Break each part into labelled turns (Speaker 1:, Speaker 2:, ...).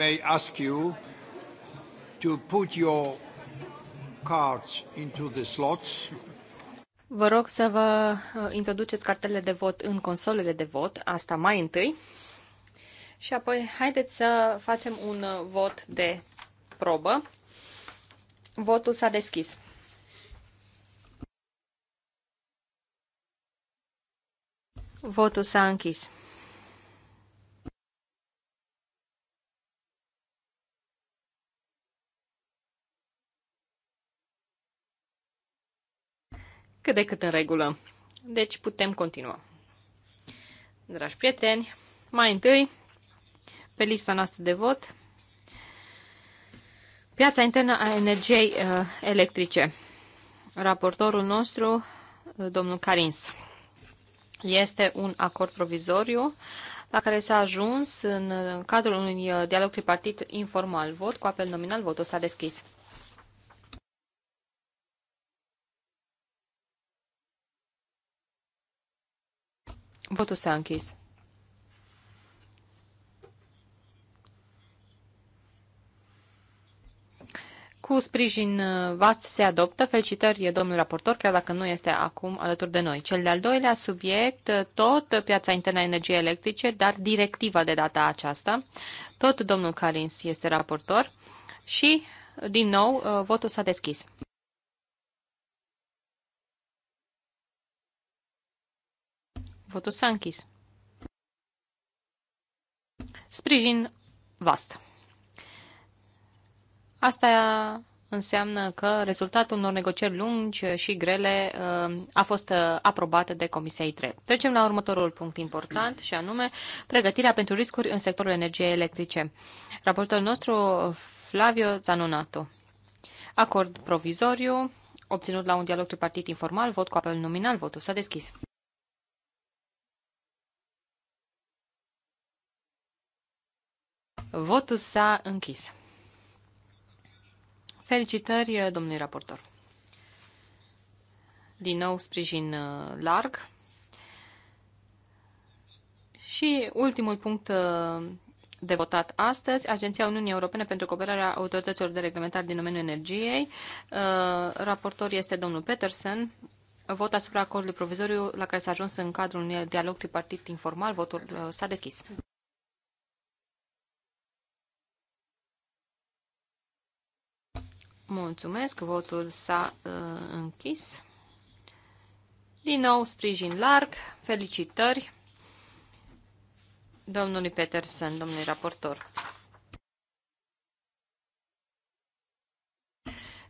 Speaker 1: may ask you to put your cards into the slots.
Speaker 2: Vă rog să vă uh, introduceți cartele de vot în consolele de vot, asta mai întâi. Și apoi haideți să facem un uh, vot de probă. Votul s-a deschis. Votul s-a închis. cât de cât în regulă. Deci putem continua. Dragi prieteni, mai întâi, pe lista noastră de vot, piața internă a energiei uh, electrice. Raportorul nostru, uh, domnul Carins. Este un acord provizoriu la care s-a ajuns în uh, cadrul unui uh, dialog tripartit informal. Vot cu apel nominal, votul s-a deschis. Votul s-a închis. Cu sprijin uh, vast se adoptă. Felicitări, domnul raportor, chiar dacă nu este acum alături de noi. Cel de-al doilea subiect, uh, tot piața internă a energiei electrice, dar directiva de data aceasta. Tot domnul Carins este raportor și, din nou, uh, votul s-a deschis. Votul s-a închis. Sprijin vast. Asta înseamnă că rezultatul unor negocieri lungi și grele uh, a fost uh, aprobat de Comisia 3. Trecem la următorul punct important și anume pregătirea pentru riscuri în sectorul energiei electrice. Raportul nostru Flavio Zanonato. Acord provizoriu obținut la un dialog tripartit informal, vot cu apel nominal, votul s-a deschis. Votul s-a închis. Felicitări, domnului raportor. Din nou, sprijin uh, larg. Și ultimul punct uh, de votat astăzi, Agenția Uniunii Europene pentru Cooperarea Autorităților de Reglementare din domeniul energiei. Uh, raportor este domnul Peterson. Vot asupra acordului provizoriu la care s-a ajuns în cadrul unui dialog tripartit informal. Votul s-a deschis. Mulțumesc, votul s-a uh, închis. Din nou, sprijin larg, felicitări domnului Peterson, domnului raportor.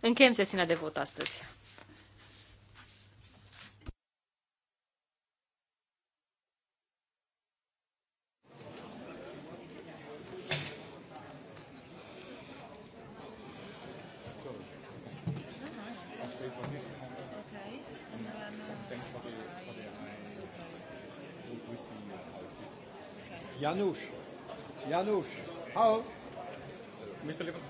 Speaker 2: Încheiem sesiunea de vot astăzi.
Speaker 1: Janusz. Janusz. How? Mr. Lewandowski.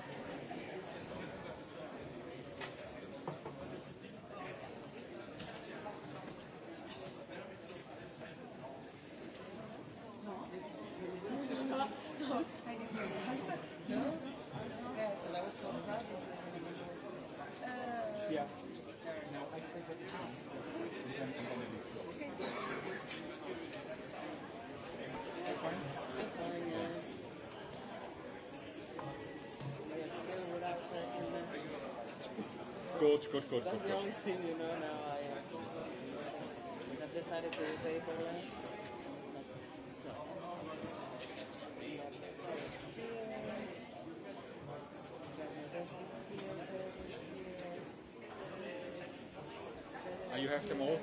Speaker 1: Have them all.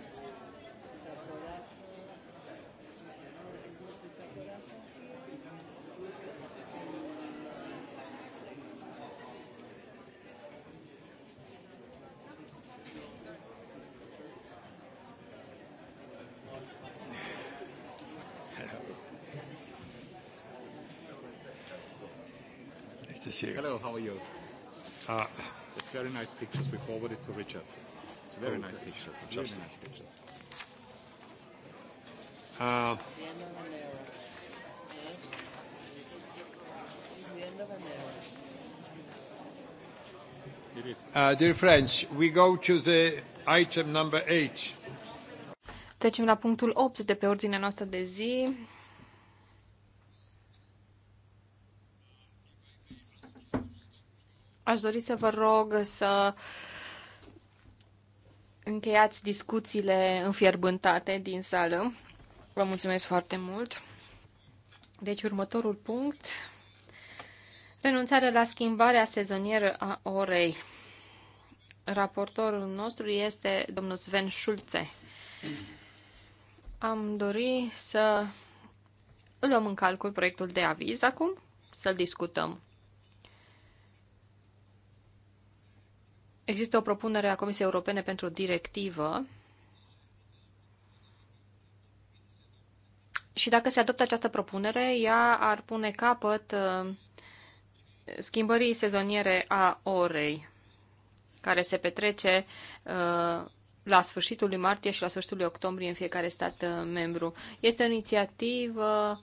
Speaker 1: Hello, how are you? Uh, It's very nice pictures. We forwarded to Richard. It's very nice pictures. Just very nice pictures. Uh, Uh, dear friends, we go to the item number eight.
Speaker 2: Trecem la punctul 8 de pe ordinea noastră de zi. Aș dori să vă rog să uh, încheiați discuțiile înfierbântate din sală. Vă mulțumesc foarte mult. Deci, următorul punct. Renunțarea la schimbarea sezonieră a orei. Raportorul nostru este domnul Sven Schulze. Am dori să luăm în calcul proiectul de aviz acum, să-l discutăm Există o propunere a Comisiei Europene pentru o directivă și dacă se adoptă această propunere, ea ar pune capăt uh, schimbării sezoniere a orei, care se petrece uh, la sfârșitul lui martie și la sfârșitul lui octombrie în fiecare stat uh, membru. Este o inițiativă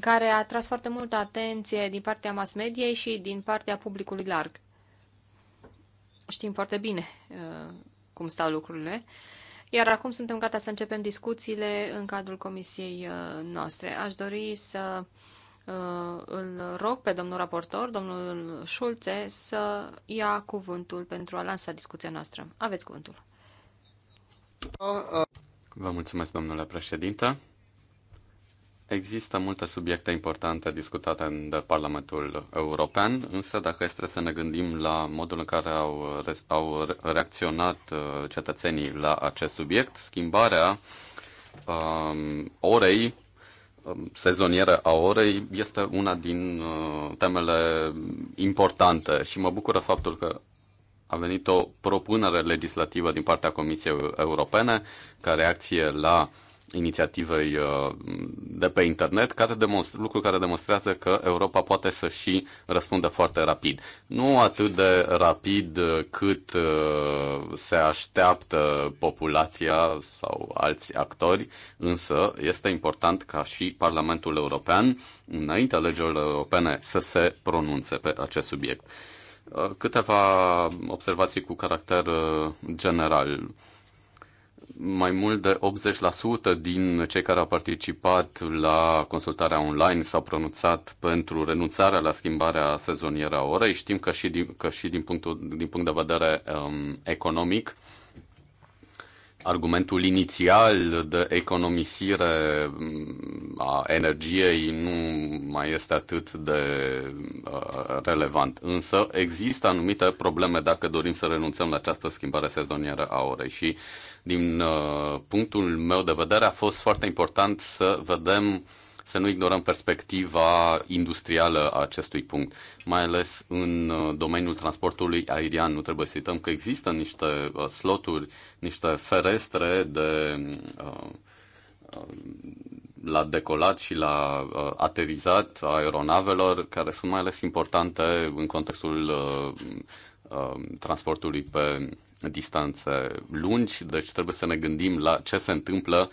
Speaker 2: care a tras foarte multă atenție din partea mass mediei și din partea publicului larg. Știm foarte bine uh, cum stau lucrurile. Iar acum suntem gata să începem discuțiile în cadrul comisiei uh, noastre. Aș dori să uh, îl rog pe domnul raportor, domnul Șulțe, să ia cuvântul pentru a lansa discuția noastră. Aveți cuvântul.
Speaker 3: Vă mulțumesc, domnule președinte. Există multe subiecte importante discutate în Parlamentul European, însă dacă este să ne gândim la modul în care au, au reacționat uh, cetățenii la acest subiect, schimbarea um, orei, um, sezonieră a orei, este una din uh, temele importante și mă bucură faptul că a venit o propunere legislativă din partea Comisiei Europene ca reacție la uh, inițiativei uh, de pe internet, care demonstre, lucru care demonstrează că Europa poate să și răspundă foarte rapid. Nu atât de rapid uh, cât uh, se așteaptă populația sau alți actori, însă este important ca și Parlamentul European, înainte alegerilor europene, să se pronunțe pe acest subiect. Câteva observații cu caracter general mai mult de 80% din cei care au participat la consultarea online s-au pronunțat pentru renunțarea la schimbarea sezonieră a orei. Știm că și din, că și din, punctul, din punct de vedere um, economic, argumentul inițial de economisire mm, a energiei nu mai este atât de uh, relevant. Însă există anumite probleme dacă dorim să renunțăm la această schimbare sezonieră a orei și uh, din uh, punctul meu de vedere a fost foarte important să vedem să nu ignorăm perspectiva industrială a acestui punct, mai ales în uh, domeniul transportului aerian. Nu trebuie să uităm că există niște uh, sloturi, niște ferestre de la decolat și la aterizat a aeronavelor, care sunt mai ales importante în contextul transportului pe distanțe lungi, deci trebuie să ne gândim la ce se întâmplă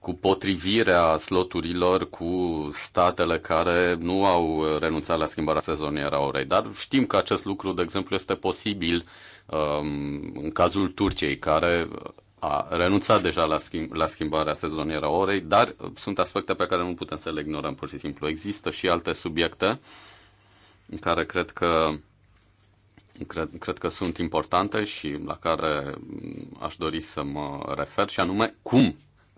Speaker 3: cu potrivirea sloturilor cu statele care nu au renunțat la schimbarea sezonieră a orei. Dar știm că acest lucru, de exemplu, este posibil um, în cazul Turciei, care a renunțat deja la, schimb- la schimbarea sezonieră a orei, dar sunt aspecte pe care nu putem să le ignorăm pur și simplu. Există și alte subiecte în care cred că cred, cred că sunt importante și la care mm, aș dori să mă refer, și anume cum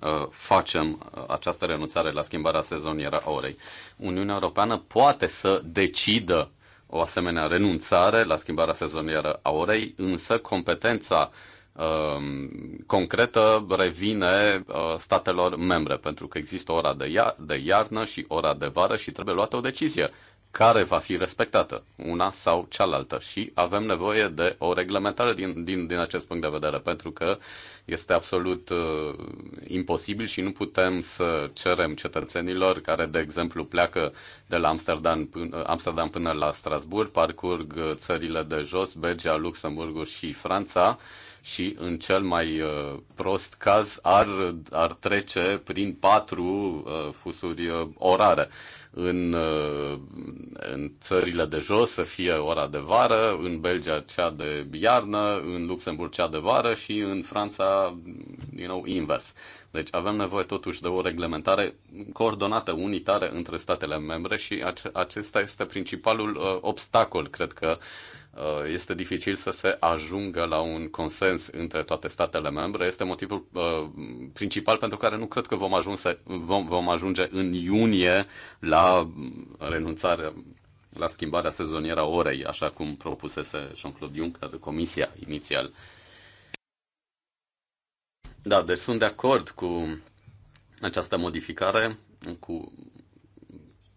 Speaker 3: uh, facem uh, această renunțare la schimbarea sezonieră a orei. Uniunea Europeană poate să decidă o asemenea renunțare la schimbarea sezonieră a orei, însă competența um, concretă revine uh, statelor membre, pentru că există ora de, de iarnă și ora de vară și trebuie luată o decizie care va fi respectată, una sau cealaltă. Și avem nevoie de o reglementare din, din, din acest punct de vedere, pentru că este absolut uh, imposibil și nu putem să cerem cetățenilor care, de exemplu, pleacă de la Amsterdam până, uh, Amsterdam până la Strasburg, parcurg uh, țările de jos, Belgia, Luxemburgul și Franța, și în cel mai uh, prost caz ar, ar trece prin patru uh, fusuri uh, orare în, uh, în țările de jos să fie ora de vară, în Belgia cea de iarnă, în Luxemburg cea de vară și în Franța, din nou, invers. Deci avem nevoie totuși de o reglementare coordonată, unitară între statele membre și acesta este principalul uh, obstacol, cred că, uh, Uh, este dificil să se ajungă la un consens între toate statele membre. Este motivul uh, principal pentru care nu cred că vom, ajunse, vom, vom ajunge în iunie la renunțarea la schimbarea sezonieră a orei, așa cum propusese Jean-Claude Juncker, comisia inițial. Da, deci sunt de acord cu această modificare, cu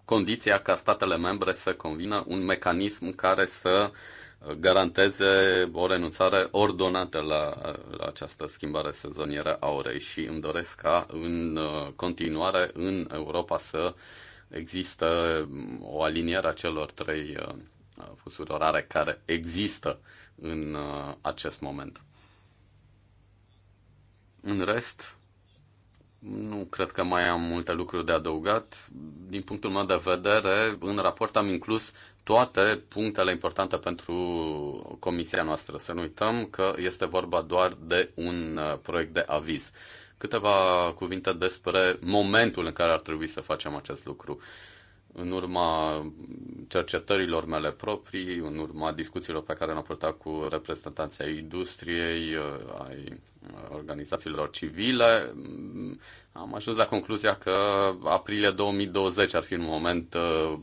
Speaker 3: condiția ca statele membre să convină un mecanism care să uh, garanteze o renunțare ordonată la, la această schimbare sezonieră a orei și îmi doresc ca în uh, continuare în Europa să există o aliniere a celor trei uh, fusuri orare care există în uh, acest moment. În rest, nu cred că mai am multe lucruri de adăugat. Din punctul meu de vedere, în raport am inclus toate punctele importante pentru comisia noastră. Să nu uităm că este vorba doar de un uh, proiect de aviz. Câteva cuvinte despre momentul în care ar trebui să facem acest lucru în urma cercetărilor mele proprii, în urma discuțiilor pe care le-am purtat cu reprezentanții ai industriei, ai uh, organizațiilor civile, mm, am ajuns la concluzia că aprilie 2020 ar fi un moment uh,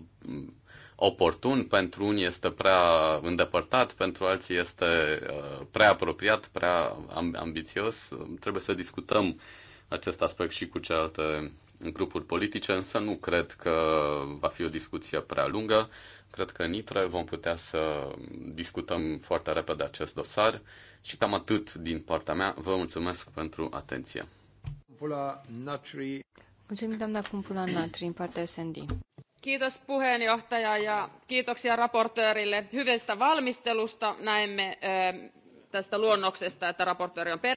Speaker 3: oportun, pentru unii este prea îndepărtat, pentru alții este uh, prea apropiat, prea ambițios. Trebuie să discutăm acest aspect și cu celelalte grupuri politice, însă nu cred că va fi o discuție prea lungă. Cred că în ITRE vom putea să discutăm foarte repede acest dosar și cam atât din partea mea. Vă mulțumesc pentru atenție.
Speaker 2: Mulțumim, doamna Cumpula Natri, în partea SND.
Speaker 3: Kiitos puheenjohtaja ja kiitoksia raportöörille hyvästä valmistelusta. Näemme tästä luonnoksesta, että raportööri on per...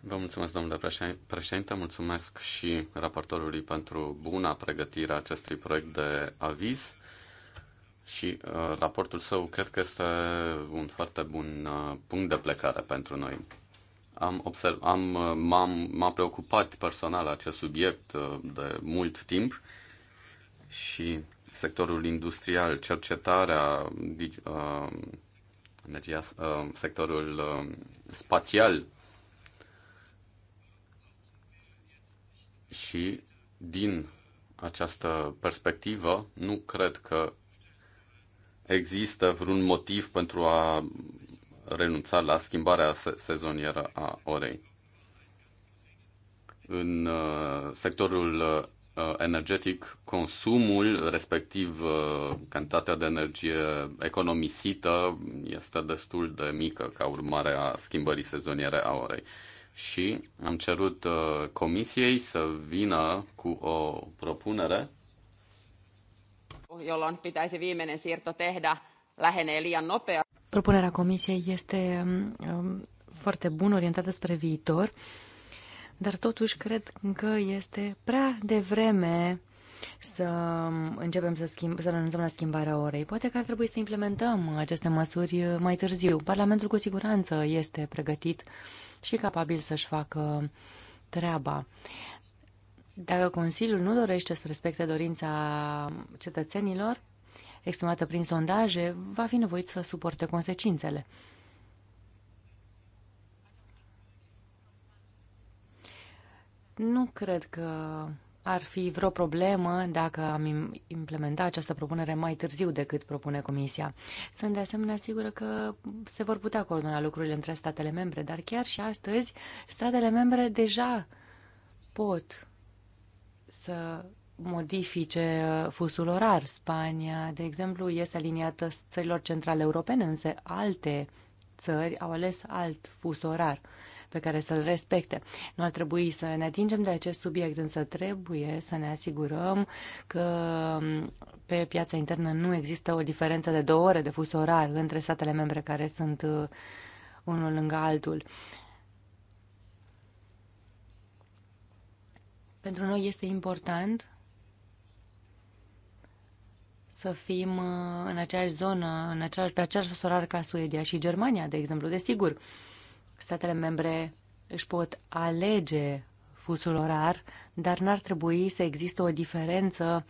Speaker 3: Vă mulțumesc, domnule președinte, mulțumesc și raportorului pentru buna pregătire a acestui proiect de aviz și uh, raportul său cred că este un foarte bun uh, punct de plecare pentru noi. Am observ- am, uh, m-am, m-a preocupat personal acest subiect uh, de mult timp și sectorul industrial, cercetarea, uh, energia, uh, sectorul uh, spațial Și din această perspectivă, nu cred că există vreun motiv pentru a renunța la schimbarea sezonieră a orei. În uh, sectorul uh, energetic, consumul, respectiv uh, cantitatea de energie economisită, este destul de mică ca urmare a schimbării sezoniere a orei și am cerut uh, comisiei să vină cu o propunere jolloin pitäisi viimeinen
Speaker 2: siirto tehdä, lähenee liian nopea.
Speaker 4: Propunerea comisiei este um, um, foarte bună, orientată spre viitor, dar totuși cred că este prea devreme să începem să, schimb, să renunțăm la schimbarea orei. Poate că ar trebui să implementăm aceste măsuri mai târziu. Parlamentul cu siguranță este pregătit și capabil să-și facă treaba. Dacă Consiliul nu dorește să respecte dorința cetățenilor exprimată prin sondaje, va fi nevoit să suporte consecințele. Nu cred că ar fi vreo problemă dacă am implementa această propunere mai târziu decât propune Comisia. Sunt de asemenea sigură că se vor putea coordona lucrurile între statele membre, dar chiar și astăzi statele membre deja pot să modifice uh, fusul orar. Spania, de exemplu, este aliniată țărilor centrale europene, însă alte țări au ales alt fus orar pe care să-l respecte. Nu ar trebui să ne atingem de acest subiect, însă trebuie să ne asigurăm că pe piața internă nu există o diferență de două ore de fus orar între statele membre care sunt uh, unul lângă altul. Pentru noi este important să fim uh, în aceeași zonă, în aceeași, pe aceeași sorar ca Suedia și Germania, de exemplu, desigur. sigur statele membre își pot alege fusul orar, dar n-ar trebui să existe o diferență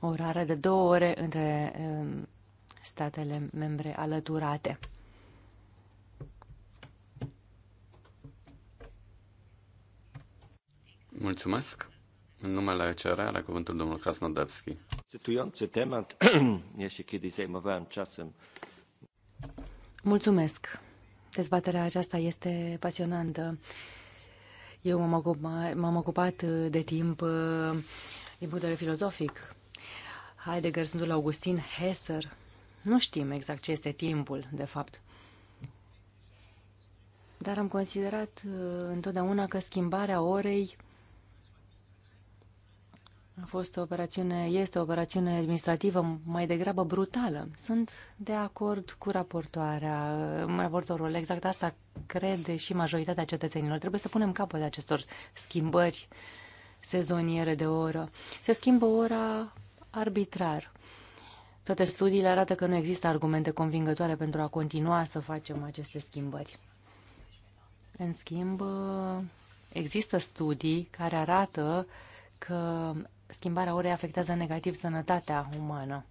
Speaker 4: orară de două ore între um, statele membre alăturate.
Speaker 3: Mulțumesc. În numele CR la cuvântul domnul Krasnodebski.
Speaker 4: Mulțumesc. Dezbaterea aceasta este pasionantă. Eu m-am ocupat, ocupat uh, de timp uh, din punct de vedere filozofic. Heidegger, Sfântul Augustin, Hesser. Nu știm exact ce este timpul, de fapt. Dar am considerat uh, întotdeauna că schimbarea orei a fost o operațiune, este o operațiune administrativă mai degrabă brutală. Sunt de acord cu raportoarea, uh, raportorul, exact asta crede și majoritatea cetățenilor. Trebuie să punem capăt acestor schimbări sezoniere de oră. Se schimbă ora arbitrar. Toate studiile arată că nu există argumente convingătoare pentru a continua să facem aceste schimbări. În schimb, uh, există studii care arată că schimbarea orei afectează negativ sănătatea umană.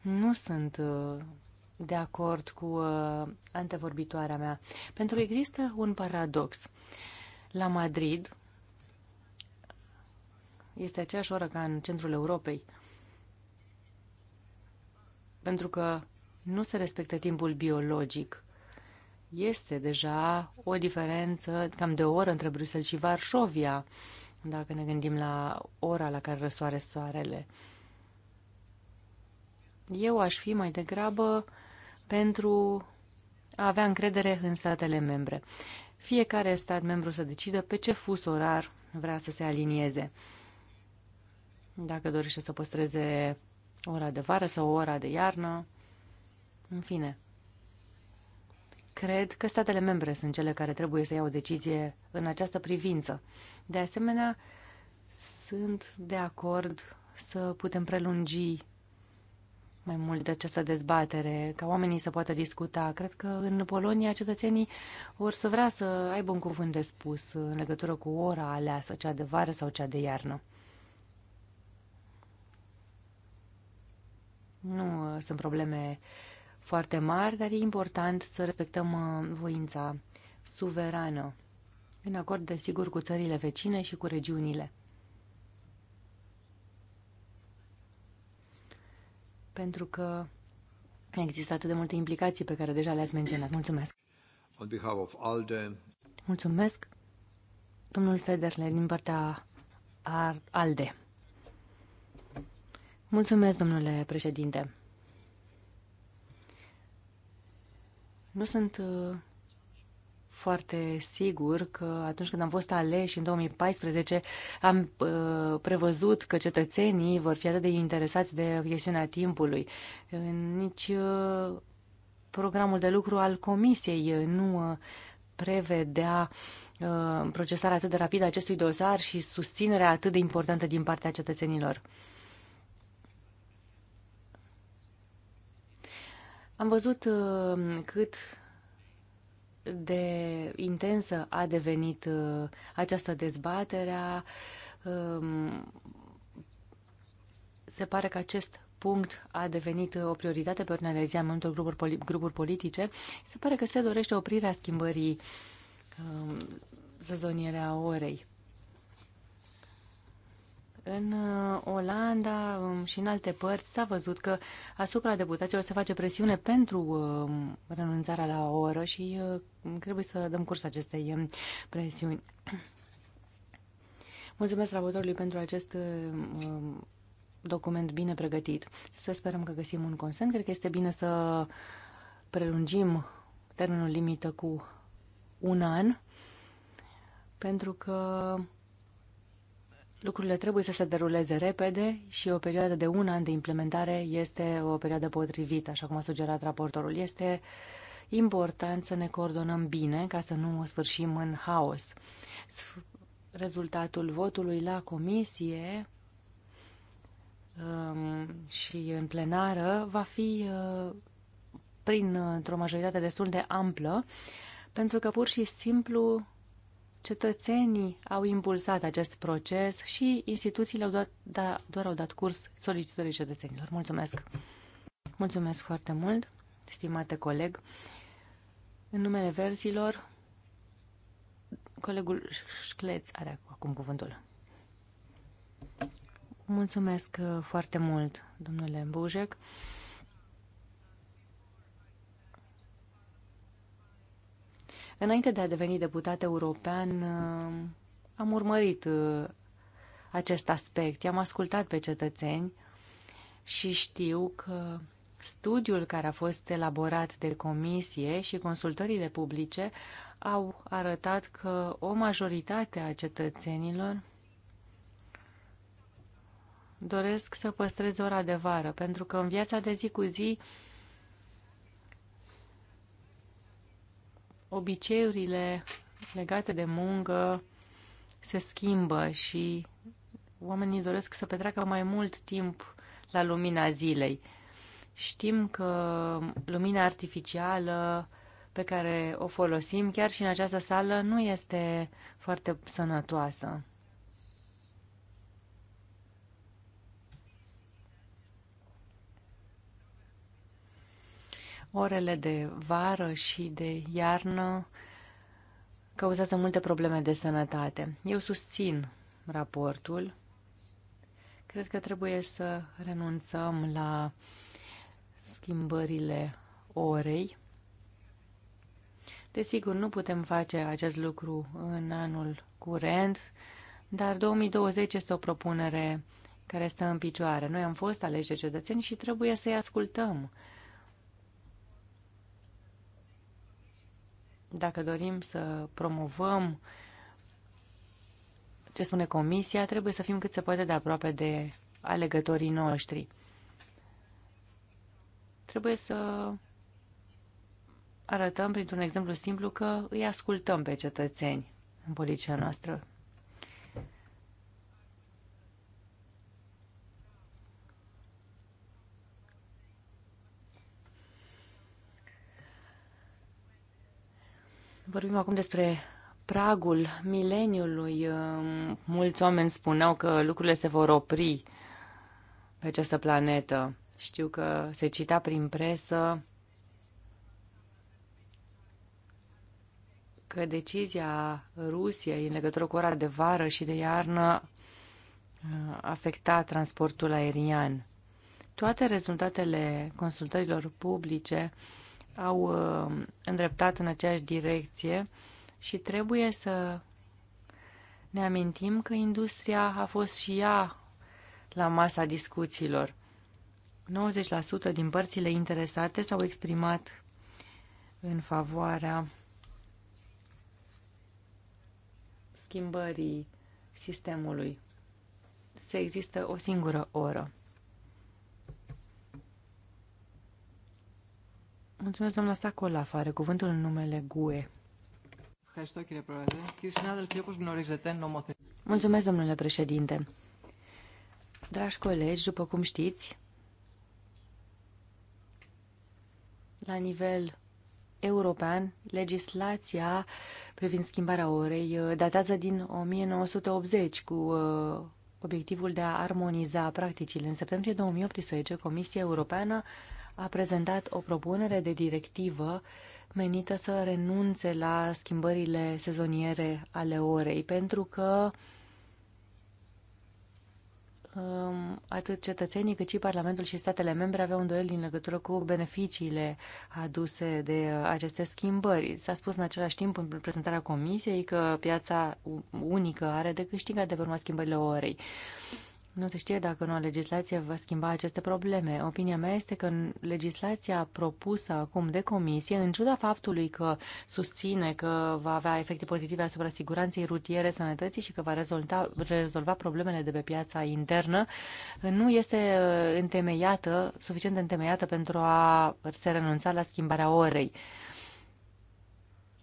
Speaker 4: Nu sunt uh, de acord cu uh, antevorbitoarea mea, pentru că există un paradox. La Madrid este aceeași oră ca în centrul Europei, pentru că nu se respectă timpul biologic este deja o diferență cam de o oră între Bruxelles și Varșovia, dacă ne gândim la ora la care răsoare soarele. Eu aș fi mai degrabă pentru a avea încredere în statele membre. Fiecare stat membru să decidă pe ce fus orar vrea să se alinieze. Dacă dorește să păstreze ora de vară sau ora de iarnă, în fine. Cred că statele membre sunt cele care trebuie să iau o decizie în această privință. De asemenea, sunt de acord să putem prelungi mai mult de această dezbatere, ca oamenii să poată discuta. Cred că în Polonia cetățenii vor să vrea să aibă un cuvânt de spus în legătură cu ora aleasă, cea de vară sau cea de iarnă. Nu uh, sunt probleme uh, foarte mari, dar e important să respectăm uh, voința suverană, în acord, desigur, cu țările vecine și cu regiunile. Pentru că există atât de multe implicații pe care deja le-ați menționat. Mulțumesc!
Speaker 1: On behalf of ALDE.
Speaker 4: Mulțumesc, domnul Federle, din partea ALDE. Mulțumesc, domnule președinte. Nu sunt uh, foarte sigur că atunci când am fost aleși în 2014 am uh, prevăzut că cetățenii vor fi atât de interesați de chestiunea timpului. Uh, nici uh, programul de lucru al comisiei uh, nu uh, prevedea procesarea atât de rapidă a acestui dosar și susținerea atât de importantă din partea cetățenilor. Am văzut uh, cât de intensă a devenit uh, această dezbatere. Um, se pare că acest punct a devenit uh, o prioritate pe ordinea de zi a multor grupuri, poli grupuri politice. Se pare că se dorește oprirea schimbării um, sezoniere a orei. În uh, Olanda um, și în alte părți s-a văzut că asupra deputaților se face presiune pentru um, renunțarea la o oră și uh, trebuie să dăm curs acestei um, presiuni. Mulțumesc raportorului pentru acest uh, document bine pregătit. Să sperăm că găsim un consens. Cred că este bine să prelungim termenul limită cu un an, pentru că lucrurile trebuie să se deruleze repede și o perioadă de un an de implementare este o perioadă potrivită, așa cum a sugerat raportorul. Este important să ne coordonăm bine ca să nu o sfârșim în haos. Rezultatul votului la comisie um, și în plenară va fi uh, uh, într o majoritate destul de amplă, pentru că pur și simplu cetățenii au impulsat acest proces și instituțiile au dat, da, doar au dat curs solicitării cetățenilor. Mulțumesc! Mulțumesc foarte mult, stimate coleg. În numele versilor, colegul Șcleț are acum cuvântul. Mulțumesc uh, foarte mult, domnule Bujec. Înainte de a deveni deputat european, uh, am urmărit uh, acest aspect, i-am ascultat pe cetățeni și știu că studiul care a fost elaborat de comisie și consultările publice au arătat că o majoritate a cetățenilor doresc să păstreze ora de vară, pentru că în viața de zi cu zi obiceiurile legate de muncă se schimbă și oamenii doresc să petreacă mai mult timp la lumina zilei. Știm că lumina artificială pe care o folosim chiar și în această sală nu este foarte sănătoasă. Orele de vară și de iarnă cauzează multe probleme de sănătate. Eu susțin raportul. Cred că trebuie să renunțăm la schimbările orei. Desigur, nu putem face acest lucru în anul curent, dar 2020 este o propunere care stă în picioare. Noi am fost aleși de cetățeni și trebuie să-i ascultăm. Dacă dorim să promovăm ce spune Comisia, trebuie să fim cât se poate de aproape de alegătorii noștri. Trebuie să arătăm printr-un exemplu simplu că îi ascultăm pe cetățeni în poliția noastră. Vorbim acum despre pragul mileniului. Mulți oameni spuneau că lucrurile se vor opri pe această planetă. Știu că se cita prin presă că decizia Rusiei în legătură cu ora de vară și de iarnă uh, afecta transportul aerian. Toate rezultatele consultărilor publice uh, au uh, îndreptat în aceeași direcție și trebuie să ne amintim că industria a fost și ea la masa discuțiilor. 90% din părțile interesate s-au exprimat în favoarea schimbării sistemului. Se există o singură oră. Mulțumesc, doamna Sacola, afară. cuvântul în numele GUE. Mulțumesc, domnule președinte. Dragi colegi, după cum știți, la nivel european, legislația privind schimbarea orei uh, datează din 1980 cu uh, obiectivul de a armoniza practicile. În septembrie 2018, Comisia Europeană a prezentat o propunere de directivă menită să renunțe la schimbările sezoniere ale orei, pentru că um, atât cetățenii cât și Parlamentul și statele membre aveau îndoieli în legătură cu beneficiile aduse de uh, aceste schimbări. S-a spus în același timp în prezentarea Comisiei că piața unică are de câștigat de urma schimbările orei. Nu se știe dacă noua legislație va schimba aceste probleme. Opinia mea este că legislația propusă acum de comisie, în ciuda faptului că susține că va avea efecte pozitive asupra siguranței rutiere, sănătății și că va rezolta, rezolva problemele de pe piața internă, nu este uh, întemeiată, suficient de întemeiată pentru a se renunța la schimbarea orei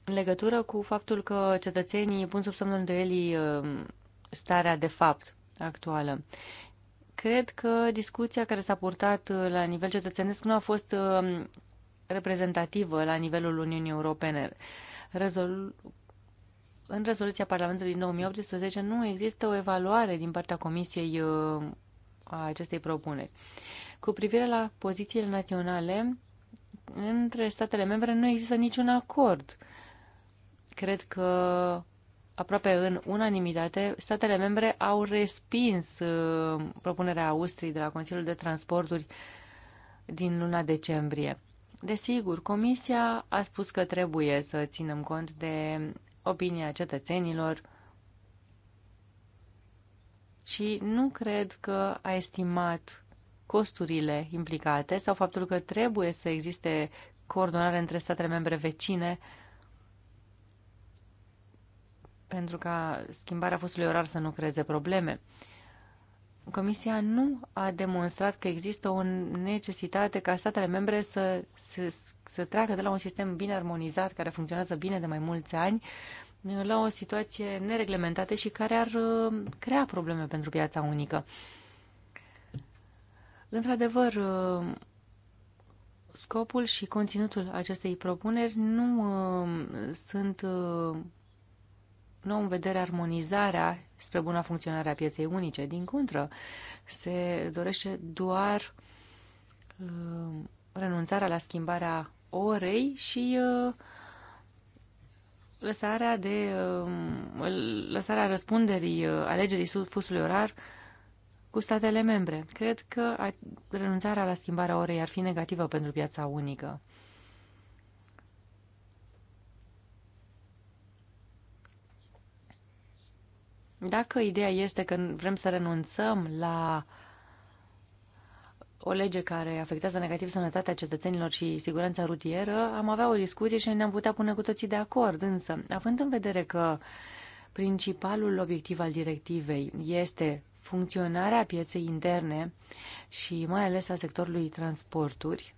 Speaker 4: în legătură cu faptul că cetățenii pun sub semnul de elii uh, starea de fapt actuală. Cred că discuția care s-a purtat uh, la nivel cetățenesc nu a fost um, reprezentativă la nivelul Uniunii Europene. Rezol... În rezoluția Parlamentului din 2018 nu există o evaluare din partea Comisiei uh, a acestei propuneri. Cu privire la pozițiile naționale, între statele membre nu există niciun acord. Cred că aproape în unanimitate, statele membre au respins uh, propunerea Austriei de la Consiliul de Transporturi din luna decembrie. Desigur, Comisia a spus că trebuie să ținem cont de opinia cetățenilor și nu cred că a estimat costurile implicate sau faptul că trebuie să existe coordonare între statele membre vecine uh, pentru ca schimbarea fostului orar să nu creeze probleme. Comisia nu a demonstrat că există o necesitate ca statele membre să, să, să treacă de la un sistem bine armonizat, care funcționează bine de mai mulți ani, la o situație nereglementată și care ar uh, crea probleme pentru piața unică. Într-adevăr, uh, scopul și conținutul acestei propuneri nu uh, sunt nu în vedere armonizarea spre buna funcționare a pieței unice. Din contră, se dorește doar uh, renunțarea la schimbarea orei și uh, lăsarea, de, uh, lăsarea răspunderii uh, alegerii sub fusului orar cu statele membre. Cred că renunțarea la schimbarea orei ar fi negativă pentru piața unică. Dacă ideea este că vrem să renunțăm la o lege care afectează negativ sănătatea cetățenilor și siguranța rutieră, am avea o discuție și ne-am putea pune cu toții de acord. Însă, având în vedere că principalul obiectiv al directivei este funcționarea pieței interne și mai ales a sectorului transporturi,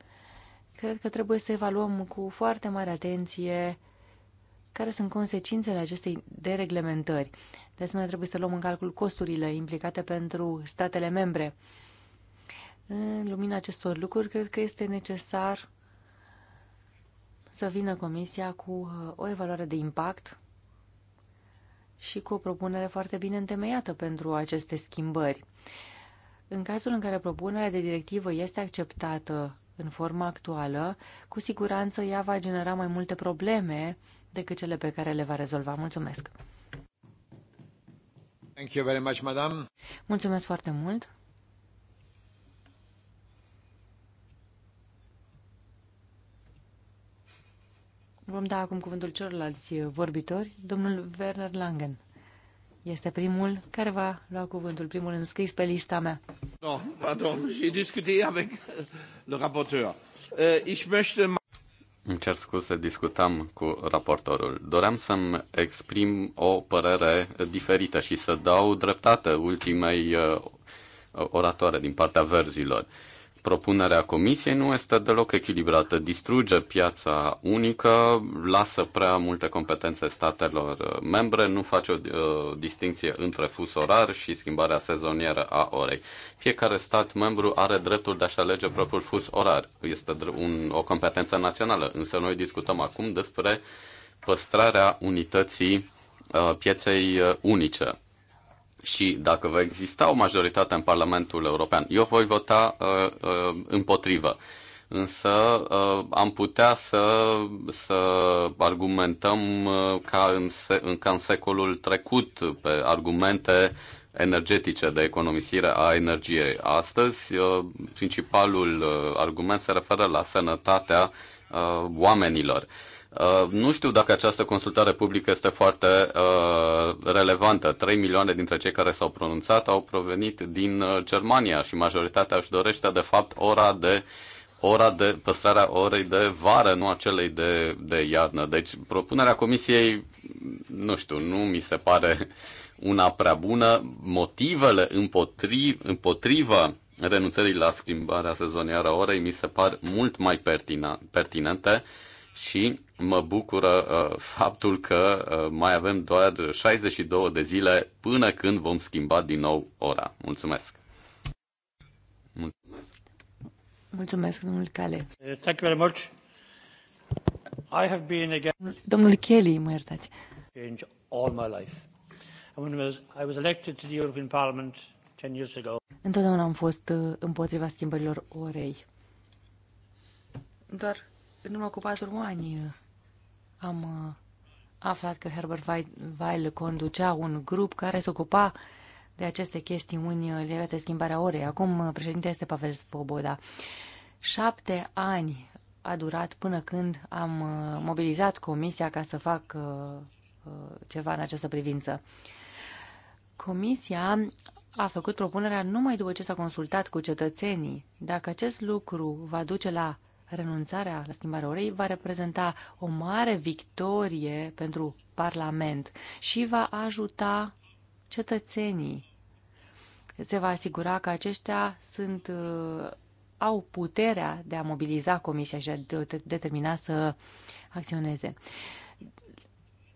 Speaker 4: cred că trebuie să evaluăm cu foarte mare atenție care sunt consecințele acestei dereglementări. De asemenea, trebuie să luăm în calcul costurile implicate pentru statele membre. În lumina acestor lucruri, cred că este necesar să vină Comisia cu uh, o evaluare de impact și cu o propunere foarte bine întemeiată pentru aceste schimbări. În cazul în care propunerea de directivă este acceptată în forma actuală, cu siguranță ea va genera mai multe probleme decât cele pe care le va rezolva. Mulțumesc!
Speaker 1: Thank you very much, madam.
Speaker 4: Mulțumesc foarte mult. Vom da acum cuvântul celorlalți vorbitori. Domnul Werner Langen este primul care va lua cuvântul, primul înscris pe lista mea.
Speaker 1: No, pardon, și discuté avec le rapporteur. Uh, ich möchte
Speaker 3: îmi cer scuze, discutam cu raportorul. Doream să-mi exprim o părere diferită și să dau dreptate ultimei uh, oratoare din partea verzilor. Uh, propunerea comisiei nu este deloc echilibrată. Distruge piața unică, lasă prea multe competențe statelor membre, nu face o uh, distinție între fus orar și schimbarea sezonieră a orei. Fiecare stat membru are dreptul de a-și alege propriul fus orar. Este un, o competență națională, însă noi discutăm acum despre păstrarea unității uh, pieței uh, unice și dacă va exista o majoritate în Parlamentul European, eu voi vota uh, uh, împotrivă. Însă uh, am putea să, să argumentăm uh, ca, în se, în, ca în secolul trecut pe argumente energetice de economisire a energiei. Astăzi, uh, principalul uh, argument se referă la sănătatea uh, oamenilor. Uh, Uh, nu știu dacă această consultare publică este foarte uh, relevantă. 3 milioane dintre cei care s-au pronunțat au provenit din uh, Germania și majoritatea își dorește, de fapt, ora de ora de păstrarea orei de vară, nu a celei de, de iarnă. Deci propunerea comisiei, nu știu, nu mi se pare una prea bună. Motivele împotri, împotriva renunțării la schimbarea sezonieră a orei mi se par mult mai pertina, pertinente și mă bucură uh, faptul că uh, mai avem doar 62 de zile până când vom schimba din nou ora. Mulțumesc!
Speaker 4: Mulțumesc, domnul Cale.
Speaker 1: Thank you very much. I have been again...
Speaker 4: Domnul Kelly, mă iertați.
Speaker 1: Change all my life. when I was elected to the European Parliament 10 years ago.
Speaker 4: Întotdeauna am fost uh, împotriva schimbărilor orei. Doar în urmă cu patru ani uh, am uh, aflat că Herbert Weil conducea un grup care se ocupa de aceste chestiuni legate schimbarea orei. Acum uh, președintele este Pavel Svoboda. Șapte ani a durat până când am uh, mobilizat comisia ca să fac ceva în această privință. Comisia a făcut propunerea numai după ce s-a consultat cu cetățenii. Dacă acest lucru va duce la renunțarea la schimbarea orei va reprezenta o mare victorie pentru Parlament și va ajuta cetățenii. Se va asigura că aceștia sunt, uh, au puterea de a mobiliza Comisia și de a determina să acționeze.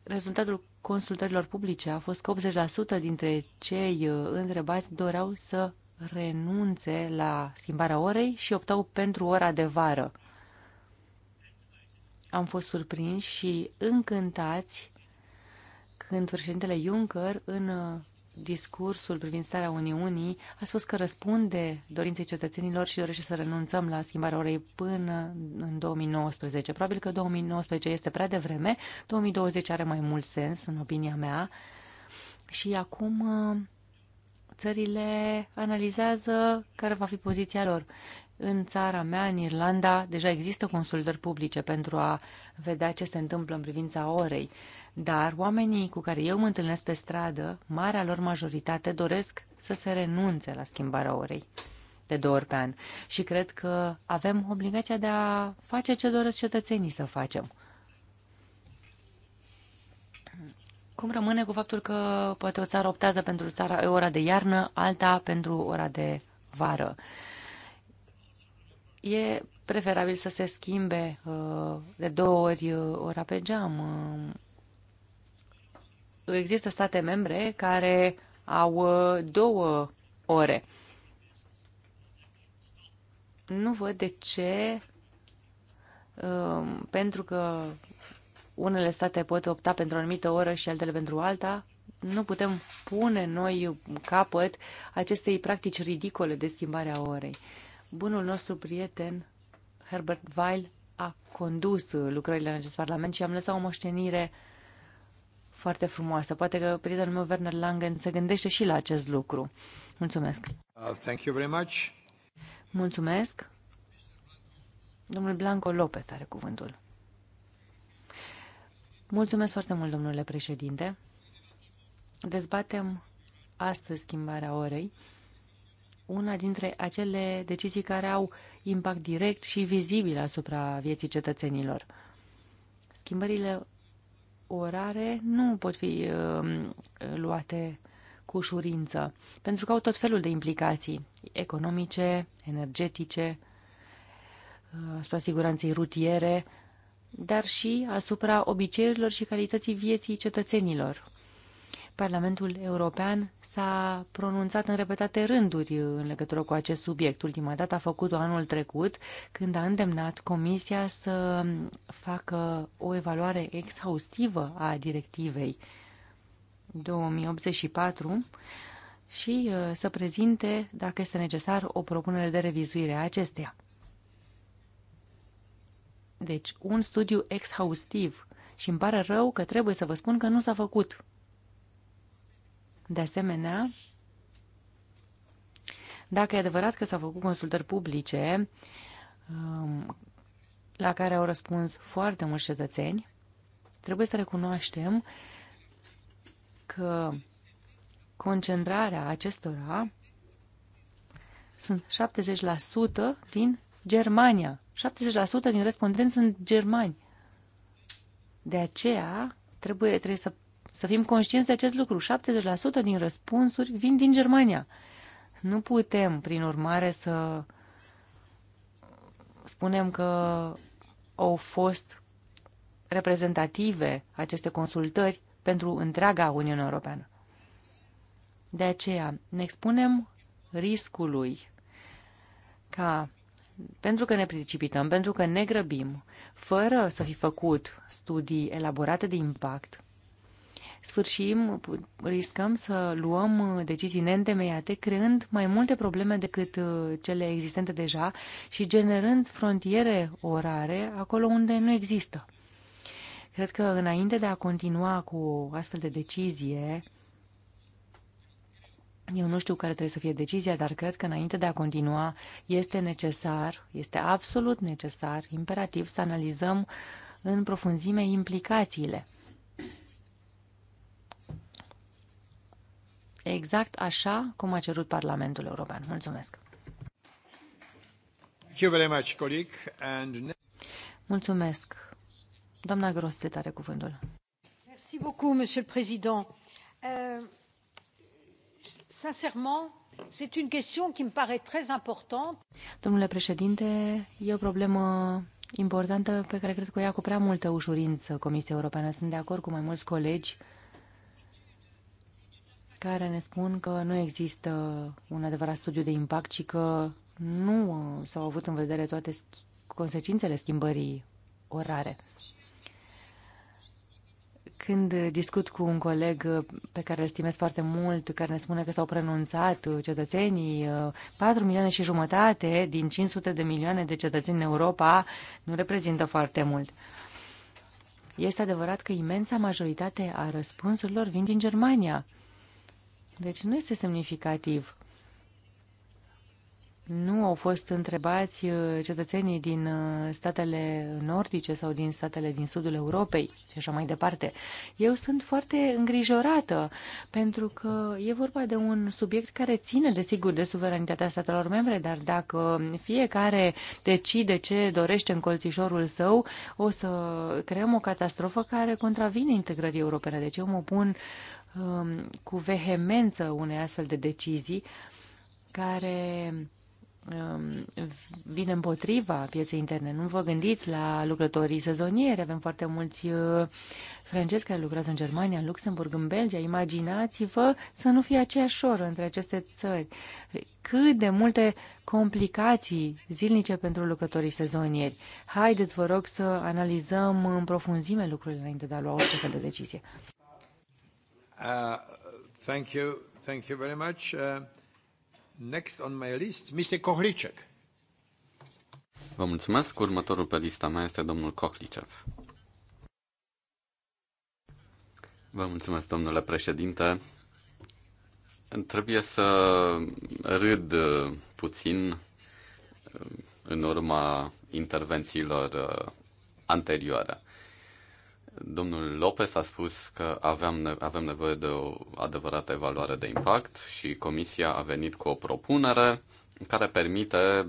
Speaker 4: Rezultatul consultărilor publice a fost că 80% dintre cei uh, întrebați doreau să renunțe la schimbarea orei și optau pentru ora de vară am fost surprinși și încântați când președintele Juncker, în uh, discursul privind starea Uniunii, a spus că răspunde dorinței cetățenilor și dorește să renunțăm la schimbarea orei până în 2019. Probabil că 2019 este prea devreme, 2020 are mai mult sens, în opinia mea. Și acum uh, țările analizează care va fi poziția lor. În țara mea, în Irlanda, deja există consultări publice pentru a vedea ce se întâmplă în privința orei, dar oamenii cu care eu mă întâlnesc pe stradă, marea lor majoritate, doresc să se renunțe la schimbarea orei de două ori pe an. Și cred că avem obligația de a face ce doresc cetățenii să facem. Cum rămâne cu faptul că poate o țară optează pentru țara, ora de iarnă, alta pentru ora de vară? Uh, e preferabil să se schimbe uh, de două ori uh, ora pe geam. Uh, există state membre care au două ore. Nu văd de ce, pentru că unele state pot opta pentru o anumită oră și altele pentru alta, nu putem pune noi capăt acestei practici ridicole de schimbare a orei bunul nostru prieten Herbert Weil a condus lucrările în acest parlament și am lăsat o moștenire foarte frumoasă. Poate că prietenul meu, Werner Langen, se gândește și la acest lucru. Mulțumesc!
Speaker 1: Uh, thank you very much!
Speaker 4: Mulțumesc! Domnul Blanco Lopez are cuvântul. Mulțumesc foarte mult, domnule președinte. Dezbatem astăzi schimbarea orei una dintre acele decizii care au impact direct și vizibil asupra vieții cetățenilor. Schimbările orare nu pot fi uh, luate cu ușurință, pentru că au tot felul de implicații economice, energetice, uh, asupra siguranței rutiere, dar și asupra obiceiurilor și calității vieții cetățenilor. Parlamentul European s-a pronunțat în repetate rânduri în legătură cu acest subiect. Ultima dată a făcut-o anul trecut, când a îndemnat Comisia să facă o evaluare exhaustivă a directivei 2084 și uh, să prezinte, dacă este necesar, o propunere de revizuire a acesteia. Deci, un studiu exhaustiv și îmi pare rău că trebuie să vă spun că nu s-a făcut de asemenea, dacă e adevărat că s-au făcut consultări publice um, la care au răspuns foarte mulți cetățeni, trebuie să recunoaștem că concentrarea acestora sunt 70% din Germania. 70% din respondenți sunt germani. De aceea trebuie, trebuie să să fim conștienți de acest lucru. 70% din răspunsuri vin din Germania. Nu putem, prin urmare, să spunem că au fost reprezentative aceste consultări pentru întreaga Uniune Europeană. De aceea ne expunem riscului ca, pentru că ne precipităm, pentru că ne grăbim, fără să fi făcut studii elaborate de impact, sfârșim, riscăm să luăm uh, decizii neîntemeiate, creând mai multe probleme decât uh, cele existente deja și generând frontiere orare acolo unde nu există. Cred că înainte de a continua cu astfel de decizie, eu nu știu care trebuie să fie decizia, dar cred că înainte de a continua este necesar, este absolut necesar, imperativ să analizăm în profunzime implicațiile exact așa cum a cerut Parlamentul European. Mulțumesc! Mulțumesc. Doamna Grosset are cuvântul. Merci beaucoup, Monsieur
Speaker 1: le Président. Euh,
Speaker 4: sincèrement, c'est une question qui me paraît très importante. Domnule președinte, e o problemă importantă pe care cred că o ia cu prea multă ușurință Comisia Europeană. Sunt de acord cu mai mulți colegi care ne spun că nu există un adevărat studiu de impact și că nu uh, s-au avut în vedere toate consecințele schimbării orare. Când discut cu un coleg uh, pe care îl stimez foarte mult, care ne spune că s-au pronunțat uh, cetățenii, 4 milioane și jumătate din 500 de milioane de cetățeni în Europa nu reprezintă foarte mult. Este adevărat că imensa majoritate a răspunsurilor vin din Germania. Deci nu este semnificativ. Nu au fost întrebați uh, cetățenii din uh, statele nordice sau din statele din sudul Europei și așa mai departe. Eu sunt foarte îngrijorată pentru că e vorba de un subiect care ține, desigur, de suveranitatea statelor membre, dar dacă fiecare decide ce dorește în colțișorul său, o să creăm o catastrofă care contravine integrării europene. Deci eu mă pun uh, Um, cu vehemență unei astfel de decizii care um, vin împotriva pieței interne. Nu vă gândiți la lucrătorii sezonieri. Avem foarte mulți uh, francezi care lucrează în Germania, în Luxemburg, în Belgia. Imaginați-vă să nu fie aceeași oră între aceste țări. Cât de multe complicații zilnice pentru lucrătorii sezonieri. Haideți, vă rog, să analizăm în profunzime lucrurile înainte de a lua orice fel de decizie.
Speaker 1: Uh, thank you. Thank you very much. Uh, next on my list, Mr. Kohlicek.
Speaker 3: Vă mulțumesc. Următorul pe lista mea este domnul Kohlicek. Vă mulțumesc, domnule președinte. Trebuie să râd uh, puțin uh, în urma intervențiilor anterioare. Domnul Lopez a spus că aveam, avem nevoie de o adevărată evaluare de impact și Comisia a venit cu o propunere care permite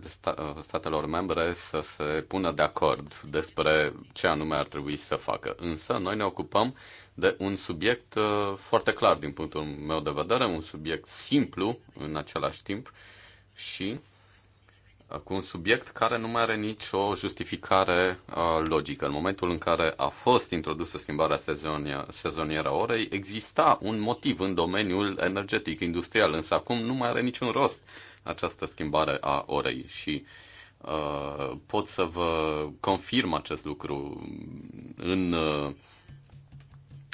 Speaker 3: statelor membre să se pună de acord despre ce anume ar trebui să facă. Însă, noi ne ocupăm de un subiect uh, foarte clar din punctul meu de vedere, un subiect simplu în același timp și cu un subiect care nu mai are nicio justificare uh, logică. În momentul în care a fost introdusă schimbarea sezonia, sezonieră a orei, exista un motiv în domeniul energetic, industrial, însă acum nu mai are niciun rost această schimbare a orei și uh, pot să vă confirm acest lucru în, uh,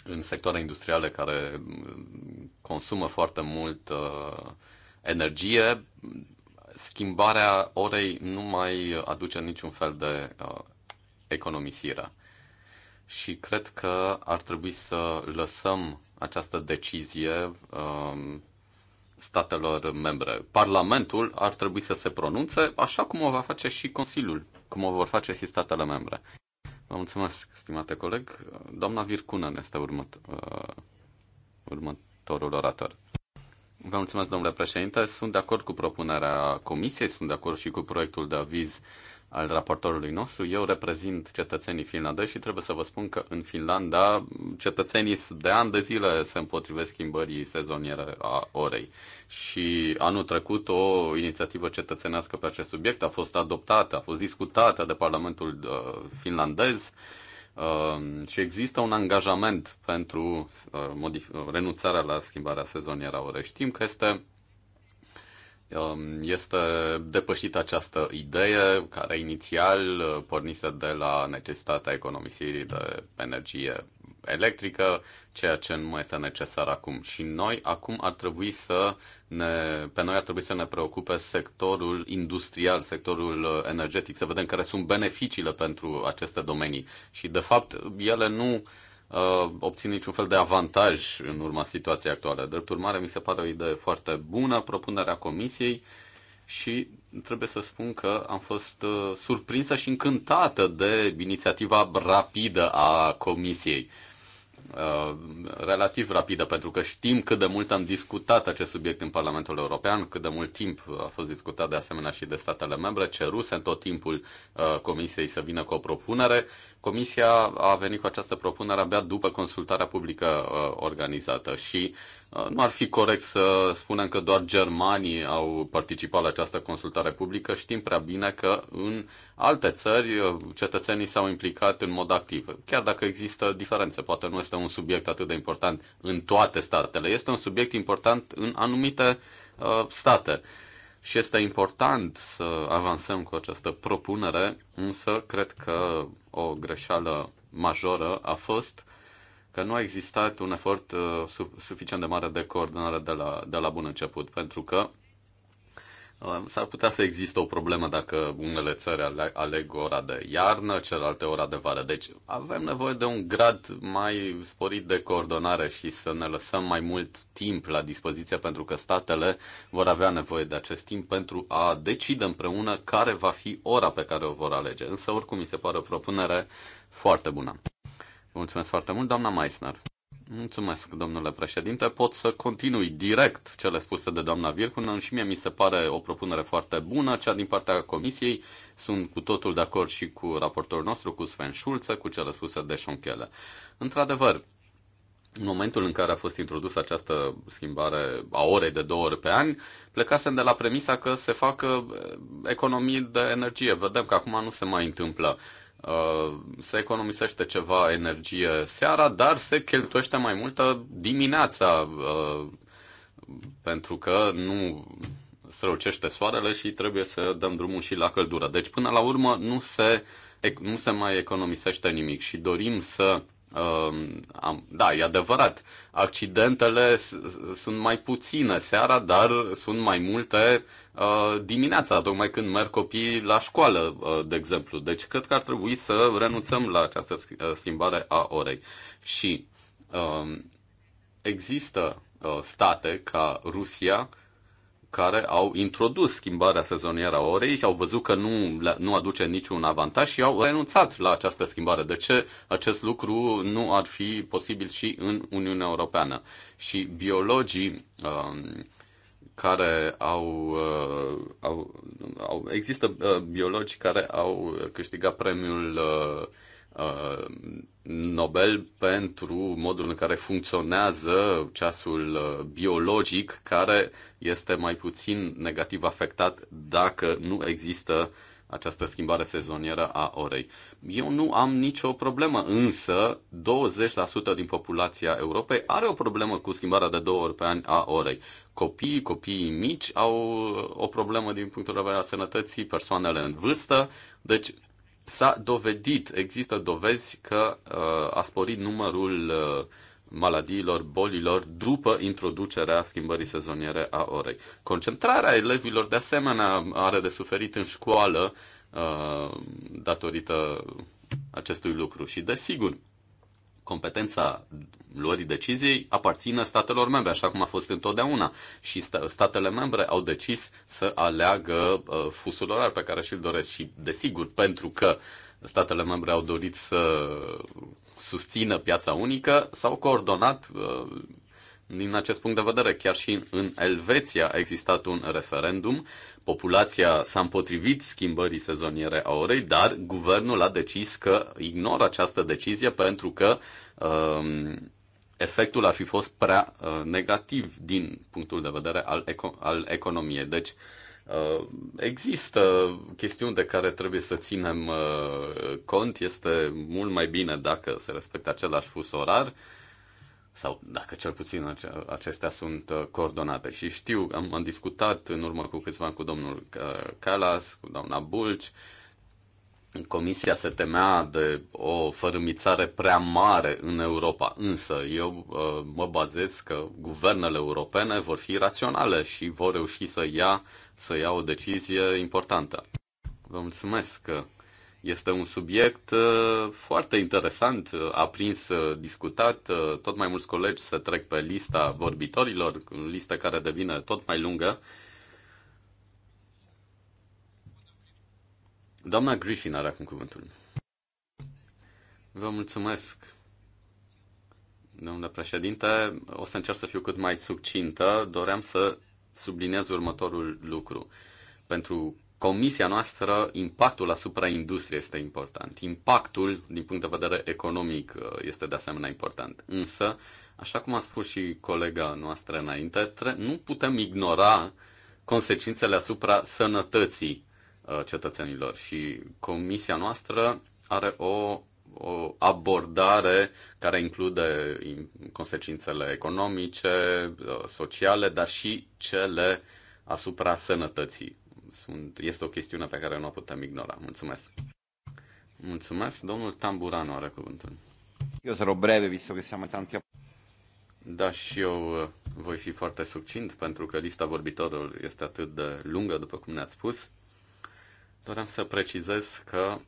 Speaker 3: în sectoare industriale care consumă foarte mult uh, energie schimbarea orei nu mai aduce niciun fel de uh, economisire. Și cred că ar trebui să lăsăm această decizie um, statelor membre. Parlamentul ar trebui să se pronunțe așa cum o va face și Consiliul, cum o vor face și statele membre. Vă mulțumesc, stimate coleg. Doamna Vircunen este următ, uh, următorul orator. Vă mulțumesc, domnule președinte. Sunt de acord cu propunerea comisiei, sunt de acord și cu proiectul de aviz al raportorului nostru. Eu reprezint cetățenii finlandezi și trebuie să vă spun că în Finlanda cetățenii de ani de zile se împotrivesc schimbării sezoniere a orei. Și anul trecut o inițiativă cetățenească pe acest subiect a fost adoptată, a fost discutată de Parlamentul uh, finlandez Um, și există un angajament pentru uh, uh, renunțarea la schimbarea sezonieră a orei. Știm că este um, este depășită această idee care inițial uh, pornise de la necesitatea economisirii de energie electrică, ceea ce nu mai este necesar acum. Și noi acum ar trebui să ne, pe noi ar trebui să ne preocupe sectorul industrial, sectorul uh, energetic, să vedem care sunt beneficiile pentru aceste domenii. Și de fapt ele nu uh, obțin niciun fel de avantaj în urma situației actuale. Drept urmare, mi se pare o idee foarte bună propunerea comisiei și trebuie să spun că am fost uh, surprinsă și încântată de inițiativa rapidă a comisiei. Uh, relativ rapidă, pentru că știm cât de mult am discutat acest subiect în Parlamentul European, cât de mult timp a fost discutat de asemenea și de statele membre, ceruse în tot timpul uh, Comisiei să vină cu o propunere. Comisia a venit cu această propunere abia după consultarea publică uh, organizată și uh, Uh, nu ar fi corect să spunem că doar germanii au participat la această consultare publică. Știm prea bine că în alte țări uh, cetățenii s-au implicat în mod activ. Chiar dacă există diferențe, poate nu este un subiect atât de important în toate statele, este un subiect important în anumite uh, state. Și este important să avansăm cu această propunere, însă cred că o greșeală majoră a fost că nu a existat un efort uh, suficient de mare de coordonare de la, de la bun început, pentru că uh, S-ar putea să există o problemă dacă unele țări aleg ora de iarnă, celelalte ora de vară. Deci avem nevoie de un grad mai sporit de coordonare și să ne lăsăm mai mult timp la dispoziție pentru că statele vor avea nevoie de acest timp pentru a decide împreună care va fi ora pe care o vor alege. Însă oricum mi se pare o propunere foarte bună. Mulțumesc foarte mult, doamna Meissner. Mulțumesc, domnule președinte. Pot să continui direct cele spuse de doamna Virkunen și mie mi se pare o propunere foarte bună, cea din partea comisiei. Sunt cu totul de acord și cu raportorul nostru, cu Sven Schulze, cu cele spuse de Șonchele. Într-adevăr, în momentul în care a fost introdusă această schimbare a orei de două ori pe an, plecasem de la premisa că se facă eh, economii de energie. Vedem că acum nu se mai întâmplă. Uh, se economisește ceva energie seara, dar se cheltuiește mai multă dimineața uh, pentru că nu strălucește soarele și trebuie să dăm drumul și la căldură. Deci până la urmă nu se, nu se mai economisește nimic și dorim să Um, da, e adevărat, accidentele sunt mai puține seara, dar sunt mai multe uh, dimineața, tocmai când merg copiii la școală, uh, de exemplu. Deci cred că ar trebui să renunțăm la această uh, schimbare a orei. Și um, există state ca Rusia care au introdus schimbarea sezonieră a orei și au văzut că nu, nu aduce niciun avantaj și au renunțat la această schimbare. De ce acest lucru nu ar fi posibil și în Uniunea Europeană? Și biologii um, care au, uh, au, au există uh, biologi care au câștigat premiul uh, Uh, Nobel pentru modul în care funcționează ceasul uh, biologic, care este mai puțin negativ afectat dacă nu există această schimbare sezonieră a orei. Eu nu am nicio problemă, însă 20% din populația Europei are o problemă cu schimbarea de două ori pe an a orei. Copiii, copiii mici au o problemă din punctul de vedere al sănătății, persoanele în vârstă, deci s-a dovedit, există dovezi că uh, a sporit numărul uh, maladiilor, bolilor după introducerea schimbării sezoniere a orei. Concentrarea elevilor de asemenea are de suferit în școală uh, datorită acestui lucru și desigur competența luării deciziei aparține statelor membre, așa cum a fost întotdeauna. Și statele membre au decis să aleagă uh, fusul orar pe care și-l doresc. Și, desigur, pentru că statele membre au dorit să susțină piața unică, s-au coordonat uh, din acest punct de vedere. Chiar și în Elveția a existat un referendum populația s-a împotrivit schimbării sezoniere a orei, dar guvernul a decis că ignoră această decizie pentru că um, efectul ar fi fost prea uh, negativ din punctul de vedere al, eco- al economiei. Deci, uh, Există chestiuni de care trebuie să ținem uh, cont. Este mult mai bine dacă se respectă același fus orar sau dacă cel puțin acestea sunt uh, coordonate. Și știu, am, am discutat în urmă cu câțiva ani cu domnul uh, Calas, cu doamna Bulci, Comisia se temea de o fărâmițare prea mare în Europa, însă eu uh, mă bazez că guvernele europene vor fi raționale și vor reuși să ia, să ia o decizie importantă. Vă mulțumesc! Este un subiect uh, foarte interesant, uh, aprins, uh, discutat. Tot mai mulți colegi se trec pe lista vorbitorilor, lista care devine tot mai lungă. Doamna Griffin are acum cuvântul. Vă mulțumesc, domnule președinte. O să încerc să fiu cât mai succintă. Doream să subliniez următorul lucru. Pentru comisia noastră, impactul asupra industriei este important. Impactul, din punct de vedere economic, este de asemenea important. Însă, așa cum a spus și colega noastră înainte, nu putem ignora consecințele asupra sănătății uh, cetățenilor și comisia noastră are o, o abordare care include consecințele economice, uh, sociale, dar și cele asupra sănătății sunt, este o chestiune pe care nu o putem ignora. Mulțumesc! Mulțumesc! Domnul Tamburano are cuvântul. Eu sarò breve, visto că siamo tanti Da, și eu uh, voi fi foarte succint, pentru că lista vorbitorilor este atât de lungă, după cum ne-ați spus. Doream să precizez că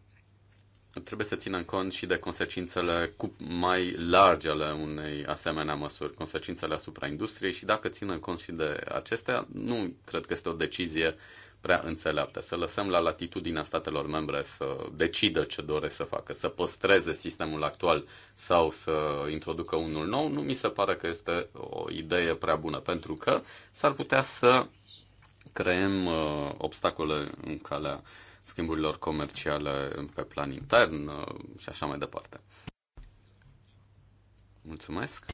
Speaker 3: trebuie să ținem cont și de consecințele cu mai largi ale unei asemenea măsuri, consecințele asupra industriei și dacă ținem cont și de acestea, nu cred că este o decizie prea înțeleaptă, să lăsăm la latitudinea statelor membre să decidă ce doresc să facă, să păstreze sistemul actual sau să introducă unul nou, nu mi se pare că este o idee prea bună, pentru că s-ar putea să creăm uh, obstacole în calea schimburilor comerciale pe plan intern uh, și așa mai departe. Mulțumesc!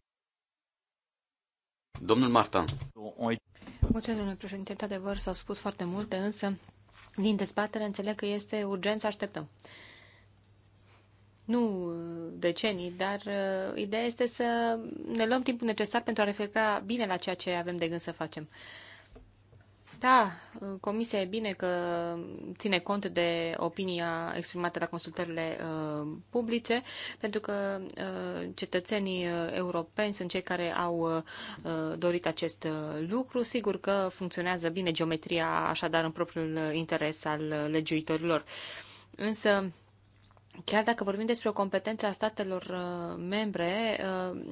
Speaker 3: Domnul Martin.
Speaker 2: Mulțumesc, domnule președinte. Într-adevăr, s-au spus foarte multe, însă din dezbatere înțeleg că este urgent să așteptăm. Nu decenii, dar uh, ideea este să ne luăm timpul necesar pentru a reflecta bine la ceea ce avem de gând să facem. Uh, da, uh, Comisia e bine că ține cont de opinia exprimată la consultările uh, publice, pentru că uh, cetățenii uh, europeni sunt cei care au uh, uh dorit acest lucru. Sigur că funcționează bine geometria, așadar, în propriul interes al legiuitorilor. Însă, Chiar dacă vorbim despre o competență a statelor membre,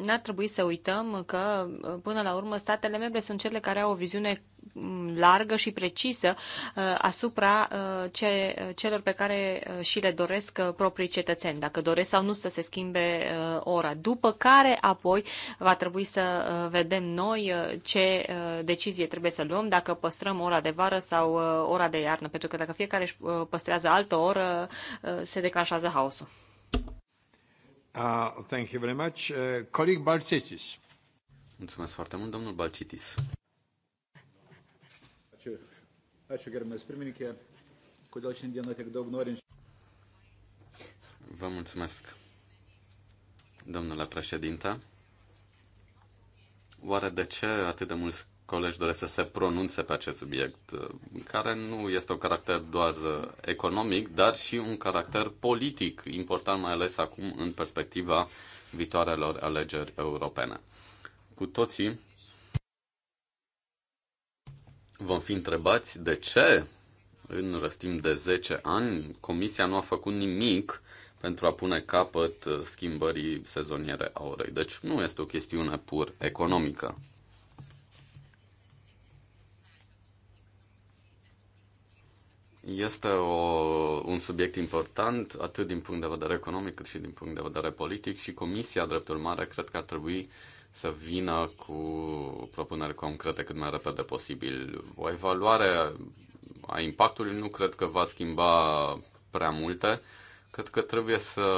Speaker 2: n-ar trebui să uităm că, până la urmă, statele membre sunt cele care au o viziune largă și precisă uh, asupra uh, ce, celor pe care uh, și le doresc proprii cetățeni, dacă doresc sau nu să se schimbe ora. După care apoi va trebui să vedem noi ce decizie trebuie să luăm, dacă păstrăm ora de vară sau ora de iarnă, pentru că dacă fiecare își păstrează altă oră, se declanșează haosul.
Speaker 1: Uh, thank you very much. Uh, colleague Balcitis. Mulțumesc foarte mult, domnul Balcitis. Ačiū gerbiamas pirmininkė. Kodėl šiandieną tiek daug norinčių?
Speaker 3: Vă mulțumesc, domnule președinte. Oare de ce atât de mulți colegi doresc să se pronunțe pe acest subiect, care nu este un caracter doar economic, dar și un caracter politic important, mai ales acum în perspectiva viitoarelor alegeri europene. Cu toții vom fi întrebați de ce în răstim de 10 ani Comisia nu a făcut nimic pentru a pune capăt schimbării sezoniere a orei. Deci nu este o chestiune pur economică. Este o, un subiect important atât din punct de vedere economic cât și din punct de vedere politic și Comisia, dreptul mare, cred că ar trebui uh, să vină cu propuneri concrete cât mai repede posibil. O evaluare a impactului nu cred că va schimba prea multe. Cred că trebuie să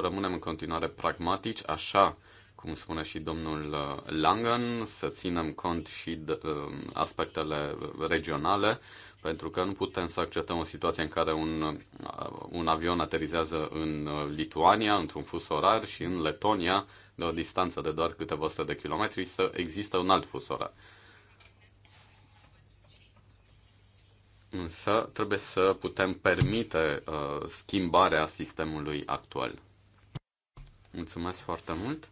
Speaker 3: rămânem în continuare pragmatici, așa cum spune și domnul uh, Langen, să ținem cont și de uh, aspectele regionale, pentru că nu putem să acceptăm o situație în care un, uh, un avion aterizează în Lituania, într-un fus orar, și în Letonia, de o distanță de doar câteva sute de kilometri să există un alt fus orar. Însă trebuie să putem permite uh, schimbarea sistemului actual. Mulțumesc foarte mult.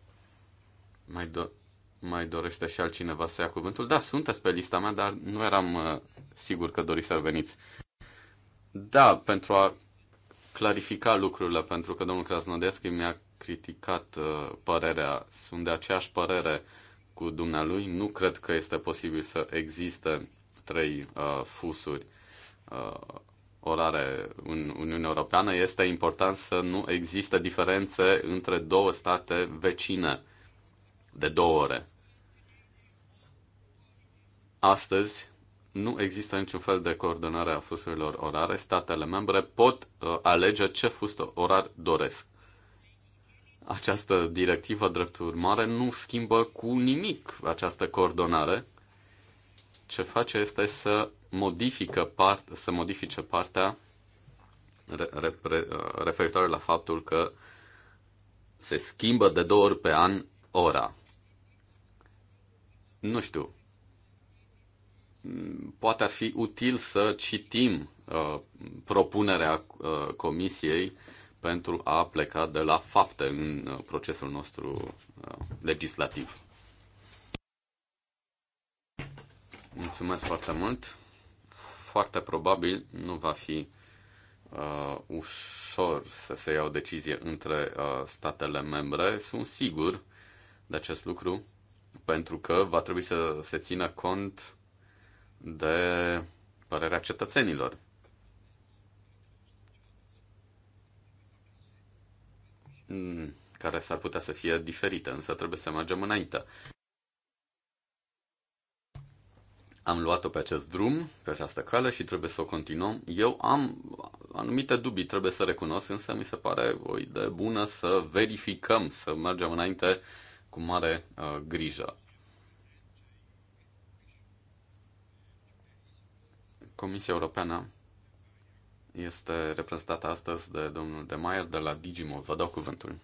Speaker 3: Mai, do- mai dorește și altcineva să ia cuvântul? Da, sunteți pe lista mea, dar nu eram uh, sigur că doriți să veniți. Da, pentru a clarifica lucrurile, pentru că domnul Krasnodeschi mi-a criticat uh, părerea, sunt de aceeași părere cu dumnealui. Nu cred că este posibil să existe trei uh, fusuri uh, orare în Uniunea Europeană. Este important să nu există diferențe între două state vecine de două ore. Astăzi nu există niciun fel de coordonare a fusurilor orare. Statele membre pot uh, alege ce fus orar doresc. Această directivă, drept urmare, nu schimbă cu nimic această coordonare. Ce face este să, modifică part, să modifice partea referitoare la faptul că se schimbă de două ori pe an ora. Nu știu. Poate ar fi util să citim uh, propunerea uh, comisiei pentru a pleca de la fapte în uh, procesul nostru uh, legislativ. Mulțumesc foarte mult. Foarte probabil nu va fi uh, ușor să se ia o decizie între uh, statele membre. Sunt sigur de acest lucru, pentru că va trebui să se țină cont de părerea cetățenilor. Mm, care s-ar putea să fie diferite, însă trebuie să mergem înainte. Am luat-o pe acest drum, pe această cale și trebuie să o continuăm. Eu am anumite dubii, trebuie să recunosc, însă mi se pare o idee bună să verificăm, să mergem înainte cu mare uh, grijă. Comisia Europeană este reprezentată astăzi de domnul De Maier de la Digimon. Vă dau cuvântul.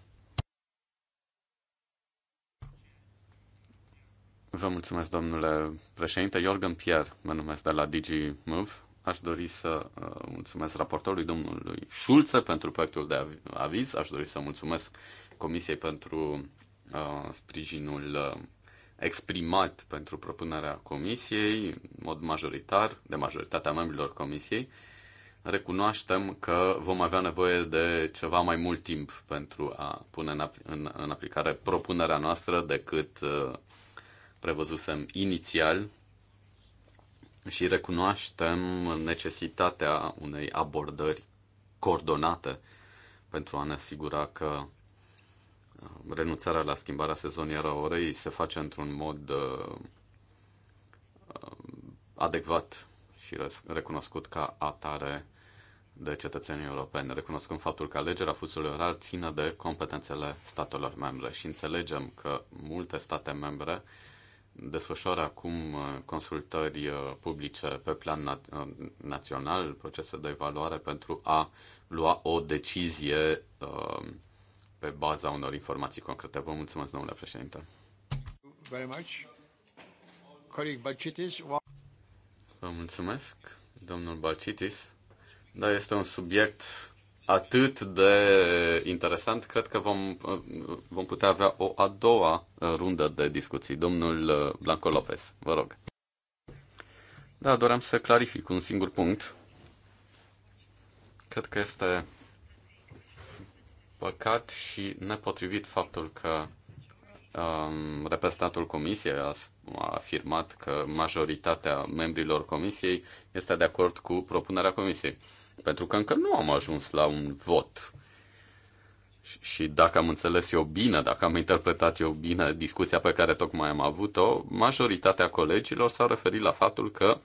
Speaker 3: Vă mulțumesc, domnule președinte. Jorgen Pierre, mă numesc de la DigiMove. Aș dori să uh, mulțumesc raportorului domnului Șulțe pentru proiectul de aviz. Aș dori să mulțumesc Comisiei pentru uh, sprijinul uh, exprimat pentru propunerea Comisiei, în mod majoritar, de majoritatea membrilor Comisiei. Uh, recunoaștem că vom avea nevoie de ceva mai mult timp pentru a pune în, apl- în, în aplicare propunerea noastră decât uh, prevăzusem inițial și recunoaștem necesitatea unei abordări coordonate pentru a ne asigura că uh, renunțarea la schimbarea sezonieră a orei se face într-un mod uh, adecvat și recunoscut ca atare de cetățenii europeni, recunoscând faptul că alegerea fusului orar ține de competențele statelor membre și înțelegem că multe state membre desfășoară acum uh, consultări uh, publice pe plan na- uh, național, procese de evaluare pentru a lua o decizie uh, pe baza unor informații concrete. Vă mulțumesc, domnule președinte.
Speaker 1: Very much. Colleague Balcitis.
Speaker 3: Vă mulțumesc, domnul Balcitis. Da, este un subiect atât de interesant, cred că vom, vom putea avea o a doua rundă de discuții. Domnul Blanco Lopez, vă rog. Da, doream să clarific un singur punct. Cred că este păcat și nepotrivit faptul că um, reprezentantul comisiei a, a afirmat că majoritatea membrilor comisiei este de acord cu propunerea comisiei pentru că încă nu am ajuns la un vot. Și dacă am înțeles eu bine, dacă am interpretat eu bine discuția pe care tocmai am avut-o, majoritatea colegilor s-au referit la faptul că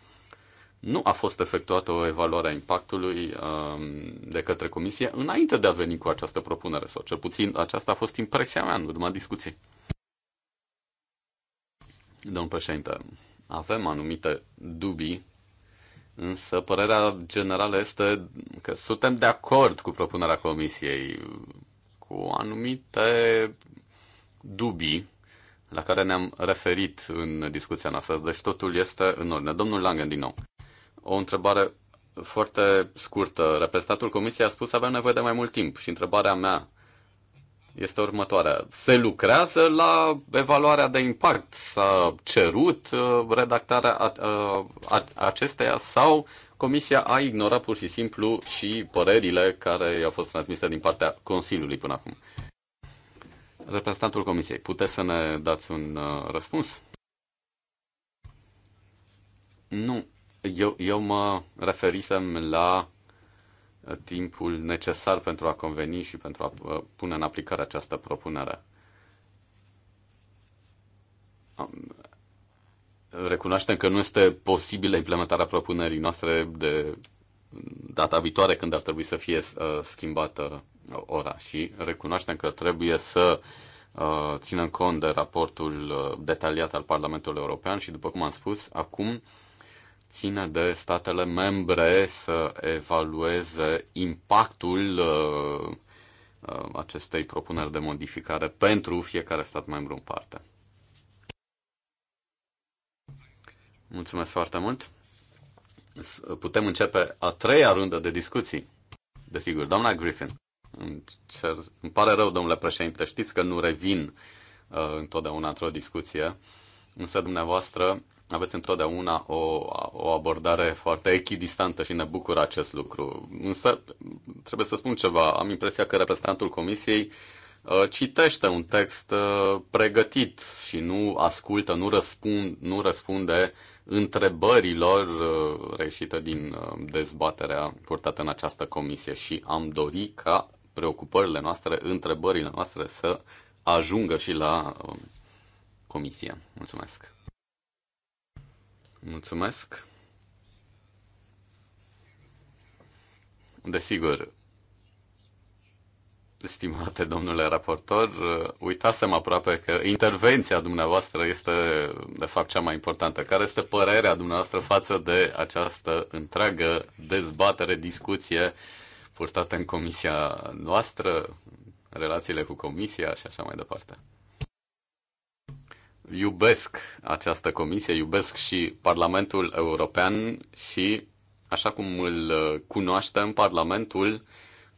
Speaker 3: nu a fost efectuată o evaluare a impactului um, de către comisie înainte de a veni cu această propunere, sau cel puțin aceasta a fost impresia mea în urma discuției. Domnul președinte, avem anumite dubii Însă părerea generală este că suntem de acord cu propunerea Comisiei, cu anumite dubii la care ne-am referit în discuția noastră. Deci totul este în ordine. Domnul Langen, din nou, o întrebare foarte scurtă. Reprezentatul Comisiei a spus că avem nevoie de mai mult timp și întrebarea mea este următoarea. Se lucrează la evaluarea de impact. S-a cerut uh, redactarea uh, acesteia sau Comisia a ignorat pur și simplu și părerile care i-au fost transmise din partea Consiliului până acum. Reprezentantul Comisiei, puteți să ne dați un uh, răspuns? Nu. Eu, eu mă referisem la timpul necesar pentru a conveni și pentru a uh, pune în aplicare această propunere. Recunoaștem că nu este posibilă implementarea propunerii noastre de data viitoare când ar trebui să fie uh, schimbată ora și recunoaștem că trebuie să uh, ținem cont de raportul detaliat al Parlamentului European și, după cum am spus, acum ține de statele membre să evalueze impactul uh, uh, acestei propuneri de modificare pentru fiecare stat membru în parte. Mulțumesc foarte mult! Putem începe a treia rundă de discuții. Desigur, doamna Griffin, îmi, cer, îmi pare rău, domnule președinte, știți că nu revin uh, întotdeauna într-o discuție, însă dumneavoastră aveți întotdeauna o, o abordare foarte echidistantă și ne bucură acest lucru. Însă, trebuie să spun ceva, am impresia că reprezentantul comisiei uh, citește un text uh, pregătit și nu ascultă, nu, răspund, nu răspunde întrebărilor uh, reșite din dezbaterea purtată în această comisie și am dori ca preocupările noastre, întrebările noastre să ajungă și la comisie. Mulțumesc! Mulțumesc. Desigur, stimate domnule raportor, uitasem aproape că intervenția dumneavoastră este de fapt cea mai importantă. Care este părerea dumneavoastră față de această întreagă dezbatere, discuție purtată în comisia noastră, relațiile cu comisia și așa mai departe? iubesc această comisie, iubesc și Parlamentul European și, așa cum îl uh, cunoaștem, Parlamentul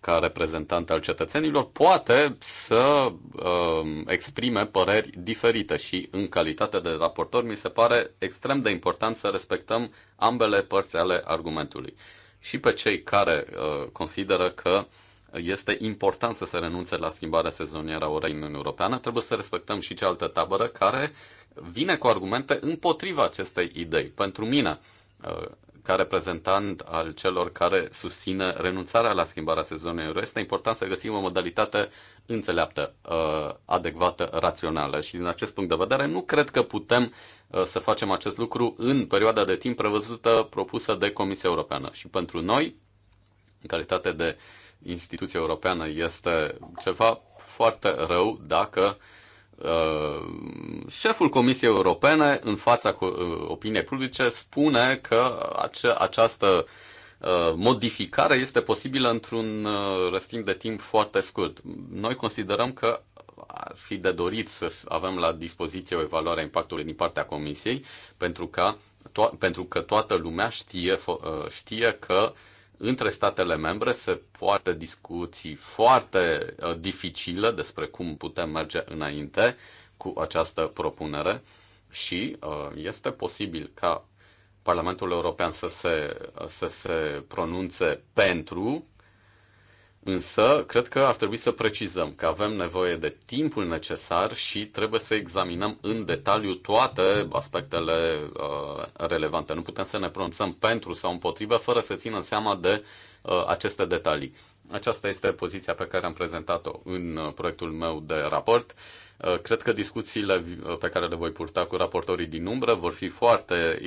Speaker 3: ca reprezentant al cetățenilor, poate să uh, exprime păreri diferite și în calitate de raportor mi se pare extrem de important să respectăm ambele părți ale argumentului. Și pe cei care uh, consideră că este important să se renunțe la schimbarea sezonieră a orei în Uniunea Europeană, trebuie să respectăm și cealaltă tabără care vine cu argumente împotriva acestei idei. Pentru mine, uh, ca reprezentant al celor care susține renunțarea la schimbarea sezonieră, este important să găsim o modalitate înțeleaptă, uh, adecvată, rațională. Și din acest punct de vedere, nu cred că putem uh, să facem acest lucru în perioada de timp prevăzută propusă de Comisia Europeană. Și pentru noi, în calitate de uh, instituție europeană este ceva foarte rău dacă uh, șeful Comisiei Europene în fața uh, opiniei publice spune că ace- această uh, modificare este posibilă într-un uh, răstimp de timp foarte scurt. Noi considerăm că ar fi de dorit să avem la dispoziție o evaluare a impactului din partea Comisiei pentru, că to- pentru că toată lumea știe, uh, știe că uh, între statele membre se poartă discuții foarte uh, dificile despre cum putem merge înainte cu această propunere și uh, este posibil ca Parlamentul European să se, să se pronunțe pentru Însă, cred că ar trebui să precizăm că avem nevoie de timpul necesar și trebuie să examinăm în detaliu toate aspectele uh, relevante. Nu putem să ne pronunțăm pentru sau împotrivă fără să ținem seama de uh, aceste detalii. Aceasta este poziția pe care am prezentat-o în uh, proiectul meu de raport. Uh, cred că discuțiile uh, pe care le voi purta cu raportorii din umbră vor fi foarte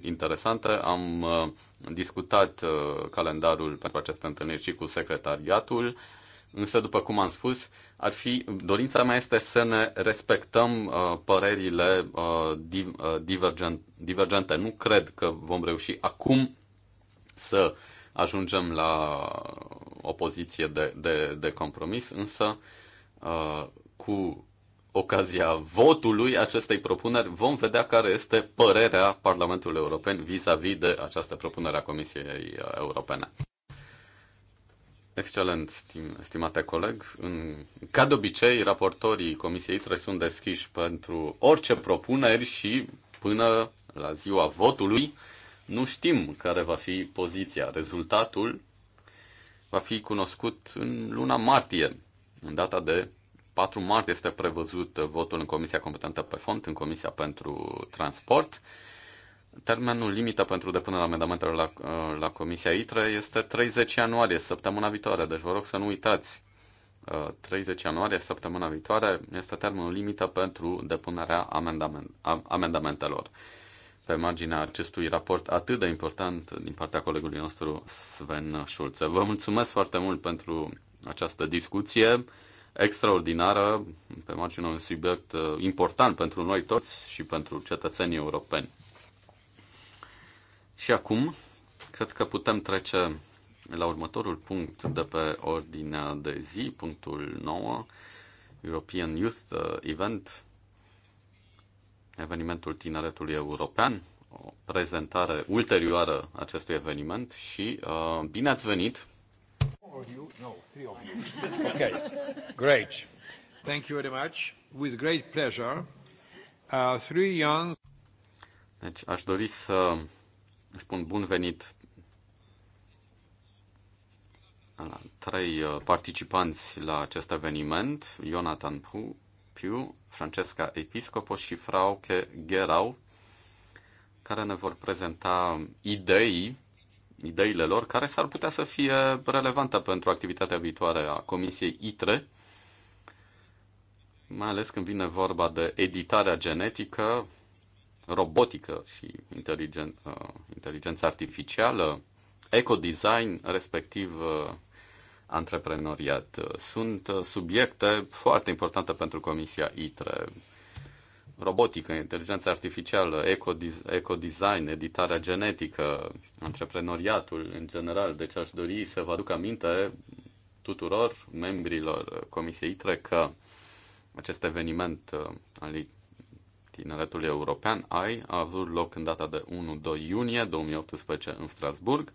Speaker 3: interesante. Am discutat calendarul pentru aceste întâlniri și cu secretariatul, însă, după cum am spus, ar fi, dorința mea este să ne respectăm părerile divergente. Nu cred că vom reuși acum să ajungem la o poziție de, de, de compromis, însă uh, cu ocazia votului acestei propuneri vom vedea care este părerea Parlamentului European vis-a-vis -vis de această propunere a Comisiei Europene. Excelent, stim, stimate coleg. În, ca de obicei, raportorii Comisiei ITRE sunt deschiși pentru orice propuneri și până la ziua votului nu știm care va fi poziția. Rezultatul va fi cunoscut în luna martie. În data de 4 martie este prevăzut votul în Comisia Competentă pe Fond, în Comisia pentru Transport. Termenul limită pentru depunerea amendamentelor la, uh, la Comisia ITRE este 30 ianuarie, săptămâna viitoare, deci vă rog să nu uitați. 30 uh, ianuarie, săptămâna viitoare, este termenul limită pentru depunerea amendament, amendamentelor pe marginea acestui raport atât de important din partea colegului nostru Sven Schulze. Vă mulțumesc foarte mult pentru această discuție extraordinară pe marginea unui subiect uh, important pentru noi toți și pentru cetățenii europeni. Și acum, cred că putem trece la următorul punct de pe ordinea de zi, punctul 9, European Youth uh, Event evenimentul Tineretului European, o prezentare ulterioară acestui eveniment și uh, bine ați venit! okay. Great.
Speaker 1: Thank you very much. With great pleasure. Uh, three young...
Speaker 3: Deci aș dori să spun bun venit la trei uh, participanți la acest eveniment, Jonathan Pugh, Francesca Episcopo și Frauke Gerau, care ne vor prezenta idei, ideile lor, care s-ar putea să fie relevante pentru activitatea viitoare a Comisiei ITRE, mai ales când vine vorba de editarea genetică, robotică și inteligen, uh, inteligență artificială, ecodesign, respectiv uh, antreprenoriat. Sunt uh, subiecte foarte importante pentru Comisia ITRE. Robotică, inteligența artificială, ecodesign, editarea genetică, antreprenoriatul în general. Deci aș dori să vă aduc aminte tuturor membrilor Comisiei ITRE că acest eveniment uh, al tineretului european, AI, a avut loc în data de 1-2 iunie 2018 în Strasburg.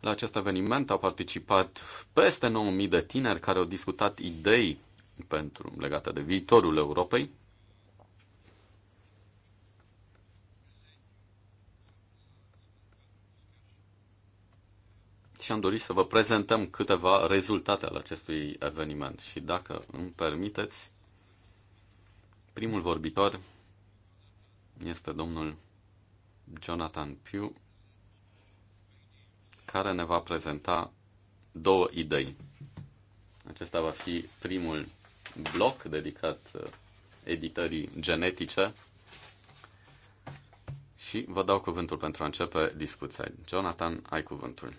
Speaker 3: La acest eveniment au participat peste 9.000 de tineri care au discutat idei pentru, legate de viitorul Europei. Și am dorit să vă prezentăm câteva rezultate ale acestui eveniment. Și dacă îmi permiteți, primul vorbitor este domnul Jonathan Pugh, care ne va prezenta două idei. Acesta va fi primul bloc dedicat uh, editării genetice și vă dau cuvântul pentru a începe discuția. Jonathan, ai cuvântul.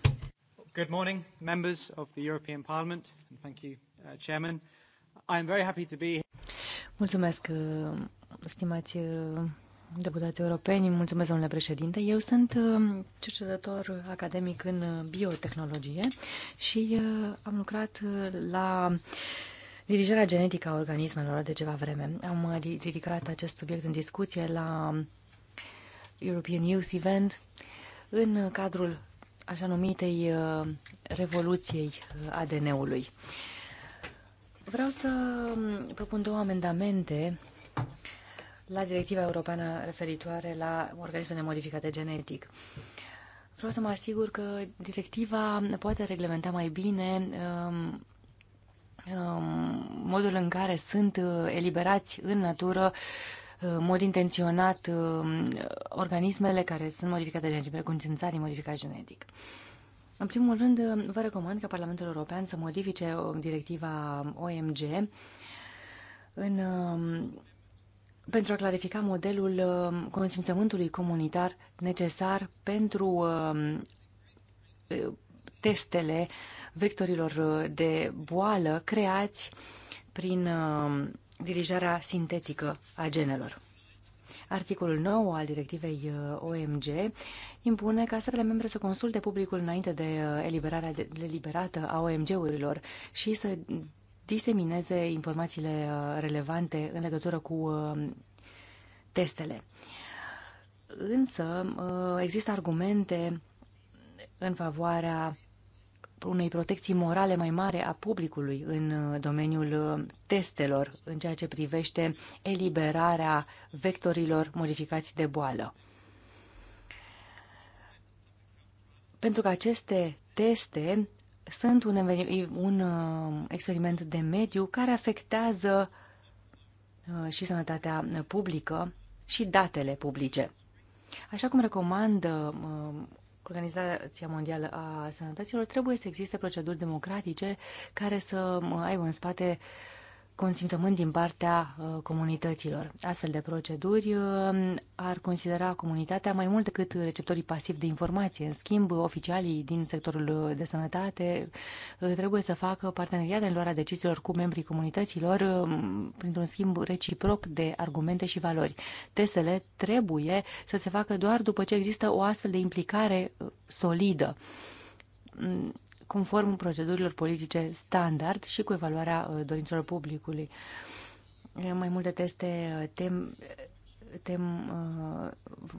Speaker 1: Good morning, members of the European Parliament, and thank you, uh, Chairman. I am very happy to be here.
Speaker 4: Mulțumesc, uh, stimați uh, deputați europeni, mulțumesc, domnule președinte. Eu sunt uh, cercetător academic în uh, biotehnologie și uh, am lucrat la dirijarea genetică a organismelor de ceva vreme. Am ridicat acest subiect în discuție la European Youth Event în cadrul așa numitei revoluției ADN-ului. Vreau să um, propun două amendamente la directiva europeană referitoare la organismele modificate genetic. Vreau să mă asigur că directiva poate reglementa mai bine um, um, modul în care sunt uh, eliberați în natură uh, în mod intenționat um, organismele care sunt modificate genetic, precum țânțarii modificați genetic. În primul rând, vă recomand ca Parlamentul European să modifice uh, directiva OMG în um, pentru a clarifica modelul um, consimțământului comunitar necesar pentru um, uh, testele vectorilor uh, de boală creați prin um, dirijarea sintetică a genelor. Articolul 9 al directivei uh, OMG impune ca statele membre să consulte publicul înainte de eliberarea de, deliberată a OMG-urilor și să disemineze informațiile uh, relevante în legătură cu uh, testele. Însă uh, există argumente în favoarea unei protecții morale mai mare a publicului în domeniul testelor, în ceea ce privește eliberarea vectorilor modificați de boală. Pentru că aceste teste sunt un, un uh, experiment de mediu care afectează uh, și sănătatea publică și datele publice. Așa cum recomandă uh, Organizația Mondială a Sănătăților, trebuie să existe proceduri democratice care să aibă în spate uh, consimțământ din partea uh, comunităților. Astfel de proceduri uh, ar considera comunitatea mai mult decât receptorii pasivi de informație. În schimb, oficialii din sectorul uh, de sănătate trebuie să facă parteneriat în luarea deciziilor cu membrii comunităților printr-un schimb reciproc de argumente și valori. Testele trebuie să se facă doar după ce există o astfel de implicare solidă mm, conform procedurilor politice standard și cu evaluarea uh, dorințelor publicului. Mai multe teste uh, tem, tem, uh,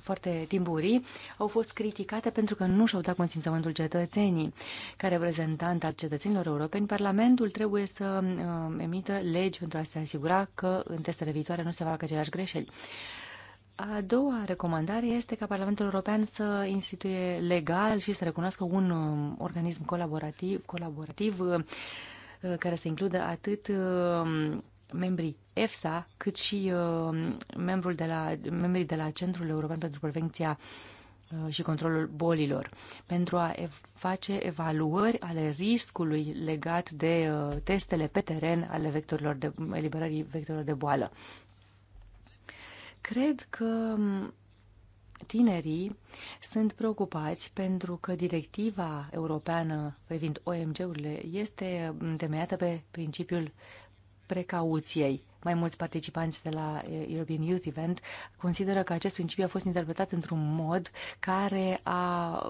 Speaker 4: foarte timburii au fost criticate pentru că nu și-au dat consimțământul cetățenii. Ca reprezentant al cetățenilor europeni, Parlamentul trebuie să emită legi pentru a se asigura că în testele viitoare nu se fac aceleași greșeli. A doua recomandare este ca Parlamentul European să instituie legal și să recunoască un um, organism colaborativ, colaborativ uh, uh, care să includă atât um, membrii EFSA, cât și um, membrul de la, membrii de la Centrul European pentru Prevenția uh, și controlul bolilor, pentru a face evaluări ale riscului legat de testele pe teren ale vectorilor de eliberării vectorilor de boală. Cred că tinerii sunt preocupați pentru că directiva europeană privind OMG-urile este temeiată pe principiul precauției. Mai mulți participanți de la European Youth Event consideră că acest principiu a fost interpretat într-un mod care a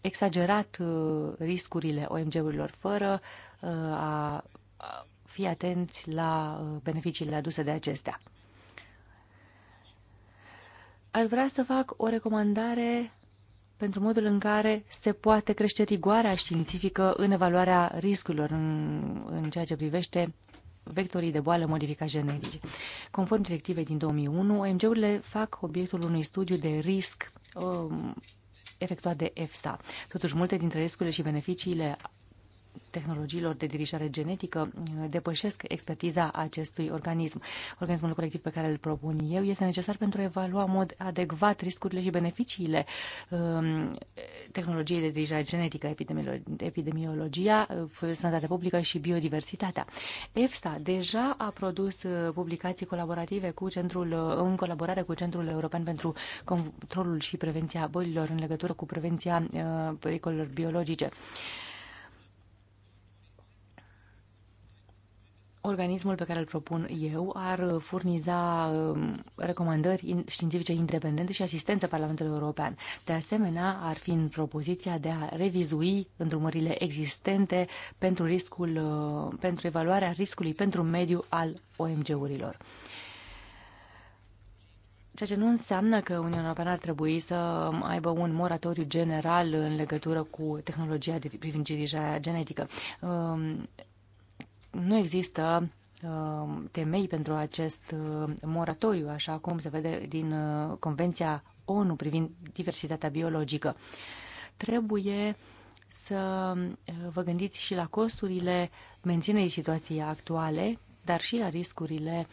Speaker 4: exagerat uh, riscurile OMG-urilor fără uh, a fi atenți la uh, beneficiile aduse de acestea ar vrea să fac o recomandare pentru modul în care se poate crește rigoarea științifică în evaluarea riscurilor în, în ceea ce privește vectorii de boală modificat genetici. Conform directivei din 2001, OMG-urile fac obiectul unui studiu de risc um, efectuat de EFSA. Totuși, multe dintre riscurile și beneficiile tehnologiilor de dirijare genetică uh, depășesc expertiza acestui organism. Organismul colectiv pe care îl propun eu este necesar pentru a evalua în mod adecvat riscurile și beneficiile um, tehnologiei de dirijare genetică, epidemiologia, uh, sănătatea publică și biodiversitatea. EFSA deja a produs uh, publicații colaborative cu centrul, în colaborare cu Centrul European pentru Controlul și Prevenția Bolilor în legătură cu prevenția uh, pericolelor biologice. organismul pe care îl propun eu ar furniza um, recomandări științifice independente și asistență Parlamentului European. De asemenea, ar fi în propoziția de a revizui îndrumările existente pentru, riscul, uh, pentru evaluarea riscului pentru mediu al OMG-urilor. Ceea ce nu înseamnă că Uniunea Europeană ar trebui să aibă un moratoriu general în legătură cu tehnologia privind dirigerea genetică. Um, nu există uh, temei pentru acest uh, moratoriu, așa cum se vede din uh, Convenția ONU privind diversitatea biologică. Trebuie să vă gândiți și la costurile menținerii situației actuale, dar și la riscurile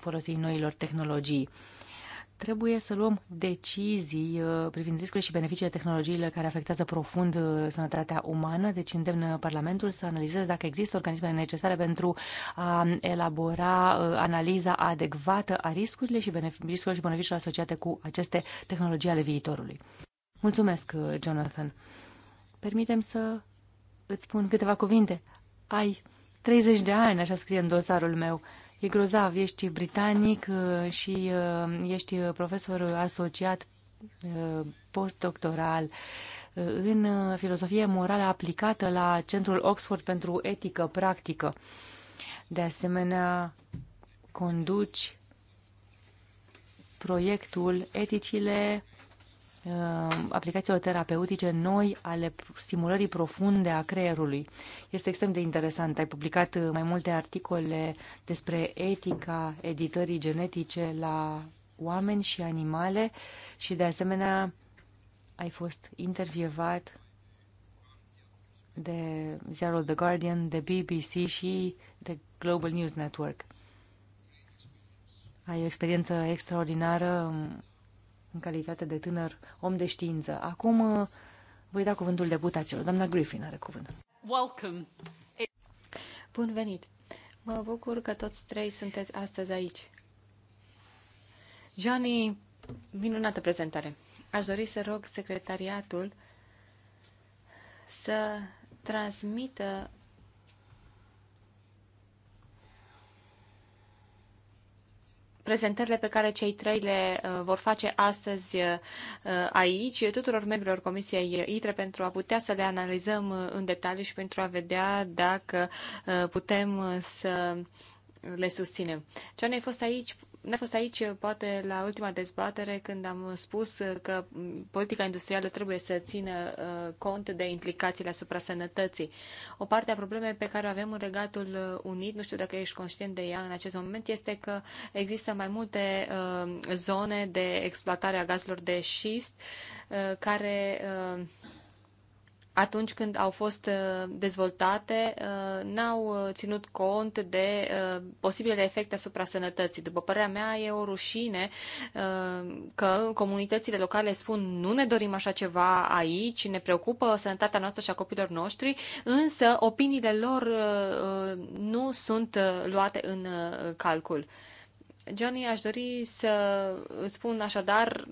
Speaker 4: folosirii noilor tehnologii trebuie să luăm decizii uh, privind riscurile și beneficiile tehnologiilor care afectează profund uh, sănătatea umană, deci îndemn uh, Parlamentul să analizeze dacă există organismele necesare pentru a um, elabora analiza adecvată a riscurilor și beneficiilor și beneficiilor asociate cu aceste tehnologii ale viitorului. Mulțumesc, Jonathan. Permitem să îți spun câteva cuvinte. Ai 30 de ani, așa scrie în dosarul meu. E grozav, ești britanic uh, și uh, ești uh, profesor asociat postdoctoral în filozofie morală aplicată la Centrul Oxford pentru Etică Practică. De asemenea, conduci proiectul Eticile Uh, aplicațiilor terapeutice noi ale stimulării profunde a creierului. Este extrem de interesant. Ai publicat uh, mai multe articole despre etica editării genetice la oameni și animale și de asemenea ai fost intervievat de ziarul The Guardian, de BBC și de Global News Network. Ai o experiență extraordinară um, în calitate de tânăr om de știință. Acum uh, voi da cuvântul deputaților. Doamna Griffin are cuvânt.
Speaker 2: Welcome. Bun venit! Mă bucur că toți trei sunteți astăzi aici. Johnny, minunată prezentare. Aș dori să rog secretariatul să transmită prezentările pe care cei trei le uh, vor face astăzi uh, uh, aici tuturor membrilor Comisiei ITRE pentru a putea să le analizăm în detaliu și pentru a vedea dacă putem să le susținem. Ce ne-ai fost aici N-a fost aici, poate, la ultima dezbatere, când am spus că politica industrială trebuie să țină uh, cont de implicațiile asupra sănătății. O parte a problemei pe care o avem în Regatul Unit, nu știu dacă ești conștient de ea în acest moment, este că există mai multe uh, zone de exploatare a gazelor de șist uh, care. Uh, atunci când au fost uh, dezvoltate, uh, n-au uh, ținut cont de posibilele efecte asupra sănătății. După părerea mea, e o rușine că comunitățile locale spun nu ne dorim așa ceva aici, ne preocupă sănătatea noastră și a copilor noștri, însă opiniile lor nu sunt luate în calcul. Johnny, aș dori să spun așadar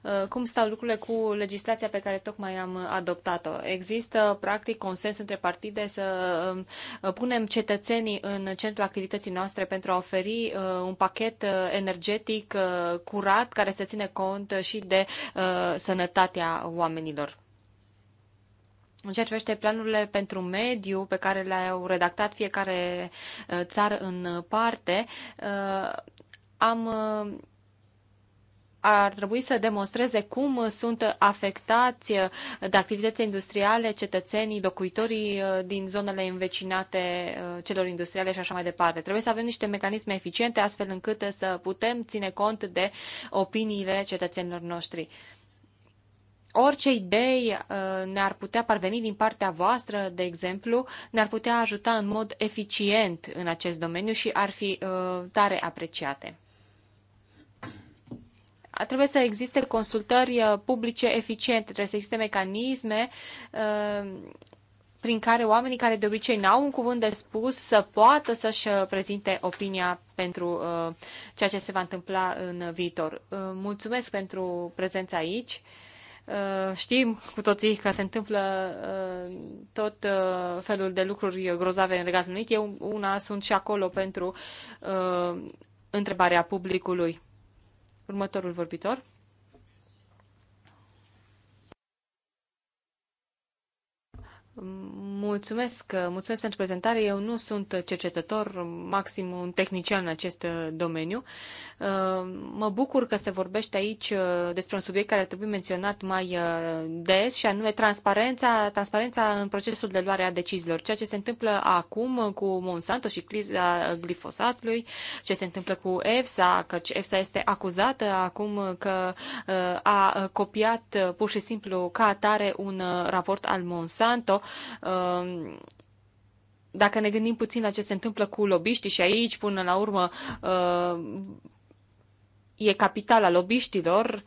Speaker 2: uh, cum stau lucrurile cu legislația pe care tocmai am adoptat-o. Există, practic, consens între partide să um, uh, punem cetățenii în centrul activității noastre pentru a oferi uh, un pachet energetic curat care să ține cont și de sănătatea oamenilor. În ceea ce privește planurile pentru mediu pe care le-au redactat fiecare țară în parte, am uh, ar trebui să demonstreze cum sunt afectați de activități industriale cetățenii, locuitorii uh, din zonele învecinate uh, celor industriale și așa mai departe. Trebuie să avem niște mecanisme eficiente astfel încât să putem ține cont de opiniile cetățenilor noștri. Orice idei ne-ar putea parveni din partea voastră, de exemplu, ne-ar putea ajuta în mod eficient în acest domeniu și ar fi tare apreciate. Trebuie să existe consultări uh, publice eficiente, trebuie să existe mecanisme uh, prin care oamenii care de obicei n-au un cuvânt de spus să poată să-și uh, prezinte opinia pentru ceea ce se va întâmpla în viitor. Mulțumesc pentru prezența aici. Știm cu toții că se întâmplă tot felul de lucruri grozave în Regatul Unit. Eu una sunt și acolo pentru întrebarea publicului. Următorul vorbitor. Mulțumesc, mulțumesc pentru prezentare. Eu nu sunt cercetător, maxim un tehnician în acest uh, domeniu. Uh, mă bucur că se vorbește aici uh, despre un subiect care ar trebui menționat mai des și anume transparența, transparența în procesul de luare a deciziilor. Ceea ce se întâmplă acum cu Monsanto și criza glifosatului, ce se întâmplă cu EFSA, căci EFSA este acuzată acum că a copiat pur și simplu ca atare un raport al Monsanto Ehm, dacă ne gândim puțin la ce se întâmplă cu lobiștii și aici, până la urmă, ehm, e capitala lobiștilor,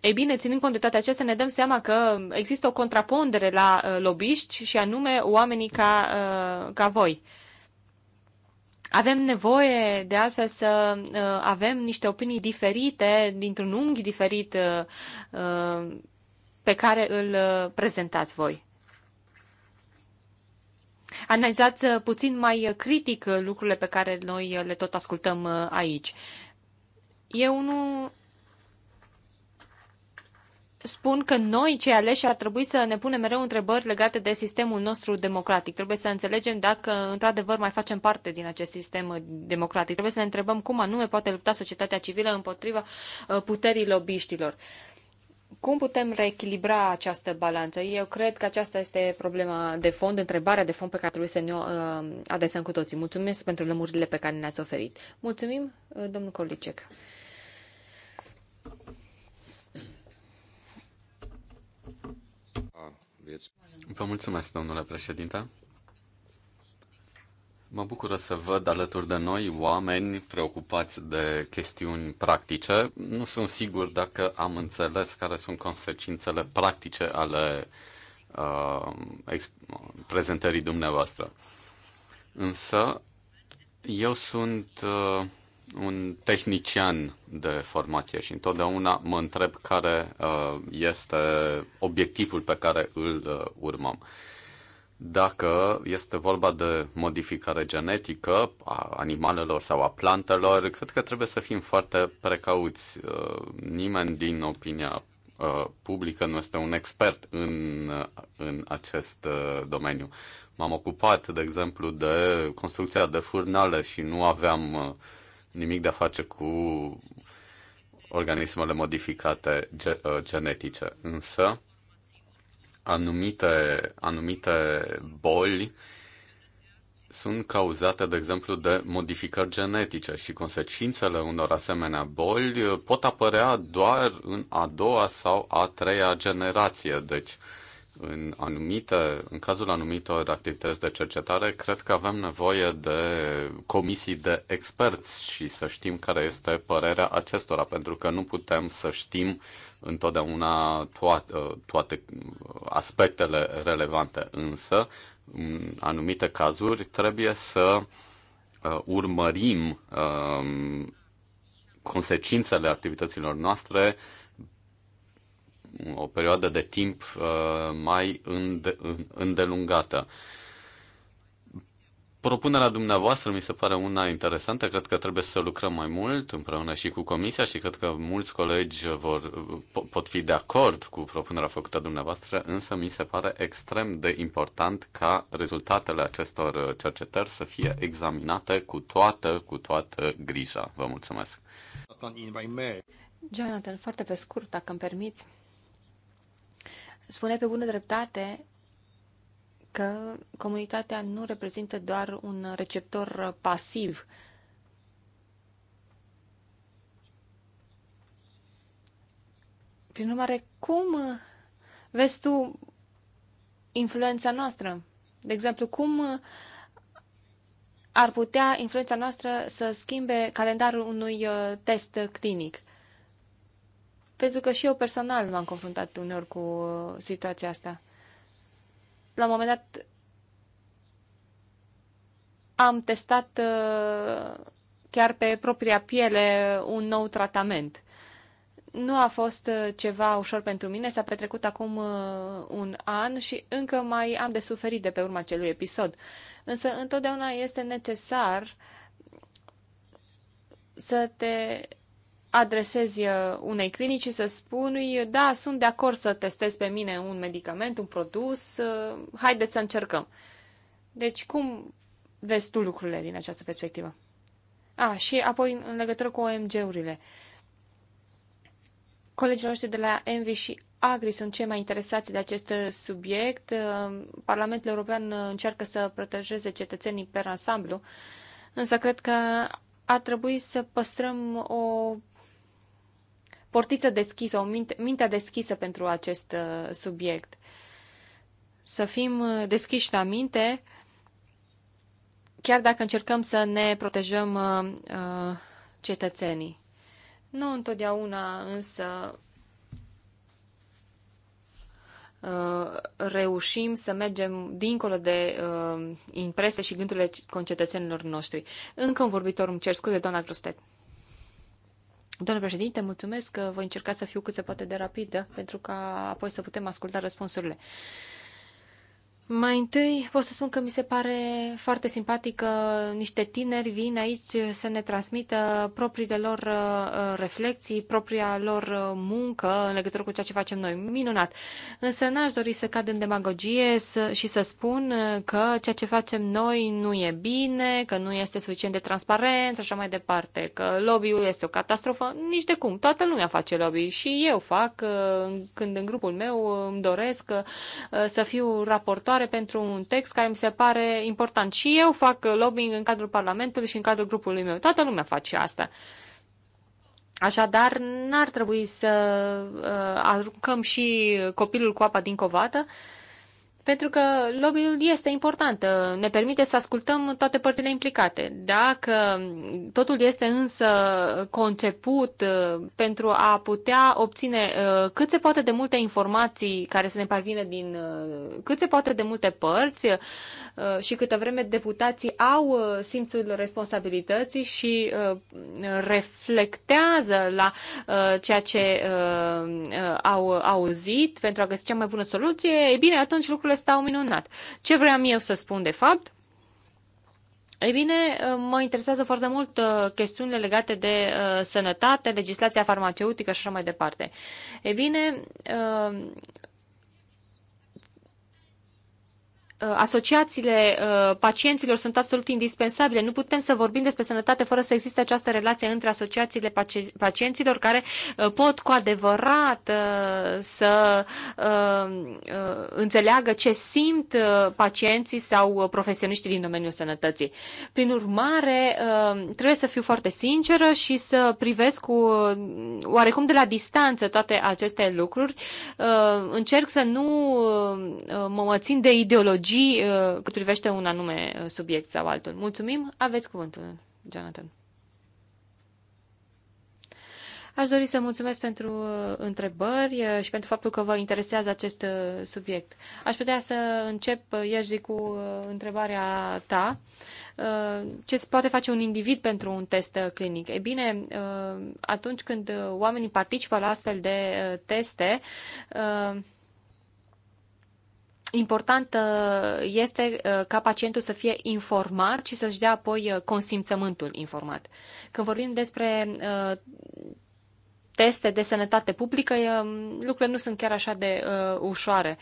Speaker 2: Ei bine, ținând cont de toate acestea, ne dăm seama că există o contrapondere la uh, lobiști și anume oamenii ca, uh, ca voi. Uh, avem nevoie, de altfel, să uh, avem niște opinii diferite, dintr-un unghi diferit uh, uh, pe care îl prezentați voi. Analizați puțin mai critic lucrurile pe care noi le tot ascultăm aici. Eu nu spun că noi, cei aleși, ar trebui să ne punem mereu întrebări legate de sistemul nostru democratic. Trebuie să înțelegem dacă, într-adevăr, mai facem parte din acest sistem democratic. Trebuie să ne întrebăm cum anume poate lupta societatea civilă împotriva uh, puterii lobiștilor. Cum putem reechilibra această balanță? Eu cred că aceasta este problema de fond, întrebarea de fond pe care trebuie să ne uh, adresăm cu toții. Mulțumesc pentru lămurile pe care ne-ați oferit. Mulțumim, uh, domnul Colicec.
Speaker 3: Vă mulțumesc, domnule președinte. Mă bucură să văd alături de noi oameni preocupați de chestiuni practice. Nu sunt sigur dacă am înțeles care sunt consecințele practice ale uh, prezentării dumneavoastră. Însă, eu sunt uh, un tehnician de formație și întotdeauna mă întreb care uh, este obiectivul pe care îl uh, urmăm. Dacă este vorba de modificare genetică a animalelor sau a plantelor, cred că trebuie să fim foarte precauți. Uh, nimeni din opinia publică nu este un expert în, în acest domeniu. M-am ocupat, de exemplu, de construcția de furnale și nu aveam uh, nimic de a face cu organismele modificate ge- uh, genetice. Însă, anumite, anumite boli sunt cauzate, de exemplu, de modificări genetice și consecințele unor asemenea boli pot apărea doar în a doua sau a treia generație. Deci, uh, în anumite, în cazul anumitor activități de cercetare, cred că avem nevoie de comisii de experți și să știm care este părerea acestora, pentru că nu putem să știm întotdeauna toate, toate aspectele relevante, însă în anumite cazuri trebuie să uh, urmărim um, consecințele activităților noastre uh, o perioadă de timp uh, mai îndelungată. Propunerea dumneavoastră mi se pare una interesantă, cred că trebuie să lucrăm mai mult împreună și cu Comisia și cred că mulți colegi vor, pot fi de acord cu propunerea făcută dumneavoastră, însă mi se pare extrem de important ca rezultatele acestor cercetări să fie examinate cu toată, cu toată grija. Vă mulțumesc!
Speaker 2: Jonathan, foarte pe scurt, dacă îmi permiți spune pe bună dreptate că comunitatea nu reprezintă doar un receptor pasiv. Prin urmare, cum vezi tu influența noastră? De exemplu, cum ar putea influența noastră să schimbe calendarul unui uh, test clinic? Pentru că și eu personal m-am confruntat uneori cu uh, situația asta. La un moment dat am testat uh, chiar pe propria piele un nou tratament. Nu a fost uh, ceva ușor pentru mine, s-a petrecut acum un an și încă mai am de suferit de pe urma acelui episod. Însă întotdeauna este necesar să te adresezi uh, unei clinici și să spui, da, sunt de acord să testez pe mine un medicament, un produs, uh, haideți să încercăm. Deci cum vezi tu lucrurile din această perspectivă? A, și apoi în legătură cu OMG-urile. Colegii noștri de la Envi și Agri sunt cei mai interesați de acest subiect. Uh, Parlamentul European încearcă să protejeze cetățenii per ansamblu, însă cred că ar trebui să păstrăm o portiță deschisă, o minte, mintea deschisă pentru acest uh, subiect. Să fim uh, deschiși la minte, chiar dacă încercăm să ne protejăm uh, uh cetățenii. Nu întotdeauna însă reușim să mergem dincolo de uh, imprese și gândurile concetățenilor noștri. Încă un vorbitor îmi cer scuze, doamna Grostet. Domnule președinte, mulțumesc că voi încerca să fiu cât se poate de rapidă pentru ca apoi să putem asculta răspunsurile. Mai întâi pot să spun că mi se pare foarte simpatic că niște tineri vin aici să ne transmită propriile lor uh, uh, reflexii, propria lor uh, muncă în legătură cu ceea ce facem noi. Minunat! Însă n-aș dori să cad în demagogie și să spun că ceea ce facem noi nu e bine, că nu este suficient de transparent și așa mai departe, că lobby-ul este o catastrofă. Nici de cum. Toată lumea face lobby și eu fac când în grupul meu îmi doresc să fiu raportor întrebare pentru un text care mi se pare important. Și eu fac lobbying în cadrul Parlamentului și în cadrul grupului meu. Toată lumea face asta. Așadar, n-ar trebui să uh, aruncăm și copilul cu apa din covată. Uh, pentru că lobby-ul este important, ne permite să ascultăm toate părțile implicate. Dacă totul este însă conceput uh, pentru a putea obține uh, cât se poate de multe informații care să ne parvină din uh, cât se poate de multe părți și câtă vreme deputații au simțul responsabilității și reflectează la ceea ce au auzit pentru a găsi cea mai bună soluție, e bine, atunci lucrurile lucrurile stau minunat. Ce vreau eu să spun de fapt? Ei bine, mă interesează foarte mult uh, chestiunile legate de uh, sănătate, legislația farmaceutică și așa mai departe. Ei bine, uh, Uh, asociațiile uh, pacienților sunt absolut indispensabile. Nu putem să vorbim despre sănătate fără să existe această relație între asociațiile pacienților care uh, pot cu adevărat să înțeleagă ce simt pacienții sau profesioniștii din domeniul sănătății. Prin urmare, trebuie să fiu foarte sinceră și să privesc cu oarecum de la distanță toate aceste lucruri. Încerc să nu mă, mă țin de ideologie strategii uh, cât privește un anume uh, subiect sau altul. Mulțumim, aveți cuvântul, Jonathan. Aș dori să mulțumesc pentru uh, întrebări și pentru faptul că vă interesează acest subiect. Aș putea să încep, zic, cu întrebarea ta. Ce se poate face un individ pentru un test clinic? E bine, atunci când oamenii participă la astfel de teste, important este uh, ca pacientul să fie informat și să-și dea apoi uh, consimțământul informat. Când vorbim despre uh, teste de sănătate publică, lucrurile nu sunt chiar așa de uh, ușoare.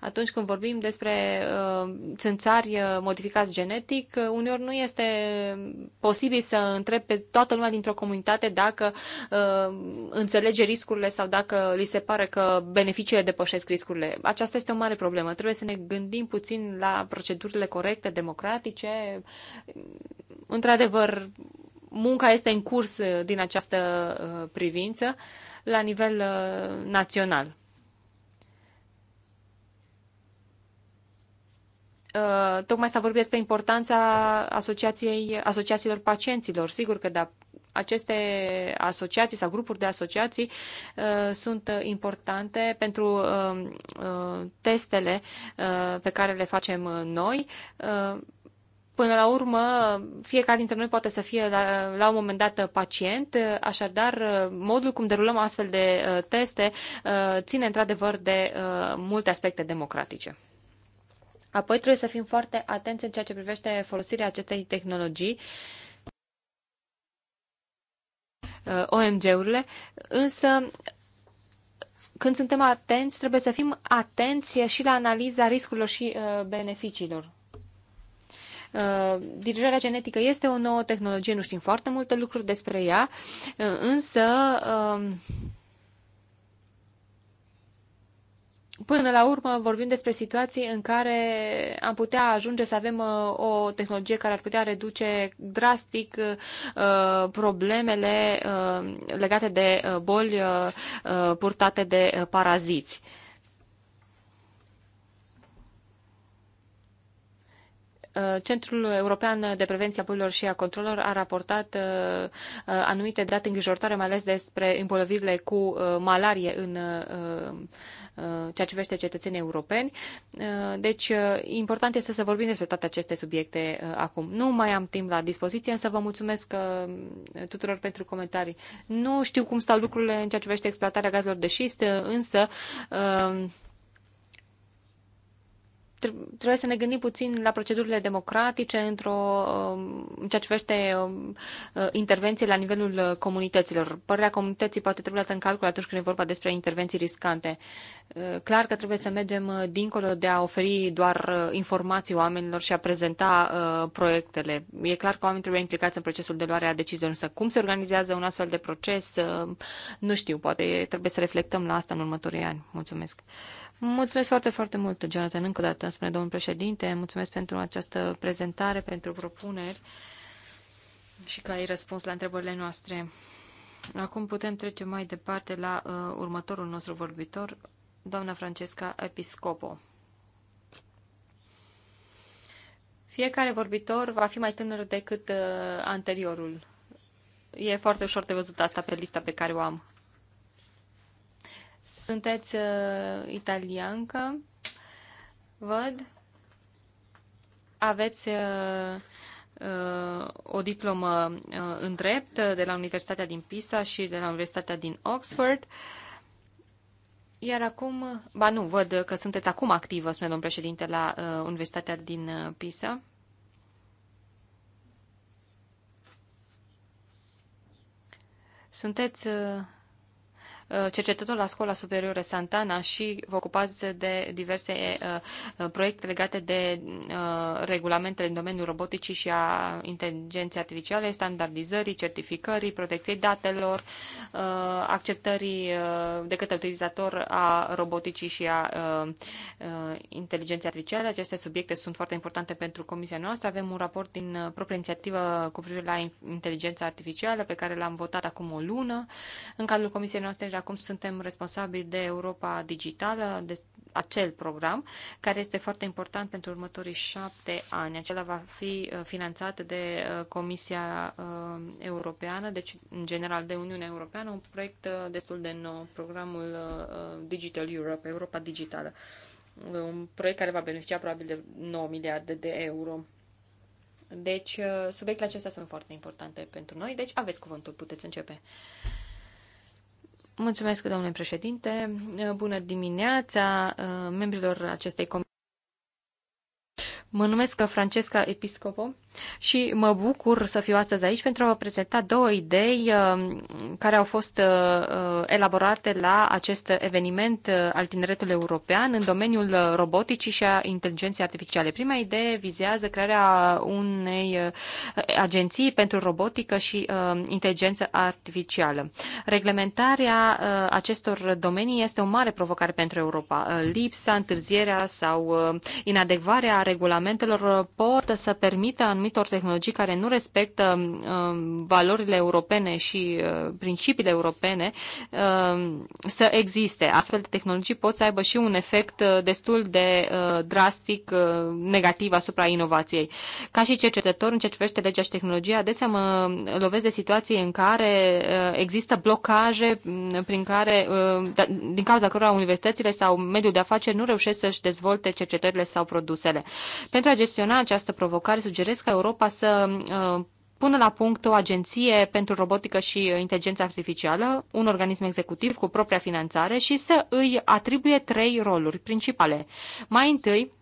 Speaker 2: Atunci când vorbim despre uh, țânțari modificați genetic, uneori nu este posibil să întreb pe toată lumea dintr-o comunitate dacă uh, înțelege riscurile sau dacă li se pare că beneficiile depășesc riscurile. Aceasta este o mare problemă. Trebuie să ne gândim puțin la procedurile corecte, democratice. Într-adevăr, munca este în curs uh, din această uh, privință la nivel uh, național. Tocmai s-a vorbit despre importanța asociației, asociațiilor pacienților. Sigur că da, aceste asociații sau grupuri de asociații uh, sunt importante pentru uh, uh, testele pe care le facem noi. Până la urmă, fiecare dintre noi poate să fie la, la un moment dat uh, pacient, uh, așadar, uh, modul cum derulăm astfel de teste ține într-adevăr de multe aspecte democratice. Apoi trebuie să fim foarte atenți în ceea ce privește folosirea acestei tehnologii OMG-urile, însă când suntem atenți, trebuie să fim atenți și la analiza riscurilor și beneficiilor. Uh, dirijarea genetică este o nouă tehnologie, nu știm foarte multe lucruri despre ea, uh, însă um, Până la urmă vorbim despre situații în care am putea ajunge să avem uh, o tehnologie care ar putea reduce drastic problemele legate de boli purtate de paraziți. Uh, Centrul European de Prevenție a Bolilor și a Controlor a raportat uh, uh, anumite date îngrijorătoare, mai ales despre îmbolnăvirile cu malarie în ceea ce vește cetățenii europeni. Deci, important este să vorbim despre toate aceste subiecte acum. Nu mai am timp la dispoziție, însă vă mulțumesc tuturor pentru comentarii. Nu știu cum stau lucrurile în ceea ce vește exploatarea gazelor de șist, însă trebuie să ne gândim puțin la procedurile democratice într-o, um, în ceea ce privește um, uh, intervenții la nivelul uh, comunităților. Părerea comunității poate trebuie luată în calcul atunci când e vorba despre intervenții riscante. Uh, clar că trebuie să mergem dincolo de a oferi doar informații oamenilor și a prezenta proiectele. E clar că oamenii trebuie implicați în procesul de luare a deciziilor, însă cum se organizează un astfel de proces, nu știu, poate trebuie să reflectăm la asta în următorii ani. Mulțumesc. Mulțumesc foarte, foarte mult, Jonathan, încă o dată, spune domnul președinte. Mulțumesc pentru această prezentare, pentru propuneri și că ai răspuns la întrebările noastre. Acum putem trece mai departe la uh, următorul nostru vorbitor, doamna Francesca Episcopo. Fiecare vorbitor va fi mai tânăr decât uh, anteriorul. E foarte ușor de văzut asta pe lista pe care o am. Sunteți uh, italiancă, văd. Aveți uh, uh o diplomă uh, în drept uh, de la Universitatea din Pisa și de la Universitatea din Oxford. Iar acum, ba nu, văd că sunteți acum activă, spune domnul președinte, la Universitatea din Pisa. Sunteți Uh, cercetător la Scola Superioară Santana și vă ocupați de diverse uh, uh, proiecte legate de regulamentele în domeniul roboticii și a inteligenței artificiale, standardizării, certificării, protecției datelor, acceptării de către utilizator a roboticii și a inteligenței artificiale. Aceste subiecte sunt foarte importante pentru comisia noastră. Avem un raport din propria inițiativă cu privire la inteligența artificială pe care l-am votat acum o lună. În cadrul comisiei noastre acum suntem responsabili de Europa Digitală, de acel program, care este foarte important pentru următorii șapte ani. Acela va fi uh, finanțat de uh, Comisia uh, Europeană, deci în general de Uniunea Europeană, un proiect destul de nou, programul Digital Europe, Europa Digitală. Un proiect care va beneficia probabil de 9 miliarde de euro. Deci, subiectele acestea sunt foarte importante pentru noi, deci aveți cuvântul, puteți începe. Uh, Mulțumesc, domnule președinte. Bună dimineața uh, membrilor acestei comisii. Mă numesc Francesca Episcopo și mă bucur să fiu astăzi aici pentru a vă prezenta două idei uh, care au fost uh, uh, elaborate la acest eveniment al tineretului european în domeniul roboticii și a inteligenței artificiale. Prima idee vizează crearea unei agenții pentru robotică și inteligență artificială. Reglementarea acestor domenii este o mare provocare pentru Europa. Lipsa, întârzierea sau inadecvarea regulamentelor pot să permită anumitor tehnologii care nu respectă um, valorile europene și uh, principiile europene um, să existe. Astfel de tehnologii pot să aibă și un efect uh, destul de uh, drastic negativ asupra inovației. Ca și cercetător, în ce privește legea și tehnologia, adesea mă lovesc de situații în care există blocaje mm, prin care, da, din cauza cărora universitățile sau mediul de afaceri nu reușesc să-și dezvolte cercetările sau produsele. Pentru a gestiona această provocare, sugerez că ca Europa să uh, pună la punct o agenție pentru robotică și inteligență artificială, un organism executiv cu propria finanțare și să îi atribuie trei roluri principale. Mai întâi,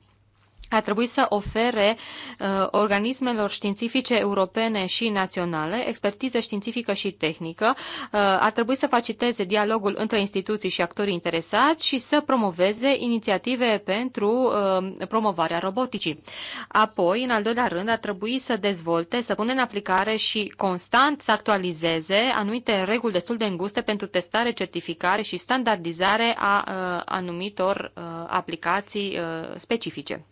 Speaker 2: a trebuit să ofere uh, organismelor științifice europene și naționale expertiză științifică și tehnică, uh, a trebuit să faciliteze dialogul între instituții și actorii interesați și să promoveze inițiative pentru uh, promovarea roboticii. Apoi, în al doilea rând, ar trebui să dezvolte, să pună în aplicare și constant să actualizeze anumite reguli destul de înguste pentru testare, certificare și standardizare a uh, anumitor uh, aplicații uh, specifice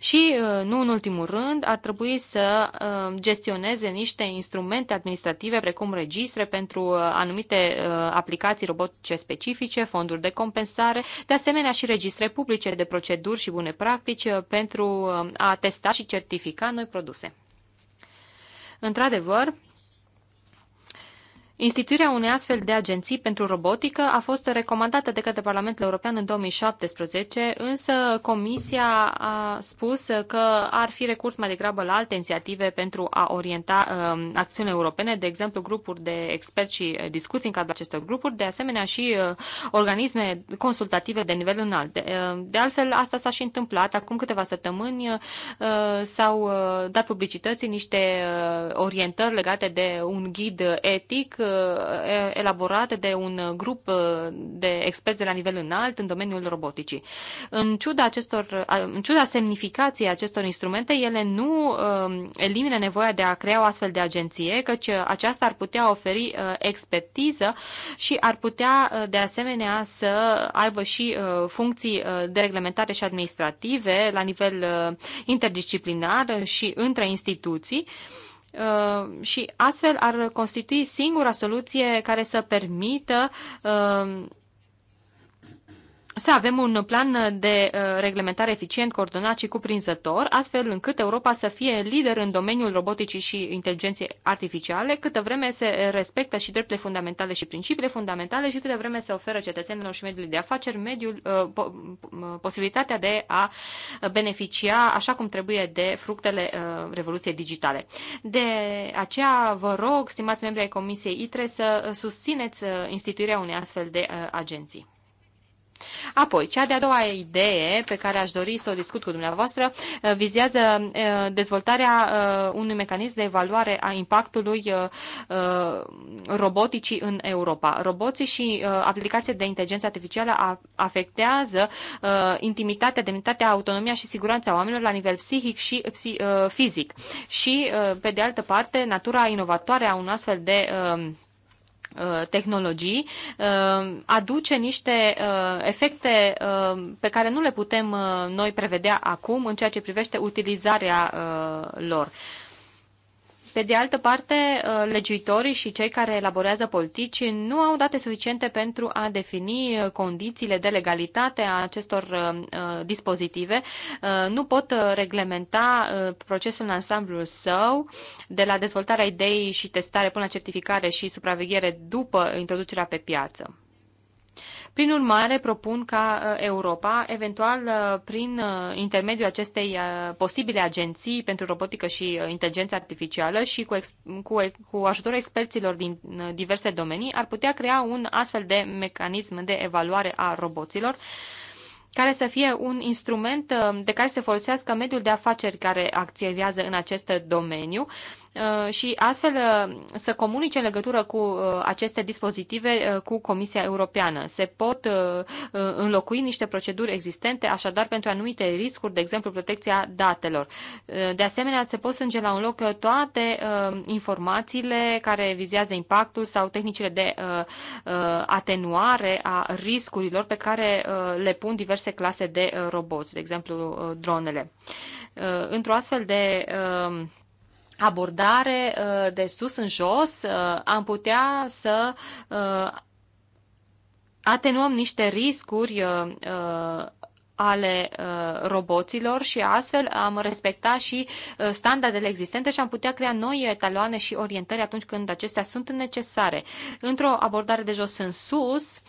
Speaker 2: și, uh, nu în ultimul rând, ar trebui să uh, gestioneze niște instrumente administrative precum registre pentru uh, anumite aplicații robotice specifice, fonduri de compensare, de asemenea și registre publice de proceduri și bune practici pentru a testa și certifica noi produse. Într-adevăr, Instituirea unei astfel de agenții pentru robotică a fost recomandată de către Parlamentul European în 2017, însă Comisia a spus că ar fi recurs mai degrabă la alte inițiative pentru a orienta um, acțiunile europene, de exemplu grupuri de experți și discuții în cadrul acestor grupuri, de asemenea și uh, organisme consultative de nivel înalt. De, uh, de altfel, asta s-a și întâmplat. Acum câteva săptămâni uh, s-au uh, dat publicității niște uh, orientări legate de un ghid etic Uh, elaborate de un grup uh, de experți de la nivel înalt în domeniul roboticii. În ciuda, acestor, în ciuda semnificației acestor instrumente, ele nu um, elimină nevoia de a crea o astfel de agenție, căci aceasta ar putea oferi uh, expertiză și ar putea de asemenea să aibă și funcții de reglementare și administrative la nivel interdisciplinar și între instituții, uh, Uh, și astfel ar constitui singura soluție care să permită uh, să avem un plan de uh, reglementare eficient, coordonat și cuprinzător, astfel încât Europa să fie lider în domeniul roboticii și inteligenței artificiale, câtă vreme se respectă și drepturile fundamentale și principiile fundamentale și câtă vreme se oferă cetățenilor și mediului de afaceri mediul, uh, uh, posibilitatea de a beneficia așa cum trebuie de fructele revoluției digitale. De aceea vă rog, stimați membri ai Comisiei ITRE, să susțineți instituirea unei astfel de agenții. Apoi, cea de-a doua idee pe care aș dori să o discut cu dumneavoastră uh, vizează uh, dezvoltarea uh, unui mecanism de evaluare a impactului roboticii în Europa. Roboții și aplicația de inteligență artificială afectează intimitatea, demnitatea, autonomia și siguranța oamenilor la nivel psihic și fizic. Și, pe de altă parte, natura inovatoare a unui astfel de Uh, tehnologii uh, aduce niște uh, efecte pe care nu le putem noi prevedea acum în ceea ce privește utilizarea lor. Pe de altă parte, uh, legiuitorii și cei care elaborează politici nu au date suficiente pentru a defini uh, condițiile de legalitate a acestor uh, dispozitive, nu pot reglementa procesul în ansamblul său, de la dezvoltarea ideii și testare până la certificare și supraveghere după introducerea pe piață. Prin urmare, propun ca uh, Europa, eventual uh, prin uh, intermediul acestei posibile agenții pentru robotică și inteligență artificială și cu, cu, cu ajutorul experților din diverse domenii, ar putea crea un astfel de mecanism de evaluare a roboților care să fie un instrument de care se folosească mediul de afaceri care acționează în acest domeniu, Uh, și astfel uh, să comunice în legătură cu uh, aceste dispozitive cu Comisia Europeană. Se pot înlocui niște proceduri existente, așadar pentru anumite riscuri, de exemplu protecția datelor. De asemenea, se pot strânge la un loc toate informațiile care vizează impactul sau tehnicile de atenuare a riscurilor pe care le pun diverse clase de roboți, de exemplu dronele. Într-o astfel de abordare uh, de sus în jos, uh, am putea să uh, atenuăm niște riscuri ale roboților și astfel am respectat și standardele existente și am putea crea noi etaloane și orientări atunci când acestea sunt necesare. Într-o abordare de jos în sus,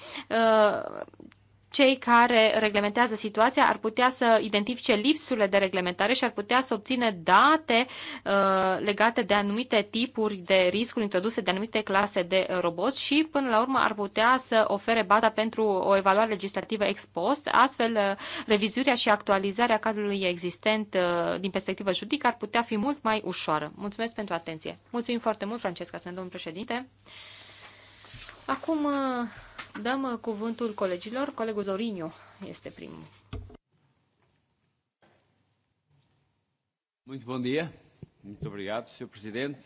Speaker 2: cei care reglementează situația ar putea să identifice lipsurile de reglementare și ar putea să obțină date uh, legate de anumite tipuri de riscuri introduse de anumite clase de roboți și, până la urmă, ar putea să ofere baza pentru o evaluare legislativă ex post. Astfel, uh, revizuirea și actualizarea cadrului existent uh, din perspectivă juridică ar putea fi mult mai ușoară. Mulțumesc pentru atenție. Mulțumim foarte mult, Francesca, să ne domnul președinte. Acum uh, Dăm uh, cuvântul colegilor. Colegul Zorinio este primul.
Speaker 3: Muito bom dia. Muito obrigado, Sr. Presidente.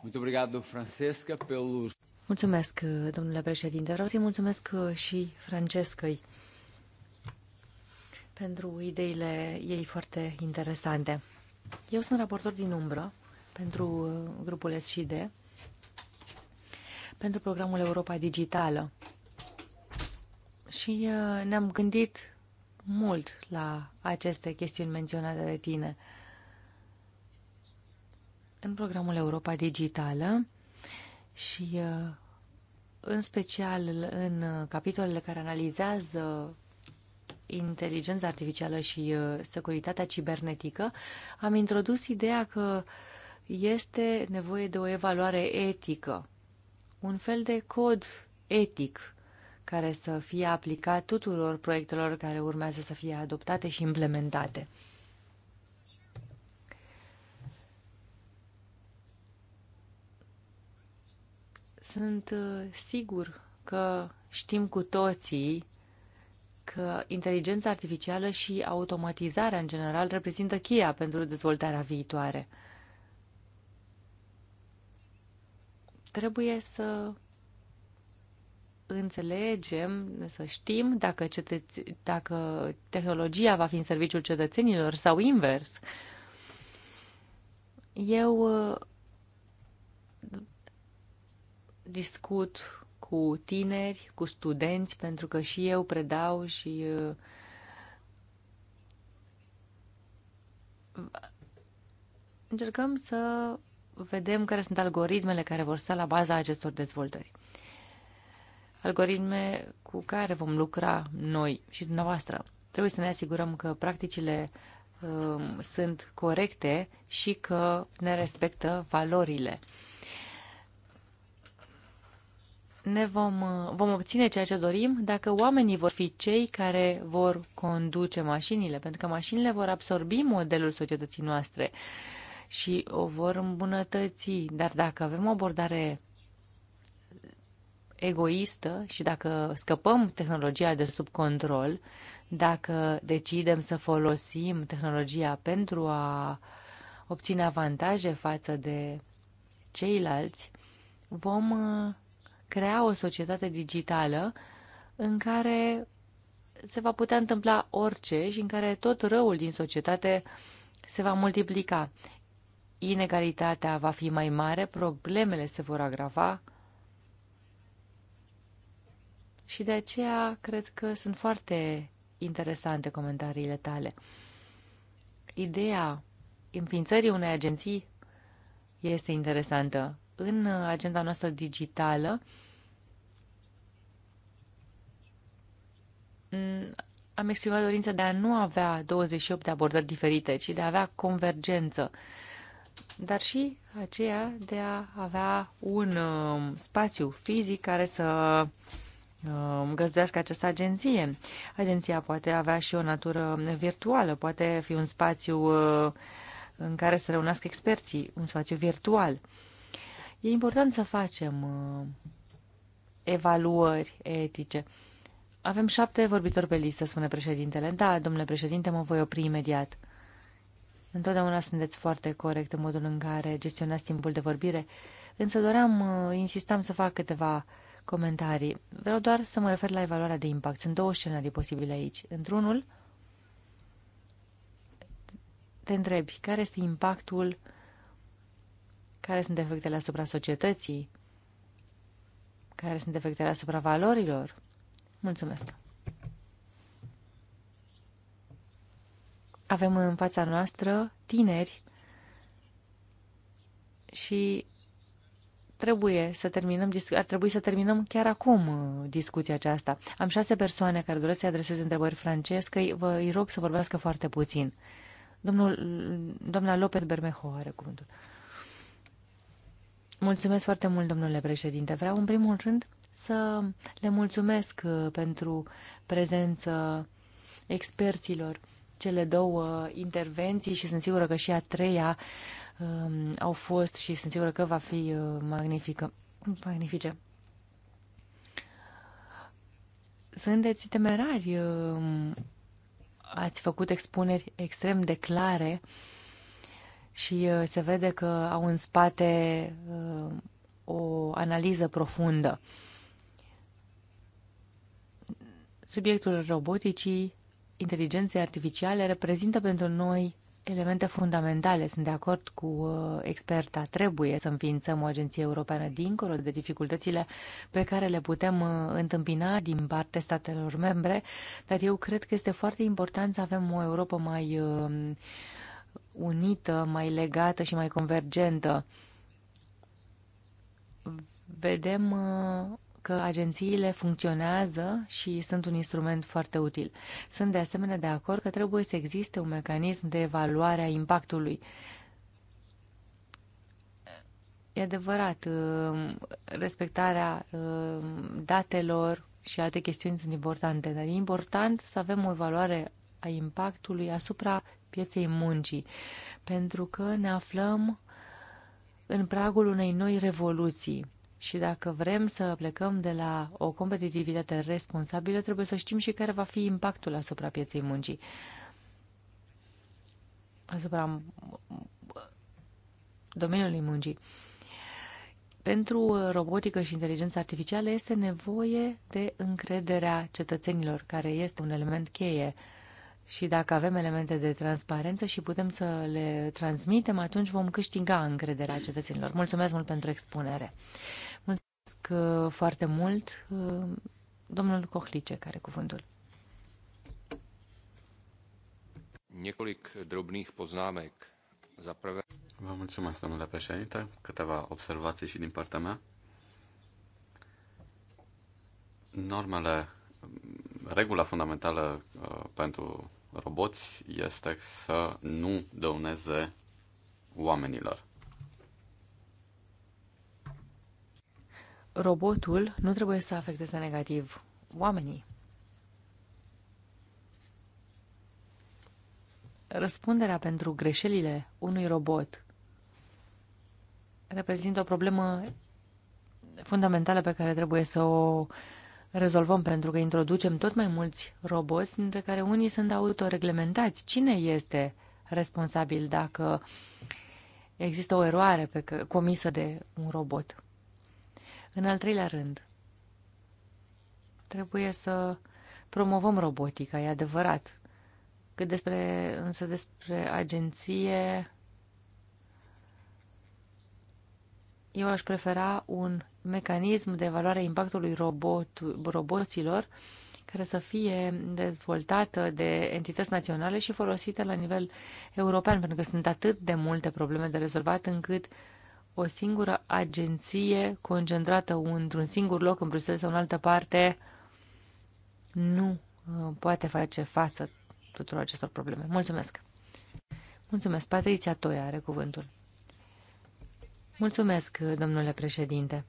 Speaker 3: Muito obrigado, Francesca, pelo...
Speaker 4: Mulțumesc, uh, domnule președinte. Vreau să-i mulțumesc uh, și Francescăi pentru ideile ei foarte interesante. Eu sunt raportor din umbră pentru grupul SCD, pentru programul Europa Digitală și uh, ne-am gândit mult la aceste chestiuni menționate de tine. În programul Europa Digitală și uh, în special în uh, capitolele care analizează inteligența artificială și securitatea cibernetică, am introdus ideea că este nevoie de o evaluare etică, un fel de cod etic care să fie aplicat tuturor proiectelor care urmează să fie adoptate și implementate. Sunt uh, sigur că știm cu toții că inteligența artificială și automatizarea în general reprezintă cheia pentru dezvoltarea viitoare. Trebuie să înțelegem, să știm dacă, cetăți, dacă tehnologia va fi în serviciul cetățenilor sau invers. Eu uh, discut cu tineri, cu studenți, pentru că și eu predau și uh, încercăm să vedem care sunt algoritmele care vor sta la baza acestor dezvoltări algoritme cu care vom lucra noi și dumneavoastră. Trebuie să ne asigurăm că practicile um, sunt corecte și că ne respectă valorile. Ne vom, uh, vom obține ceea ce dorim dacă oamenii vor fi cei care vor conduce mașinile, pentru că mașinile vor absorbi modelul societății noastre și o vor îmbunătăți. Dar dacă avem o abordare egoistă și dacă scăpăm tehnologia de sub control, dacă decidem să folosim tehnologia pentru a obține avantaje față de ceilalți, vom uh, crea o societate digitală în care se va putea întâmpla orice și în care tot răul din societate se va multiplica. Inegalitatea va fi mai mare, problemele se vor agrava, și de aceea cred că sunt foarte interesante comentariile tale. Ideea înființării unei agenții este interesantă. În agenda noastră digitală mm, am exprimat dorința de a nu avea 28 de abordări diferite, ci de a avea convergență, dar și aceea de a avea un uh, spațiu fizic care să Um, găzduiască această agenție. Agenția poate avea și o natură virtuală, poate fi un spațiu uh, în care să reunească experții, un spațiu virtual. E important să facem uh, evaluări etice. Avem șapte vorbitori pe listă, spune președintele. Da, domnule președinte, mă voi opri imediat. Întotdeauna sunteți foarte corect în modul în care gestionați timpul de vorbire, însă doream, uh, insistam să fac câteva uh, comentarii. Vreau doar să mă refer la evaluarea de impact. Sunt două scenarii posibile aici. Într-unul, te întrebi care este impactul, care sunt efectele asupra societății, care sunt efectele asupra valorilor. Mulțumesc! Avem în fața noastră tineri și trebuie să terminăm, ar trebui să terminăm chiar acum uh, discuția aceasta. Am șase persoane care doresc să-i adreseze întrebări francescă, Vă îi rog să vorbească foarte puțin. Domnul, doamna Lopez Bermejo are cuvântul. Mulțumesc foarte mult, domnule președinte. Vreau, în primul rând, să le mulțumesc uh, pentru prezență experților cele două intervenții și sunt sigură că și a treia Um, au fost și sunt sigură că va fi uh, magnifică, magnifice. Sunteți temerari, uh, ați făcut expuneri extrem de clare și uh, se vede că au în spate uh, o analiză profundă. Subiectul roboticii, inteligenței artificiale, reprezintă pentru noi elemente fundamentale. Sunt de acord cu uh, experta. Trebuie să înființăm o agenție europeană dincolo de dificultățile pe care le putem uh, întâmpina din partea statelor membre, dar eu cred că este foarte important să avem o Europa mai uh, unită, mai legată și mai convergentă. Vedem că agențiile funcționează și sunt un instrument foarte util. Sunt de asemenea de acord că trebuie să existe un mecanism de evaluare a impactului. E adevărat, uh, respectarea uh, datelor și alte chestiuni sunt importante, dar e important să avem o evaluare a impactului asupra pieței muncii, pentru că ne aflăm în pragul unei noi revoluții și dacă vrem să plecăm de la o competitivitate responsabilă, trebuie să știm și care va fi impactul asupra pieței muncii. Asupra domeniului muncii. Pentru robotică și inteligența artificială este nevoie de încrederea cetățenilor, care este un element cheie și dacă avem elemente de transparență și putem să le transmitem, atunci vom câștiga încrederea cetățenilor. Mulțumesc mult pentru expunere. Mulțumesc uh, foarte mult. Uh, domnul Cohlice, care cuvântul.
Speaker 3: Několik drobných poznámek. Za prvé... Vă mulțumesc, domnule președinte. Câteva observații și din partea mea. Normele regula fundamentală uh, pentru roboți este să nu dăuneze oamenilor.
Speaker 4: Robotul nu trebuie să afecteze negativ oamenii. Răspunderea pentru greșelile unui robot reprezintă o problemă fundamentală pe care trebuie să o uh, rezolvăm, pentru că introducem tot mai mulți roboți, dintre care unii sunt autoreglementați. Cine este responsabil dacă există o eroare pe că, comisă de un robot? În al treilea rând, trebuie să promovăm robotica, e adevărat. Cât despre, însă despre agenție, eu aș prefera un mecanism de evaluare a impactului robot, roboților care să fie dezvoltată de entități naționale și folosită la nivel european, pentru că sunt atât de multe probleme de rezolvat încât o singură agenție concentrată într-un singur loc în Bruxelles sau în altă parte nu uh, poate face față tuturor acestor probleme. Mulțumesc! Mulțumesc! Patricia Toia are cuvântul. Mulțumesc, domnule președinte!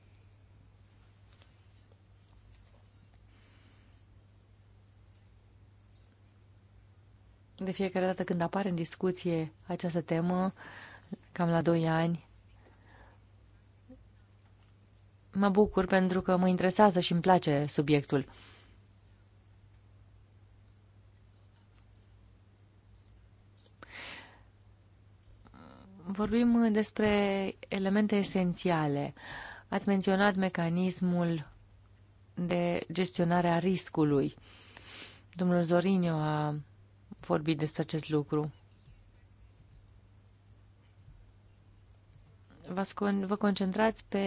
Speaker 4: de fiecare dată când apare în discuție această temă, cam la 2 ani, mă bucur pentru că mă interesează și îmi place subiectul. Vorbim despre elemente esențiale. Ați menționat mecanismul de gestionare a riscului. Domnul Zorinio a vorbit despre acest lucru. Vă concentrați pe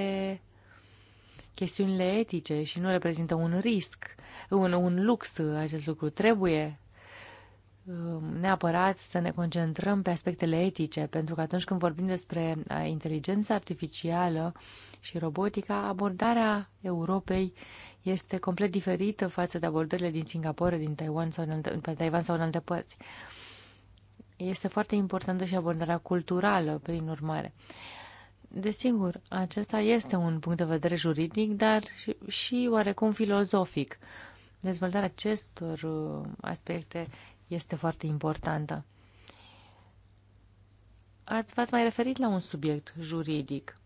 Speaker 4: chestiunile etice și nu reprezintă un risc, un, un lux acest lucru. Trebuie Um, neapărat să ne concentrăm pe aspectele etice, pentru că atunci când vorbim despre uh, inteligența artificială și robotica, abordarea Europei este complet diferită față de abordările din Singapore, din Taiwan sau în alte, pe Taiwan sau în alte părți. Este foarte importantă și abordarea culturală, prin urmare. Desigur, acesta este un punct de vedere juridic, dar și, și oarecum filozofic. Dezvoltarea acestor uh, aspecte este foarte importantă. Ați, v-ați mai referit la un subiect juridic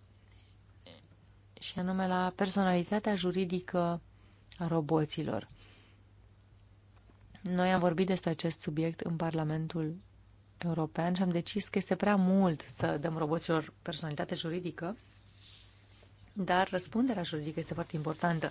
Speaker 4: și anume la personalitatea juridică a roboților. Noi am vorbit despre acest subiect în Parlamentul European și am decis că este prea mult să dăm roboților personalitate juridică, dar răspunderea juridică este foarte importantă.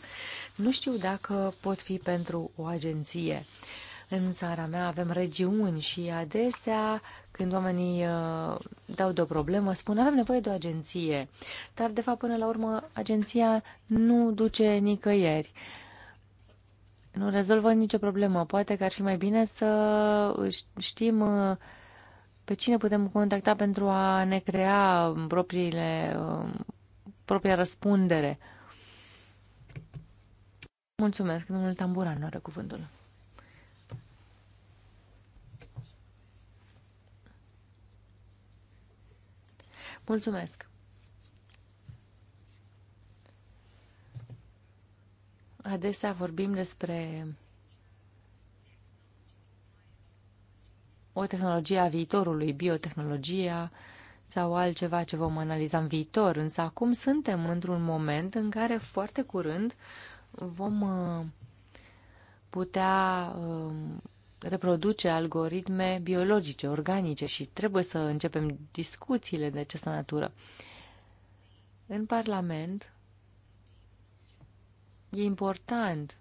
Speaker 4: Nu știu dacă pot fi pentru o agenție. Uh, în țara mea avem regiuni și adesea când oamenii uh, dau de o problemă, spun avem nevoie de o agenție. Dar, de fapt, până la urmă, agenția nu duce nicăieri. Nu rezolvă nicio problemă. Poate că ar fi mai bine să știm uh, pe cine putem contacta pentru a ne crea propriile, uh, propria răspundere. Mulțumesc, domnul Tamburan are cuvântul. Mulțumesc! Adesea vorbim despre o tehnologie a viitorului, biotehnologia sau altceva ce vom analiza în viitor, însă acum suntem într-un moment în care foarte curând vom uh, putea uh, reproduce algoritme biologice, organice și trebuie să începem discuțiile de această natură. În Parlament e important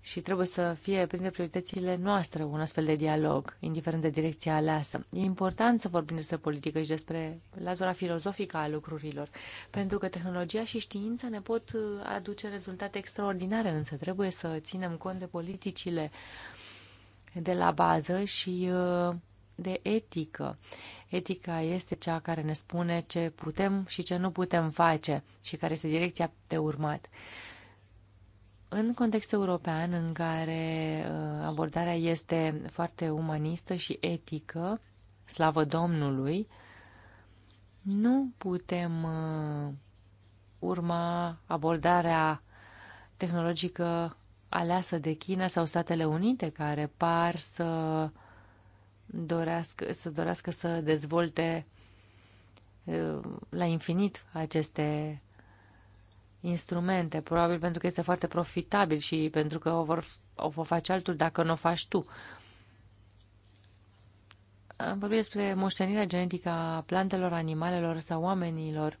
Speaker 4: și trebuie să fie printre prioritățile noastre un astfel de dialog, indiferent de direcția aleasă. E important să vorbim despre politică și despre latura filozofică a lucrurilor, pentru că tehnologia și știința ne pot aduce rezultate extraordinare, însă trebuie să ținem cont de politicile uh, de la bază și uh, de etică. Etica este cea care ne spune ce putem și ce nu putem face și care este direcția de urmat. În context european, în care uh, abordarea este foarte umanistă și etică, slavă Domnului, nu putem uh, urma abordarea tehnologică aleasă de China sau Statele Unite, care par să dorească să, dorească să dezvolte uh, la infinit aceste instrumente, probabil pentru că este foarte profitabil și pentru că o vor, o vor face altul dacă nu o faci tu. Am vorbit despre moștenirea genetică a plantelor, animalelor sau oamenilor. Uh,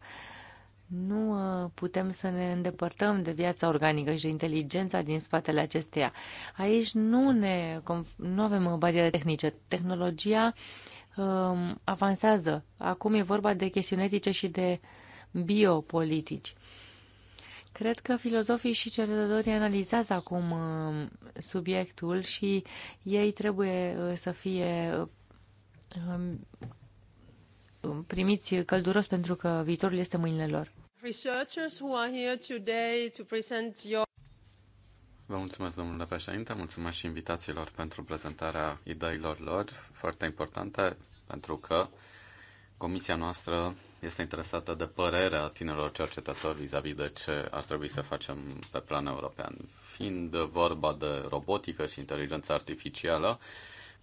Speaker 4: nu uh, putem să ne îndepărtăm de viața organică și de inteligența din spatele acesteia. Aici nu, ne, nu avem bariere tehnice. Tehnologia um, avansează. Acum e vorba de chestiuni etice și de biopolitici. Cred că filozofii și cercetătorii analizează acum um, subiectul și ei trebuie uh, să fie um, primiți călduros pentru că viitorul este mâinile lor
Speaker 2: researchers who are here today to present your
Speaker 3: Vă mulțumesc, domnule președinte, mulțumesc și invitațiilor pentru prezentarea ideilor lor, foarte importante, pentru că comisia noastră este interesată de părerea tinerilor cercetători vis-a-vis -vis de ce ar trebui să facem pe plan european. Fiind vorba de robotică și inteligență artificială,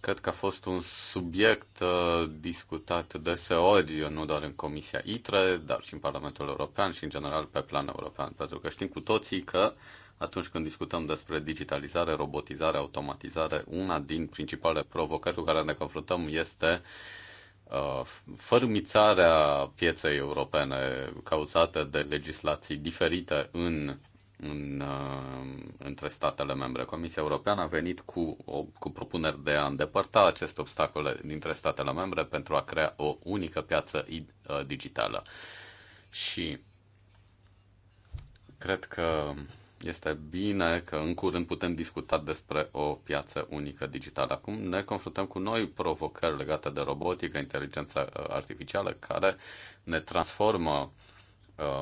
Speaker 3: Cred că a fost un subiect uh, discutat deseori, nu doar în Comisia ITRE, dar și în Parlamentul European și, în general, pe plan european. Pentru că știm cu toții că atunci când discutăm despre digitalizare, robotizare, automatizare, una din principalele provocări cu care ne confruntăm este uh, fărmițarea pieței europene cauzată de legislații diferite în în, uh, între statele membre. Comisia Europeană a venit cu, o, cu propuneri de a îndepărta aceste obstacole dintre statele membre pentru a crea o unică piață uh, digitală. Și cred că este bine că în curând putem discuta despre o piață unică digitală. Acum ne confruntăm cu noi provocări legate de robotică, inteligența uh, artificială, care ne transformă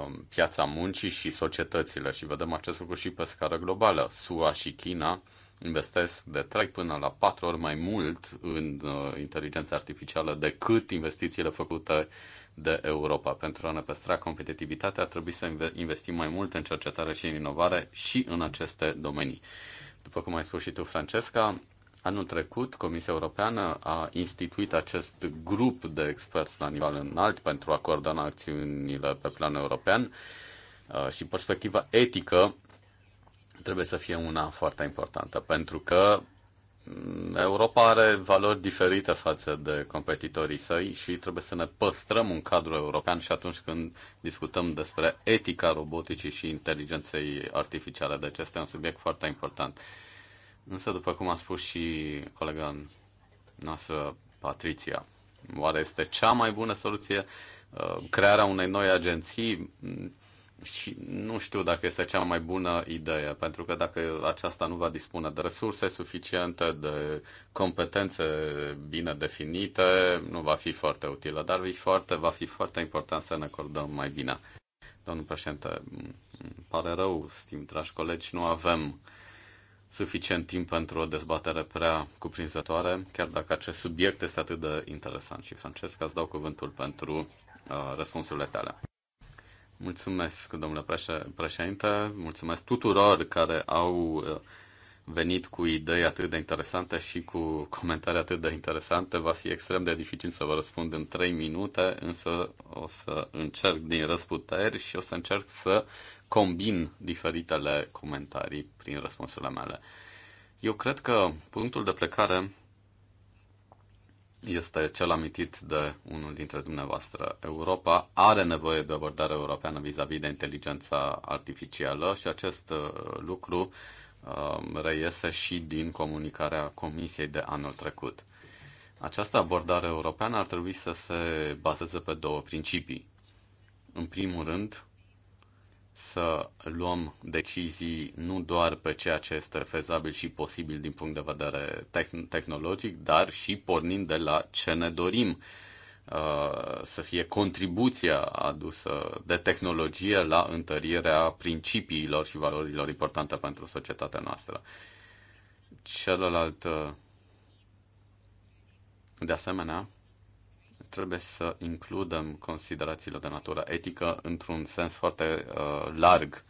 Speaker 3: Um, piața muncii și societățile și vedem acest lucru și pe scară globală. SUA și China investesc de 3 până la 4 ori mai mult în uh, inteligența artificială decât investițiile făcute de Europa. Pentru a ne păstra competitivitatea, trebuie să investim mai mult în cercetare și în inovare și în aceste domenii. După cum ai spus și tu, Francesca, Anul trecut, Comisia Europeană a instituit acest grup de experți la nivel înalt pentru a coordona acțiunile pe plan european uh, și perspectiva etică trebuie să fie una foarte importantă, pentru că mm, Europa are valori diferite față de competitorii săi și trebuie să ne păstrăm un cadru european și atunci când discutăm despre etica roboticii și inteligenței artificiale. Deci este un subiect foarte important. Însă, după cum a spus și colega noastră, Patricia, oare este cea mai bună soluție uh, crearea unei noi agenții? Și nu știu dacă este cea mai bună idee, pentru că dacă aceasta nu va dispune de resurse suficiente, de competențe bine definite, nu va fi foarte utilă, dar va fi foarte, va fi foarte important să ne acordăm mai bine. Domnul președinte, pare rău, stim dragi colegi, nu avem suficient timp pentru o dezbatere prea cuprinzătoare, chiar dacă acest subiect este atât de interesant. Și, Francesca, îți dau cuvântul pentru uh, răspunsurile tale. Mulțumesc, domnule președinte, mulțumesc tuturor care au uh, venit cu idei atât de interesante și cu comentarii atât de interesante. Va fi extrem de dificil să vă răspund în 3 minute, însă o să încerc din răsputeri și o să încerc să combin diferitele comentarii prin răspunsurile mele. Eu cred că punctul de plecare este cel amintit de unul dintre dumneavoastră. Europa are nevoie de abordare europeană vis-a-vis -vis de inteligența artificială și acest uh, lucru Um, reiese și din comunicarea Comisiei de anul trecut. Această abordare europeană ar trebui să se bazeze pe două principii. În primul rând, să luăm decizii nu doar pe ceea ce este fezabil și posibil din punct de vedere tehn- tehnologic, dar și pornind de la ce ne dorim Uh, să fie contribuția adusă de tehnologie la întărirea principiilor și valorilor importante pentru societatea noastră. Celălalt, uh, de asemenea, trebuie să includem considerațiile de natură etică într-un sens foarte uh, larg,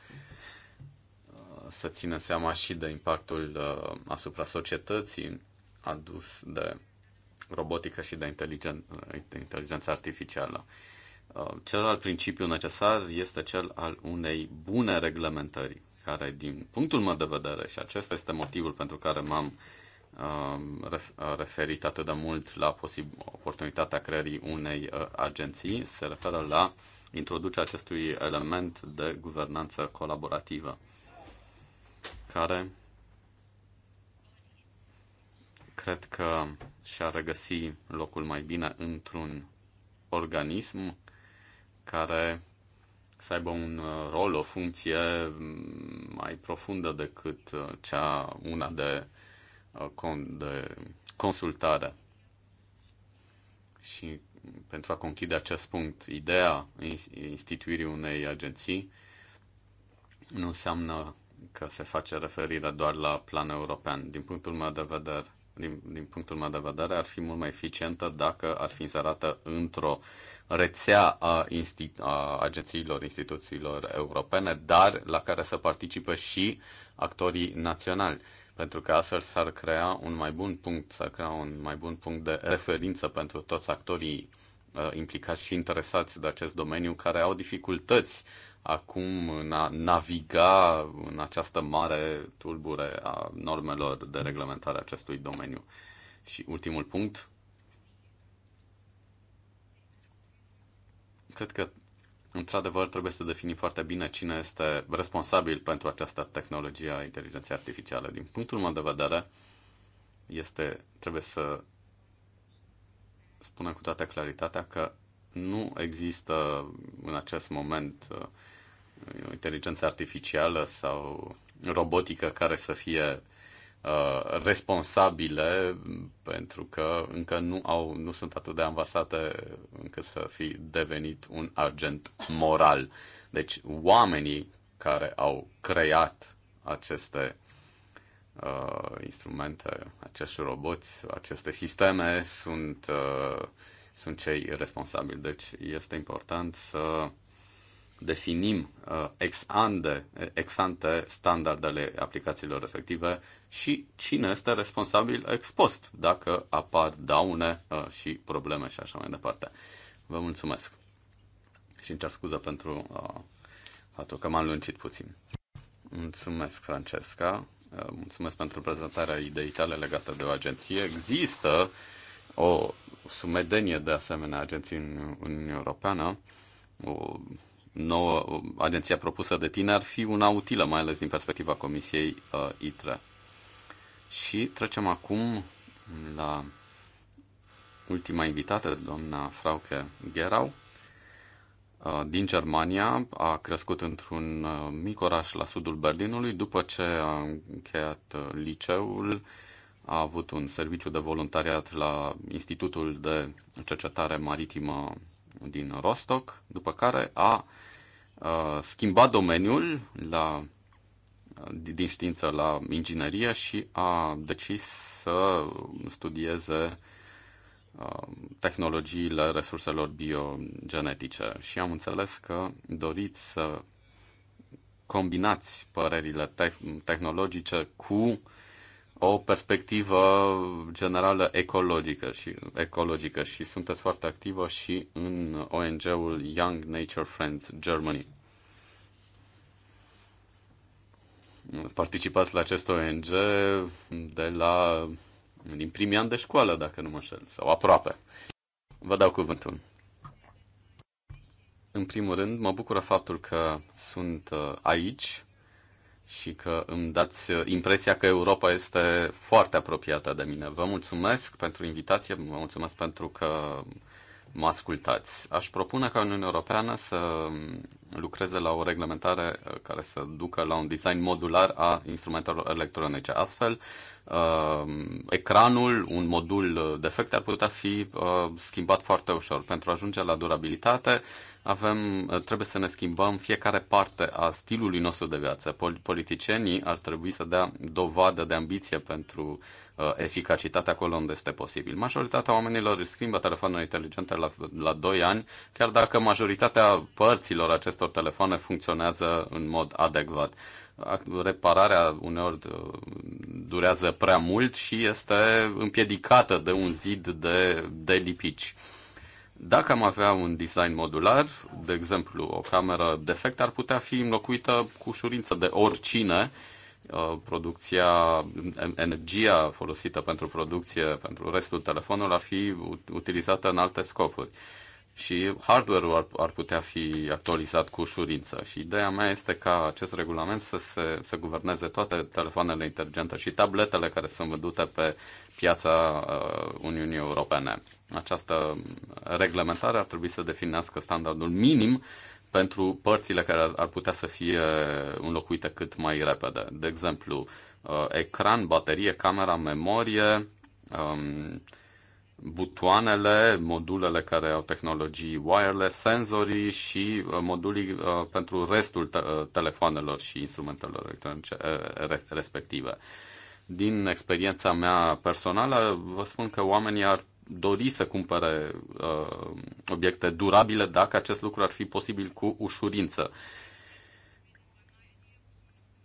Speaker 3: să țină seama și de impactul uh, asupra societății adus de robotică și de inteligen- inteligență artificială. Uh, Celălalt principiu necesar este cel al unei bune reglementări, care din punctul meu de vedere, și acesta este motivul pentru care m-am uh, uh, referit atât de mult la oportunitatea creării unei agenții, se referă la introducerea acestui element de guvernanță colaborativă, care cred că și-a regăsi locul mai bine într-un organism care să aibă un uh, rol, o funcție mm, mai profundă decât uh, cea una de, uh, de consultare. Și pentru a conchide acest punct, ideea instituirii unei agenții nu înseamnă că se face referire doar la plan european. Din punctul meu de vedere, din, din punctul meu de vedere, ar fi mult mai eficientă dacă ar fi inserată într-o rețea a, insti- a agențiilor, instituțiilor europene, dar la care să participe și actorii naționali. Pentru că astfel s-ar crea un mai bun punct, s-ar crea un mai bun punct de referință pentru toți actorii uh, implicați și interesați de acest domeniu care au dificultăți uh, acum în a naviga în această mare tulbure a normelor de reglementare a acestui domeniu. Și ultimul punct. Cred că, într-adevăr, trebuie să definim foarte bine cine este responsabil pentru această tehnologie a inteligenței artificiale. Din punctul meu de vedere, este, trebuie să spunem cu toată claritatea că nu există în acest moment uh, inteligență artificială sau robotică care să fie uh, responsabile pentru că încă nu, au, nu sunt atât de avansate încât să fi devenit un agent moral. Deci oamenii care au creat aceste uh, instrumente, acești roboți, aceste sisteme sunt, uh, sunt cei responsabili. Deci este important să definim uh, ex, ante, ex ante standardele aplicațiilor respective și cine este responsabil ex post dacă apar daune uh, și probleme și așa mai departe. Vă mulțumesc și îmi cer scuză pentru uh, faptul că m-am lungit puțin. Mulțumesc, Francesca. Uh, mulțumesc pentru prezentarea ideii tale legată de o agenție. Există o sumedenie de asemenea agenții în Uniunea Europeană, o nouă, agenția propusă de tine ar fi una utilă, mai ales din perspectiva Comisiei uh, ITRE. Și trecem acum la ultima invitată, doamna Frauke Gerau, uh, din Germania, a crescut într-un uh, mic oraș la sudul Berlinului. După ce a încheiat uh, liceul, a avut un serviciu de voluntariat la Institutul de Cercetare Maritimă din Rostock, după care a schimbat domeniul la, din știință la inginerie și a decis să studieze tehnologiile resurselor biogenetice și am înțeles că doriți să combinați părerile te- tehnologice cu o perspectivă generală ecologică și, ecologică și sunteți foarte activă și în ONG-ul Young Nature Friends Germany. Participați la acest ONG de la, din primii ani de școală, dacă nu mă înșel, sau aproape. Vă dau cuvântul. În primul rând, mă bucură faptul că sunt uh, aici și că îmi dați uh, impresia că Europa este foarte apropiată de mine. Vă mulțumesc pentru invitație, vă mulțumesc pentru că mă ascultați. Aș propune ca Uniunea Europeană să um, lucreze la o reglementare uh, care să ducă la un design modular a instrumentelor electronice. Astfel, um, ecranul, un modul uh, defect ar putea fi schimbat foarte ușor. Pentru a ajunge la durabilitate, avem, eh, trebuie să ne schimbăm fiecare parte a stilului nostru de viață. Politicienii ar trebui să dea dovadă de ambiție pentru uh, eh, eficacitate acolo unde este posibil. Majoritatea oamenilor își schimbă telefonul inteligente la, la 2 ani, chiar dacă majoritatea părților acestor telefoane funcționează în mod adecvat. Repararea uneori eh, durează prea mult și este împiedicată de un zid de, de lipici. Dacă am avea un design modular, de exemplu, o cameră defect ar putea fi înlocuită cu ușurință de oricine. Uh, producția, energia folosită pentru producție, pentru restul telefonului, ar fi utilizată în alte scopuri și hardware-ul ar, ar putea fi actualizat cu ușurință. Și ideea mea este ca acest regulament să se să guverneze toate telefoanele inteligente și tabletele care sunt vândute pe piața uh, Uniunii Europene. Această reglementare ar trebui să definească standardul minim pentru părțile care ar putea să fie înlocuite cât mai repede. De exemplu, uh, ecran, baterie, camera, memorie, um, butoanele, modulele care au tehnologii wireless, senzorii și uh, modulii uh, pentru restul uh, telefoanelor și instrumentelor electronice respective. Din experiența mea personală, vă spun că oamenii ar dori să cumpere obiecte durabile dacă acest lucru ar fi posibil cu ușurință.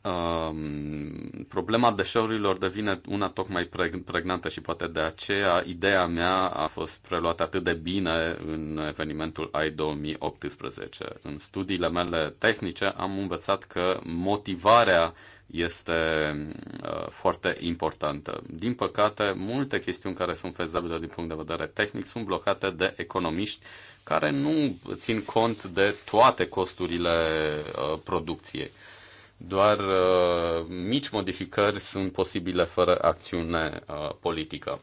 Speaker 3: Um, problema deșeurilor devine una tocmai pregnantă și poate de aceea ideea mea a fost preluată atât de bine în evenimentul AI 2018. În studiile mele tehnice am învățat că motivarea este uh, foarte importantă. Din păcate, multe chestiuni care sunt fezabile din punct de vedere tehnic sunt blocate de economiști care nu țin cont de toate costurile uh, producției. Doar uh, mici modificări sunt posibile fără acțiune uh, politică.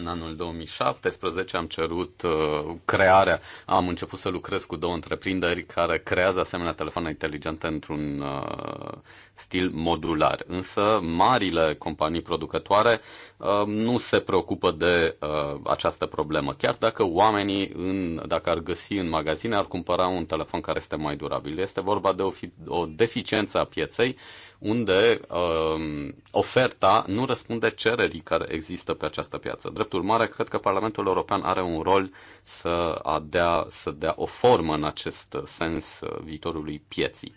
Speaker 3: În anul 2017 am cerut uh, crearea, am început să lucrez cu două întreprinderi care creează asemenea telefoane inteligente într-un uh, stil modular. Însă marile companii producătoare uh, nu se preocupă de uh, această problemă. Chiar dacă oamenii, în, dacă ar găsi în magazine, ar cumpăra un telefon care este mai durabil. Este vorba de o, fi, o deficiență a pieței unde um, oferta nu răspunde cererii care există pe această piață. Drept urmare, cred că Parlamentul European are un rol să, adea, să dea o formă în acest sens uh, viitorului pieții.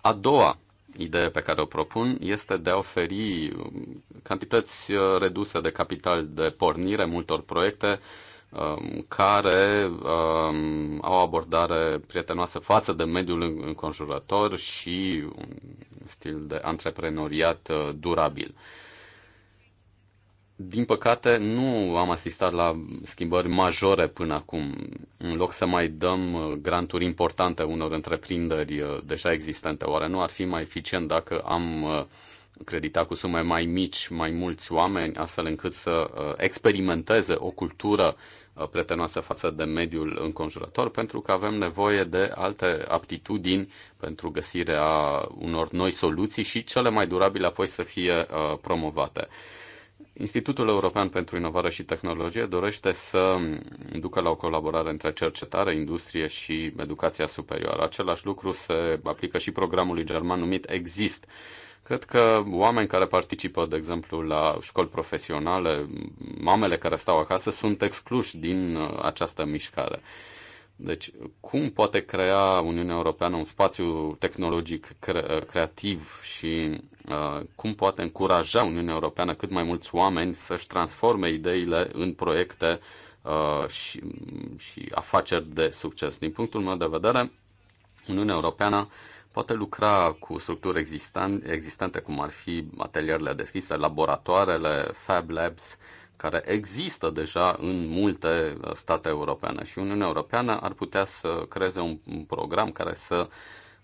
Speaker 3: A doua idee pe care o propun este de a oferi um, cantități uh, reduse de capital de pornire multor proiecte um, care um, au abordare prietenoasă față de mediul înconjurător și stil de antreprenoriat uh, durabil. Din păcate, nu am asistat la schimbări majore până acum. În loc să mai dăm uh, granturi importante unor întreprinderi uh, deja existente, oare nu ar fi mai eficient dacă am creditat cu sume mai mici, mai mulți oameni, astfel încât să experimenteze o cultură Uh, prietenoasă față de mediul înconjurător, pentru că avem nevoie de alte aptitudini pentru găsirea unor noi soluții și cele mai durabile apoi să fie uh, promovate. Institutul European pentru Inovare și Tehnologie dorește să ducă la o colaborare între cercetare, industrie și educația superioară. Același lucru se aplică și programului german numit Exist, Cred că oameni care participă, de exemplu, la școli profesionale, mamele care stau acasă, sunt excluși din uh, această mișcare. Deci, cum poate crea Uniunea Europeană un spațiu tehnologic cre- uh, creativ și uh, cum poate încuraja Uniunea Europeană cât mai mulți oameni să-și transforme ideile în proiecte uh, și, și afaceri de succes? Din punctul meu de vedere, Uniunea Europeană uh, poate lucra cu structuri existente, existente cum ar fi atelierele deschise, laboratoarele, Fab Labs, care există deja în multe uh, state europene și Uniunea Europeană ar putea să creeze un, un program care să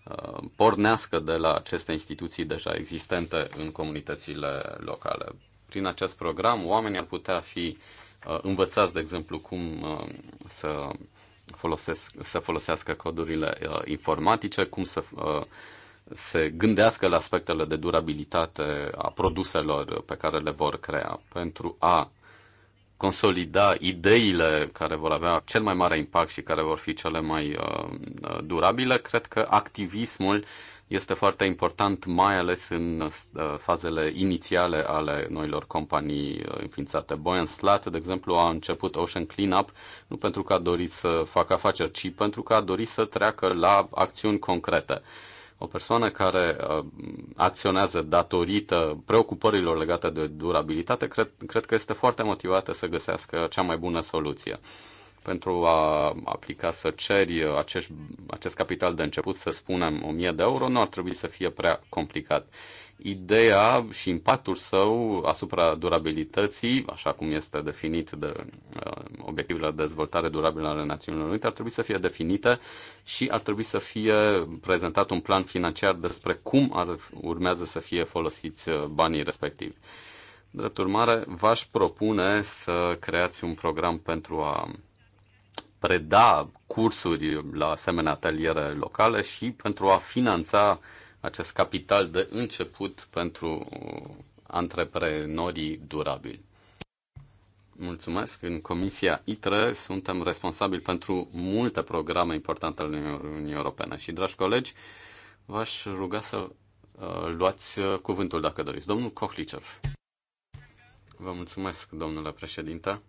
Speaker 3: uh, pornească de la aceste instituții deja existente în comunitățile locale. Prin acest program, oamenii ar putea fi uh, învățați, de exemplu, cum să folosesc, să folosească codurile uh, informatice, cum să uh, se gândească la aspectele de durabilitate a produselor pe care le vor crea pentru a consolida ideile care vor avea cel mai mare impact și care vor fi cele mai uh, uh durabile, cred că activismul uh, este foarte important, mai ales în uh, fazele inițiale ale noilor companii uh, înființate. Boyan Slat, de exemplu, a început Ocean Cleanup nu pentru că a dorit să facă afaceri, ci pentru că a dorit să treacă la acțiuni concrete o persoană care uh, acționează datorită preocupărilor legate de durabilitate, cred, cred că este foarte motivată să găsească cea mai bună soluție pentru a aplica să ceri acest acest capital de început, să spunem 1000 de euro, nu ar trebui să fie prea complicat. Ideea și impactul său asupra durabilității, așa cum este definit de uh, obiectivele de dezvoltare durabilă ale Națiunilor Unite, ar trebui să fie definite și ar trebui să fie prezentat un plan financiar despre cum ar urmează să fie folosiți uh, banii respectivi. Drept urmare, v-aș propune să creați un program pentru a preda cursuri la asemenea ateliere locale și pentru a finanța acest capital de început pentru antreprenorii durabili. Mulțumesc. În Comisia ITRE suntem responsabili pentru multe programe importante ale Uniunii Europene. Și, dragi colegi, v-aș ruga să uh, luați uh, cuvântul dacă doriți. Domnul Kohlicev. Vă mulțumesc, domnule președinte.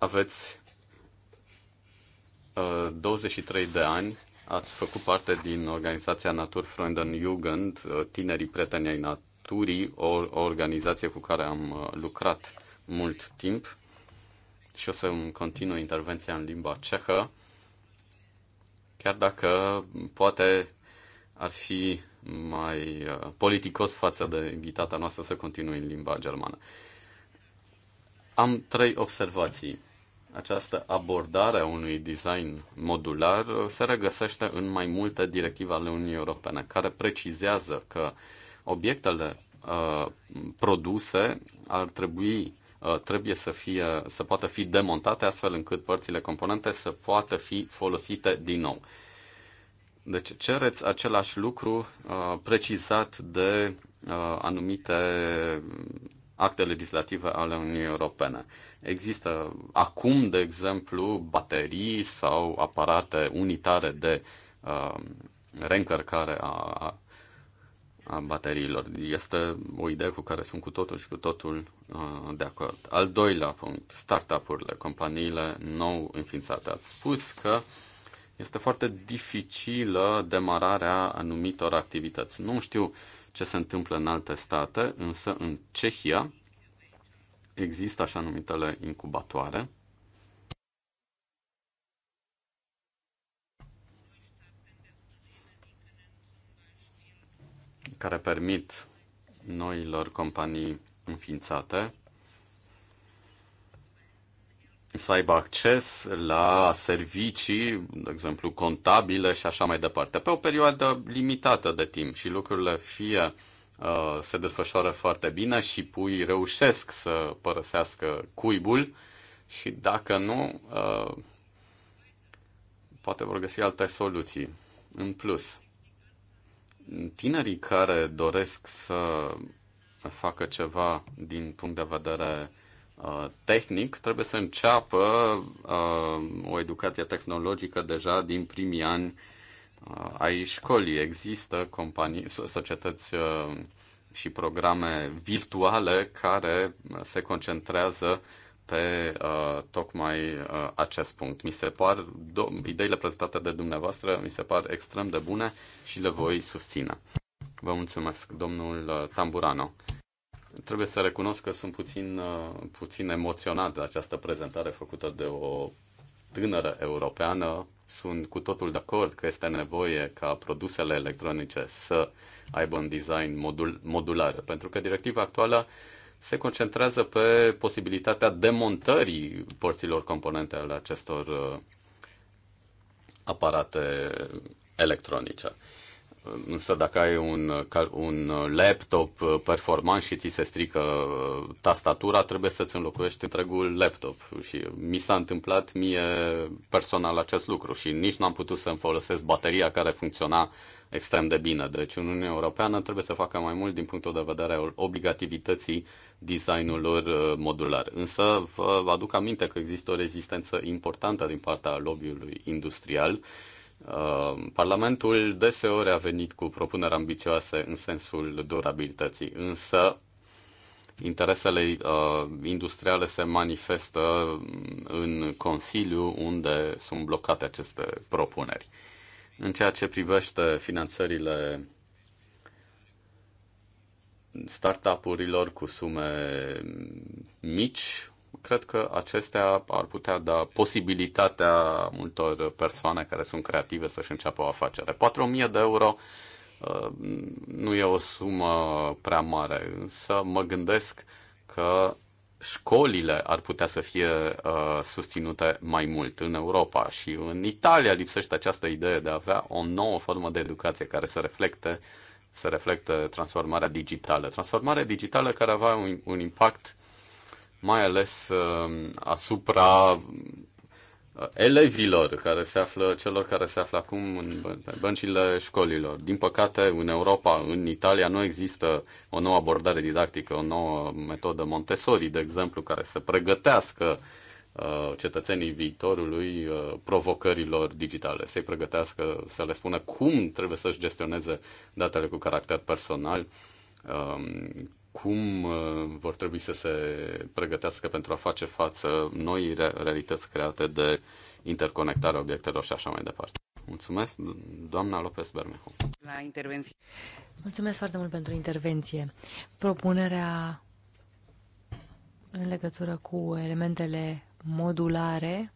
Speaker 3: aveți 23 uh, de ani, ați făcut parte din organizația Naturfreunden Jugend, uh, Tinerii Prieteni ai Naturii, o, o organizație cu care am uh, lucrat mult timp și o să-mi continui intervenția în limba cehă, chiar dacă poate ar fi mai politicos față de invitata noastră să continui în limba germană. Am trei observații această abordare a unui design modular se regăsește în mai multe directive ale Uniunii Europene, care precizează că obiectele uh, produse ar trebui uh, trebuie să, fie, să poată fi demontate astfel încât părțile componente să poată fi folosite din nou. Deci cereți același lucru uh, precizat de uh, anumite acte legislative ale Uniunii Europene. Există acum, de exemplu, baterii sau aparate unitare de uh, reîncărcare a, a, a bateriilor. Este o idee cu care sunt cu totul și cu totul uh, de acord. Al doilea punct, startup-urile, companiile nou înființate. Ați spus că este foarte dificilă demararea anumitor activități. Nu știu uh, ce se întâmplă în alte state, însă în Cehia există așa numitele incubatoare. care permit noilor companii înființate să aibă acces la servicii, de exemplu, contabile și așa mai departe, pe o perioadă limitată de timp și lucrurile fie uh, se desfășoară foarte bine și pui reușesc să părăsească cuibul și dacă nu, uh, poate vor găsi alte soluții. În plus, tinerii care doresc să facă ceva din punct de vedere Uh, tehnic, trebuie să înceapă uh, o educație tehnologică deja din primii ani uh, ai școlii. Există companii, societăți uh, și programe virtuale care se concentrează pe uh, tocmai uh, acest punct. Mi se par, do- ideile prezentate de dumneavoastră mi se par extrem de bune și le voi susține. Vă mulțumesc, domnul uh, Tamburano. Trebuie să recunosc că sunt puțin, uh, puțin emoționat de această prezentare făcută de o tânără europeană. Sunt cu totul de acord că este nevoie ca produsele electronice să aibă un design modul, modular, pentru că directiva actuală se concentrează pe posibilitatea demontării porților componente ale acestor uh, aparate electronice. Însă dacă ai un, un laptop uh, performant și ți se strică uh, tastatura, trebuie să-ți înlocuiești întregul laptop. Și mi s-a întâmplat mie personal acest lucru și nici n-am putut să-mi folosesc bateria care funcționa extrem de bine. Deci în Uniunea Europeană trebuie să facă mai mult din punctul de vedere al obligativității designurilor uh, modular. Însă vă aduc aminte că există o rezistență importantă din partea lobby-ului industrial Uh, Parlamentul deseori a venit cu propuneri ambițioase în sensul durabilității, însă interesele uh, industriale se manifestă în Consiliu, unde sunt blocate aceste propuneri. În ceea ce privește finanțările startup-urilor cu sume mici, cred că acestea ar putea da posibilitatea multor persoane care sunt creative să-și înceapă o afacere. 4.000 de euro uh, nu e o sumă prea mare, însă mă gândesc că școlile ar putea să fie uh, susținute mai mult în Europa și în Italia lipsește această idee de a avea o nouă formă de educație care să reflecte, să reflectă transformarea digitală. Transformarea digitală care avea un, un impact mai ales um, asupra uh, elevilor care se află, celor care se află acum în, pe băncile școlilor. Din păcate, în Europa, în Italia, nu există o nouă abordare didactică, o nouă metodă Montessori, de exemplu, care să pregătească uh, cetățenii viitorului uh, provocărilor digitale, să-i pregătească, să le spună cum trebuie să-și gestioneze datele cu caracter personal, uh, cum uh, vor trebui să se pregătească pentru a face față noi realități create de interconectarea obiectelor și așa mai departe. Mulțumesc, doamna Lopez Bermejo. La intervenție.
Speaker 4: Mulțumesc foarte mult pentru intervenție. Propunerea în legătură cu elementele modulare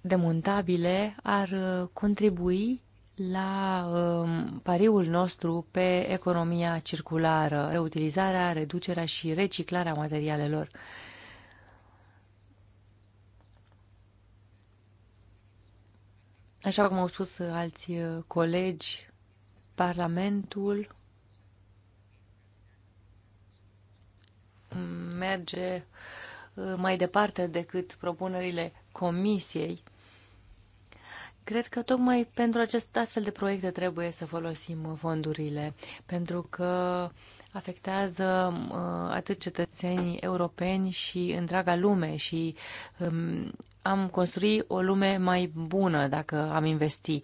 Speaker 4: demontabile ar uh, contribui la um, pariul nostru pe economia circulară, reutilizarea, reducerea și reciclarea materialelor. Așa cum au spus alți colegi, Parlamentul merge uh, mai departe decât propunerile Comisiei Cred că tocmai pentru acest astfel de proiecte trebuie să folosim fondurile, pentru că afectează uh, atât cetățenii europeni și întreaga lume și um, am construit o lume mai bună dacă am investi.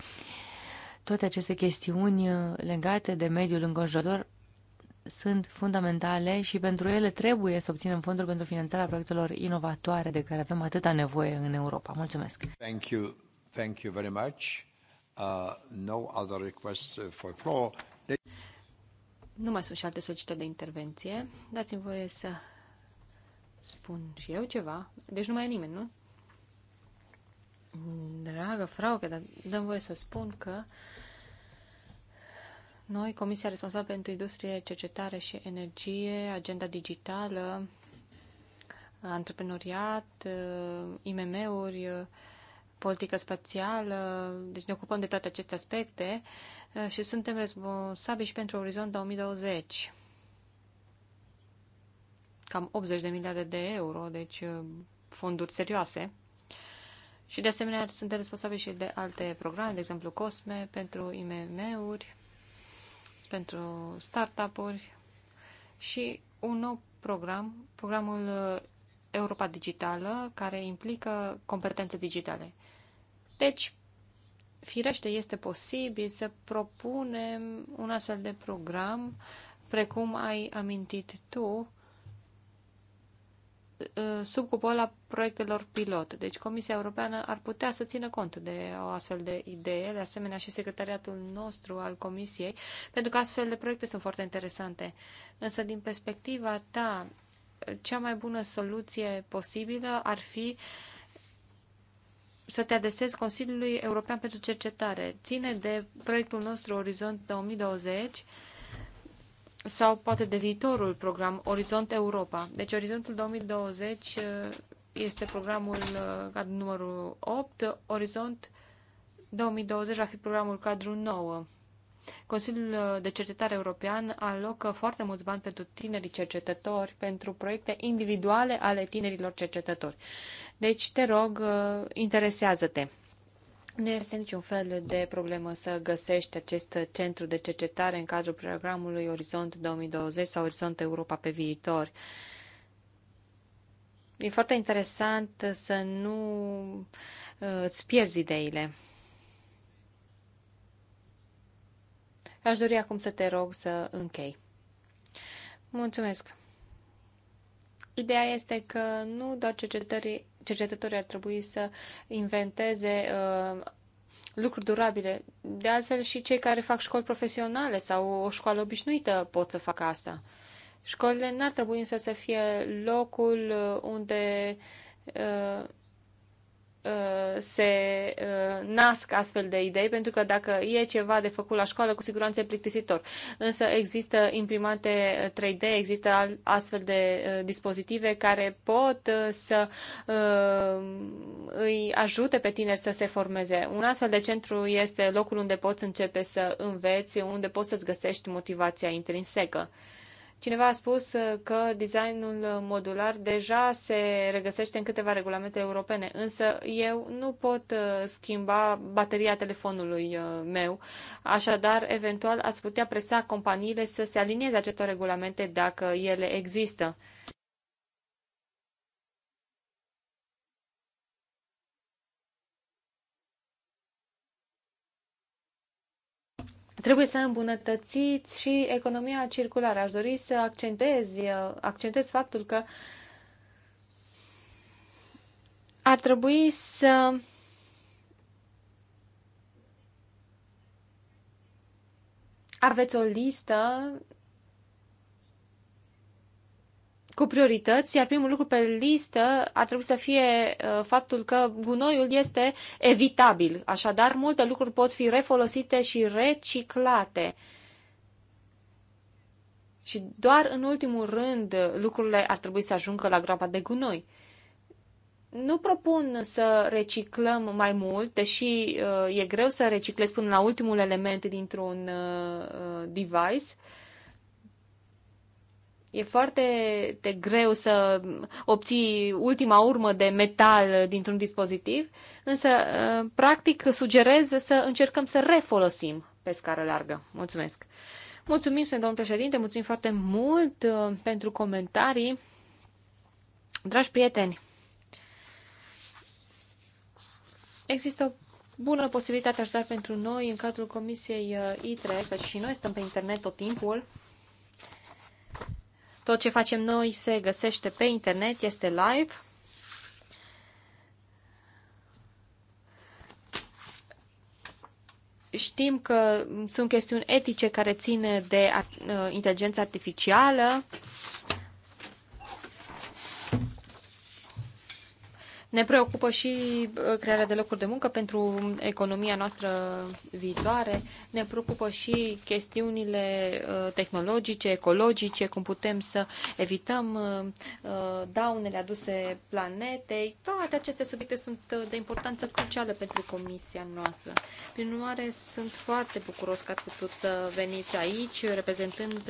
Speaker 4: Toate aceste chestiuni uh, legate de mediul înconjurător sunt fundamentale și pentru ele trebuie să obținem fonduri pentru finanțarea proiectelor inovatoare de care avem atâta nevoie în Europa. Mulțumesc!
Speaker 1: Thank you Thank you very much. Uh, no other requests uh, for floor.
Speaker 2: Nu mai sunt și alte solicitări de intervenție. Dați-mi voie să spun și eu ceva. Deci nu mai e nimeni, nu? Dragă fraucă, dar dăm voie să spun că noi, Comisia responsabilă pentru industrie, cercetare și energie, agenda digitală, antreprenoriat, uh, IMM-uri, politică spațială, deci ne ocupăm de toate aceste aspecte uh, și suntem responsabili și pentru Orizont 2020. Cam 80 de miliarde de euro, deci uh, fonduri serioase. Și de asemenea suntem responsabili și de alte programe, de exemplu COSME, pentru IMM-uri, pentru startup-uri și un nou program, programul uh, Europa Digitală, care implică competențe digitale. Deci, firește, este posibil să propunem un astfel de program, precum ai amintit tu, uh, sub cupola proiectelor pilot. Deci Comisia Europeană ar putea să țină cont de o astfel de idee, de asemenea și secretariatul nostru al Comisiei, pentru că astfel de proiecte sunt foarte interesante. Însă, din perspectiva ta, cea mai bună soluție posibilă ar fi uh, să te adesezi Consiliului European pentru Cercetare. Ține de proiectul nostru Orizont 2020 sau poate de viitorul program Orizont Europa. Deci Orizontul 2020 uh, este programul uh, cadru numărul 8, Orizont 2020 va fi programul cadru 9. Consiliul uh, de Cercetare European alocă foarte mulți bani pentru tinerii cercetători, pentru proiecte individuale ale tinerilor cercetători. Deci, te rog, uh, interesează-te. Nu este niciun fel de problemă să găsești acest centru de cercetare în cadrul programului Orizont 2020 sau Orizont Europa pe viitor. E foarte interesant să nu uh, îți pierzi ideile. Aș dori acum să te rog să închei. Mulțumesc! Ideea este că nu doar cercetării cercetătorii ar trebui să inventeze uh, lucruri durabile. De altfel, și cei care fac școli profesionale sau o școală obișnuită pot să facă asta. Școlile n-ar trebui însă să fie locul uh, unde uh, Uh, se uh, nasc astfel de idei, pentru că dacă e ceva de făcut la școală, cu siguranță e plictisitor. Însă există imprimante 3D, uh, există astfel de dispozitive care pot să îi ajute pe tineri să se formeze. Un astfel de centru este locul unde poți începe să înveți, unde poți să-ți găsești motivația intrinsecă. Cineva a spus uh, că designul modular deja se regăsește în câteva regulamente europene, însă eu nu pot uh, schimba bateria telefonului uh, meu, așadar, eventual, ați putea presa companiile să se alinieze acestor regulamente dacă ele există. Trebuie să îmbunătățiți și economia circulară. Aș dori să accentez, accentez faptul că ar trebui să aveți o listă cu priorități, iar primul lucru pe listă ar trebui să fie uh, faptul că gunoiul este evitabil. Așadar, multe lucruri pot fi refolosite și reciclate. Și doar în ultimul rând lucrurile ar trebui să ajungă la groapa de gunoi. Nu propun să reciclăm mai mult, deși uh, e greu să reciclez până la ultimul element dintr-un uh, device, E foarte de greu să obții ultima urmă de metal dintr-un dispozitiv, însă, uh, practic, sugerez să încercăm să refolosim pe scară largă. Mulțumesc! Mulțumim, domnul președinte, mulțumim foarte mult uh, pentru comentarii. Dragi prieteni, există o bună posibilitate așadar pentru noi în cadrul Comisiei uh, ITRE, căci și noi stăm pe internet tot timpul, tot ce facem noi se găsește pe internet, este live. Știm că sunt chestiuni etice care țin de uh, inteligența artificială Ne preocupă și uh, crearea de locuri de muncă pentru economia noastră viitoare, ne preocupă și chestiunile uh, tehnologice, ecologice, cum putem să evităm uh, daunele aduse planetei. Toate aceste subiecte sunt de importanță crucială pentru comisia noastră. Prin urmare, sunt foarte bucuros că ați putut să veniți aici, reprezentând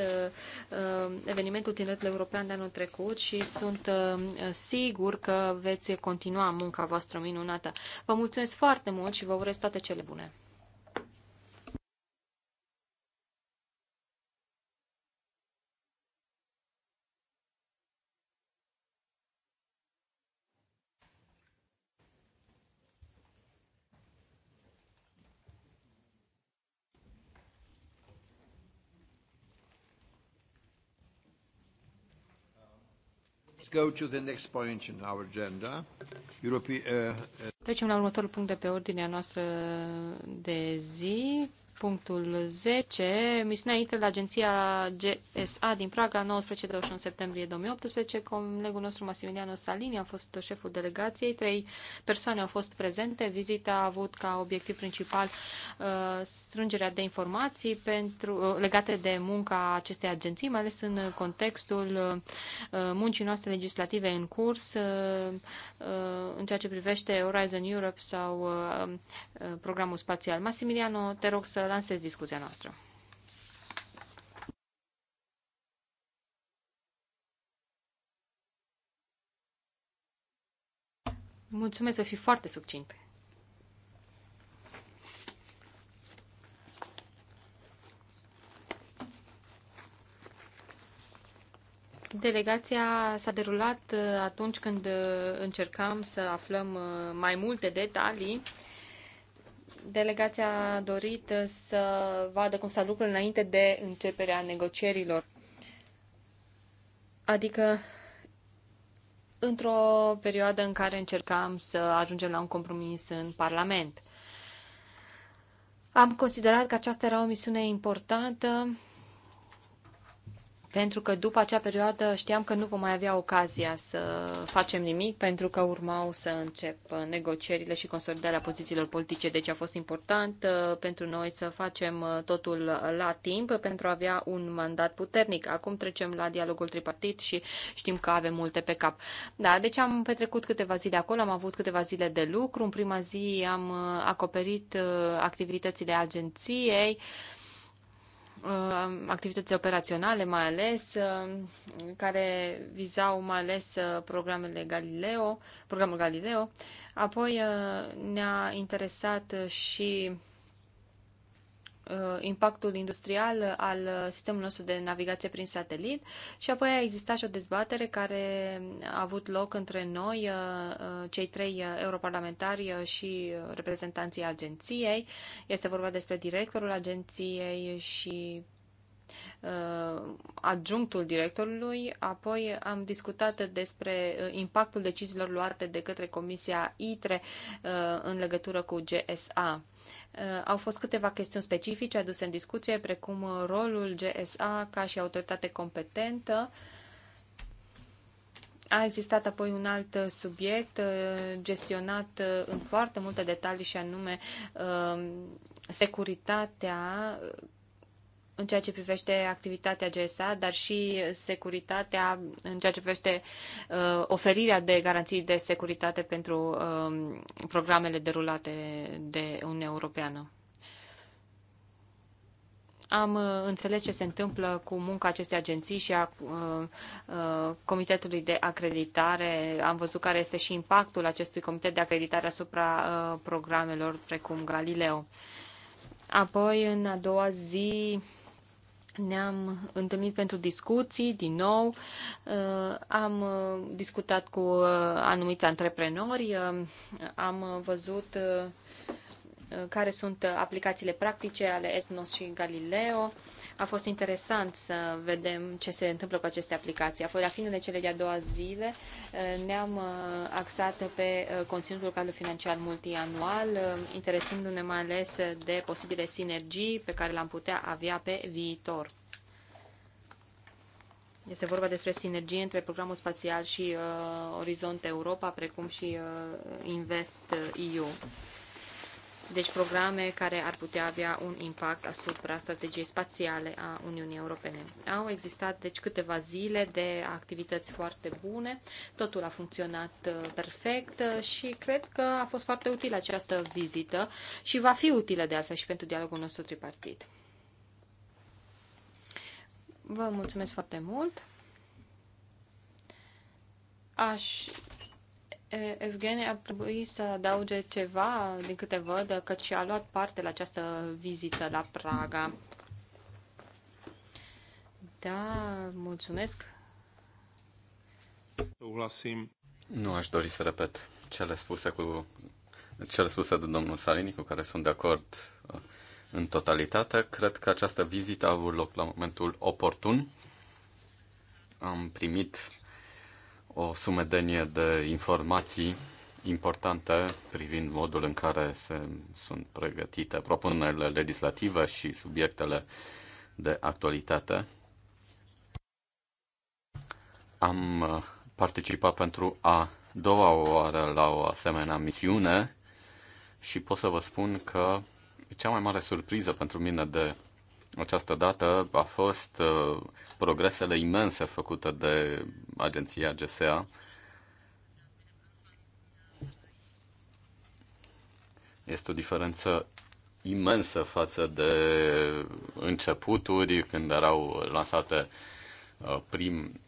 Speaker 2: evenimentul Tineretul European de anul trecut și sunt sigur că veți continua continua munca voastră minunată. Vă mulțumesc foarte mult și vă urez toate cele bune!
Speaker 1: go to the next point in our agenda. Uh, uh,
Speaker 2: Trecem la următorul punct de pe ordinea noastră de zi punctul 10, misiunea intră la agenția GSA din Praga, 19-21 septembrie 2018. Colegul nostru Massimiliano Salini a fost șeful delegației. Trei persoane au fost prezente. Vizita a avut ca obiectiv principal uh, strângerea de informații pentru, uh, legate de munca acestei agenții, mai ales în contextul uh, muncii noastre legislative în curs, uh, uh, în ceea ce privește Horizon Europe sau uh, programul spațial. Massimiliano, te rog să lansez discuția noastră. Mulțumesc să fii foarte succint. Delegația s-a derulat uh, atunci când uh, încercam să aflăm uh, mai multe detalii Delegația a dorit să vadă cum s-a lucrurile înainte de începerea negocierilor. Adică într-o perioadă în care încercam să ajungem la un compromis în Parlament. Am considerat că aceasta era o misiune importantă pentru că după acea perioadă știam că nu vom mai avea ocazia să facem nimic, pentru că urmau să încep negocierile și consolidarea pozițiilor politice. Deci a fost important uh, pentru noi să facem uh, totul la timp pentru a avea un mandat puternic. Acum trecem la dialogul tripartit și știm că avem multe pe cap. Da, deci am petrecut câteva zile acolo, am avut câteva zile de lucru. În prima zi am uh, acoperit activitățile agenției. Uh, activități operaționale, mai ales, uh, care vizau mai ales uh, programele Galileo, programul Galileo. Apoi ne-a interesat și Uh, impactul industrial al sistemului nostru de navigație prin satelit și apoi a existat și o dezbatere care a avut loc între noi, uh, uh, cei trei europarlamentari și reprezentanții agenției. Este vorba despre directorul agenției și Uh, adjunctul directorului, apoi am discutat despre uh, impactul deciziilor luate de către Comisia ITRE uh, în legătură cu GSA. Au fost câteva chestiuni specifice aduse în discuție, precum rolul GSA ca și autoritate competentă, a existat apoi un alt subiect gestionat în foarte multe detalii și anume securitatea în ceea ce privește activitatea GSA, dar și securitatea în ceea ce privește uh, oferirea de garanții de securitate pentru uh, programele derulate de Uniunea Europeană. Am uh, înțeles ce se întâmplă cu munca acestei agenții și a uh, uh, Comitetului de Acreditare. Am văzut care este și impactul acestui Comitet de Acreditare asupra uh, programelor precum Galileo. Apoi, în a doua zi, ne-am întâlnit pentru discuții din nou, uh, am uh, discutat cu uh, anumiți antreprenori, am văzut care sunt aplicațiile practice ale ESNOS și Galileo a fost interesant să vedem ce se întâmplă cu aceste aplicații. Apoi, la finele cele de-a doua zile, eh, ne-am eh, axat pe eh, conținutul cadru financiar multianual, interesându-ne mai ales de posibile sinergii pe care le-am putea avea pe viitor. Este vorba despre sinergie între programul spațial și uh, Orizont Europa, precum și uh, Invest EU. Deci programe care ar putea avea un impact asupra strategiei spațiale a Uniunii Europene. Au existat deci câteva zile de activități foarte bune, totul a funcționat uh, perfect uh, și cred că a fost foarte utilă această vizită și va fi utilă de altfel și pentru dialogul nostru tripartit. Vă mulțumesc foarte mult! Aș Evgenia ar trebui să adauge ceva din câte văd, căci a luat parte la această vizită la Praga. Da, mulțumesc.
Speaker 3: Nu aș dori să repet cele spuse cu cele spuse de domnul Salini, cu care sunt de acord uh, în totalitate. Cred că această vizită a avut loc la momentul oportun. Am primit o sumedenie de informații importante privind modul în care se, sunt pregătite propunerile legislative și subiectele de actualitate. Am uh, participat pentru a doua oară la o asemenea misiune și pot să vă spun că cea mai mare surpriză pentru mine de această dată a fost uh, progresele imense făcute de agenția GSA. Este o diferență imensă față de începuturi, când erau lansate uh, prim,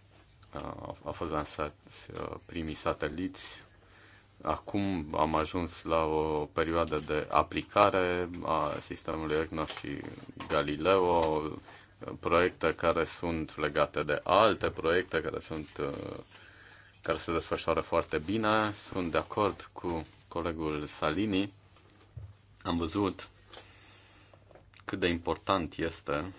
Speaker 3: uh, au fost lansați primii sateliți Acum am ajuns la o perioadă de aplicare a sistemului ECNO și Galileo, proiecte care sunt legate de alte proiecte care sunt care se desfășoară foarte bine. Sunt de acord cu colegul Salini. Am văzut cât de important este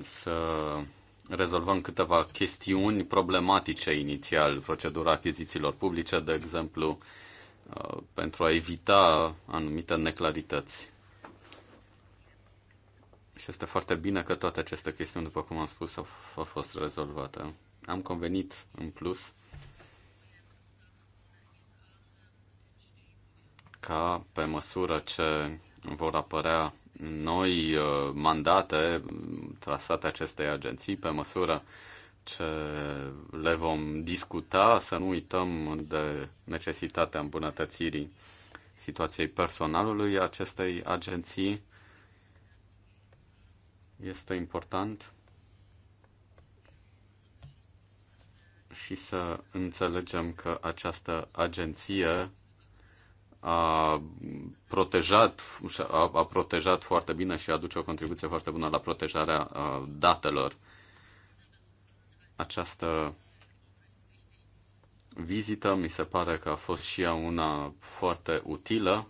Speaker 3: să rezolvăm câteva chestiuni problematice inițial, procedura achizițiilor publice, de exemplu, uh, pentru a evita anumite neclarități. Și este foarte bine că toate aceste chestiuni, după cum am spus, au, au fost rezolvate. Am convenit, în plus, ca pe măsură ce vor apărea noi uh, mandate trasate acestei agenții pe măsură ce le vom discuta, să nu uităm de necesitatea îmbunătățirii situației personalului acestei agenții. Este important și să înțelegem că această agenție a protejat, a, a protejat foarte bine și aduce o contribuție foarte bună la protejarea a, datelor. Această vizită mi se pare că a fost și ea una foarte utilă,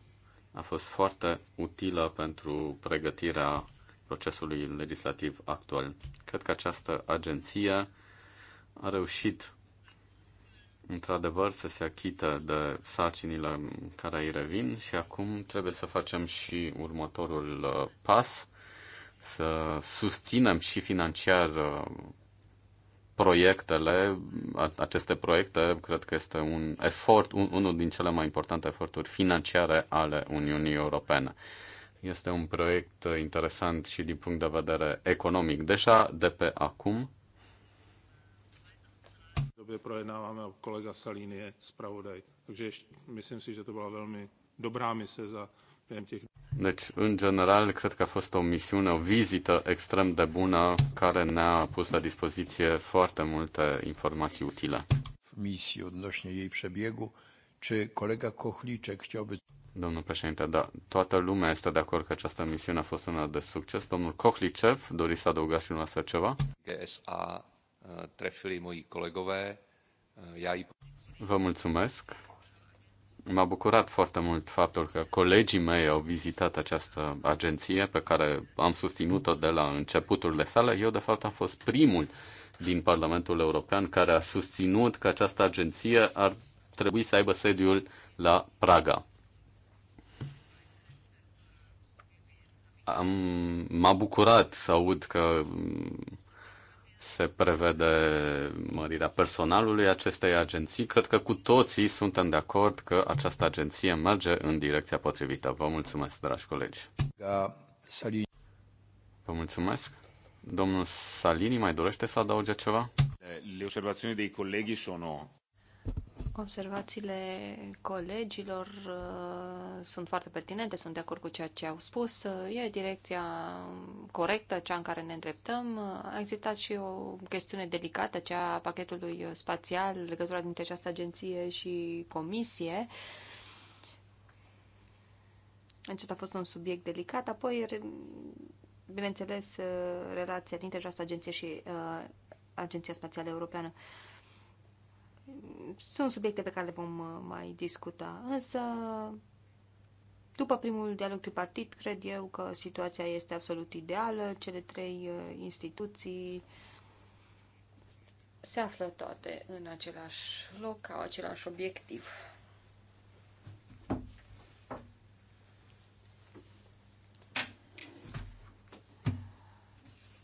Speaker 3: a fost foarte utilă pentru pregătirea procesului legislativ actual. Cred că această agenție a reușit într-adevăr să se achită de sarcinile care îi revin și acum trebuie să facem și următorul uh, pas, să susținem și financiar uh, proiectele, aceste proiecte, cred că este un efort, un, unul din cele mai importante eforturi financiare ale Uniunii Europene. Este un proiect uh, interesant și din punct de vedere economic, deja de pe acum,
Speaker 2: kde projednáváme a kolega Salín je zpravodaj. Takže ještě, myslím si, že to byla velmi dobrá mise za během těch...
Speaker 3: Deci, în general, cred că a fost o misiune, o vizită extrem de bună care ne-a pus la dispoziție foarte multe informații utile.
Speaker 1: Misii odnośnie jej przebiegu, czy kolega Kochliczek chciałby...
Speaker 3: Domnul președinte, da, toată lumea este de acord că această misiune a fost una de succes. Domnul Kochlicev dori să adăugați și dumneavoastră ceva? GSA trefili moji kolegové. Já îi... Vă mulțumesc. M-a bucurat foarte mult faptul că colegii mei au vizitat această agenție pe care am susținut-o de la începuturile sale. Eu, de fapt, am fost primul din Parlamentul European care a susținut că această agenție ar trebui să aibă sediul la Praga. Am, m-a bucurat să aud că se prevede mărirea personalului acestei agenții. Cred că cu toții suntem de acord că această agenție merge în direcția potrivită. Vă mulțumesc, dragi colegi. Vă mulțumesc. Domnul Salini mai dorește să adauge ceva? Le observațiile dei colegi sono
Speaker 2: Observațiile colegilor uh, sunt foarte pertinente, sunt de acord cu ceea ce au spus. Uh, e direcția corectă, cea în care ne îndreptăm. Uh, a existat și o chestiune delicată, cea a pachetului spațial, legătura dintre această agenție și comisie. Acesta a fost un subiect delicat. Apoi, bineînțeles, uh, relația dintre această agenție și uh, Agenția Spațială Europeană. Uh, sunt subiecte pe care le vom uh, mai discuta, însă după primul dialog tripartit, cred eu că situația este absolut ideală. Cele trei uh, instituții se află toate în același loc, au același obiectiv.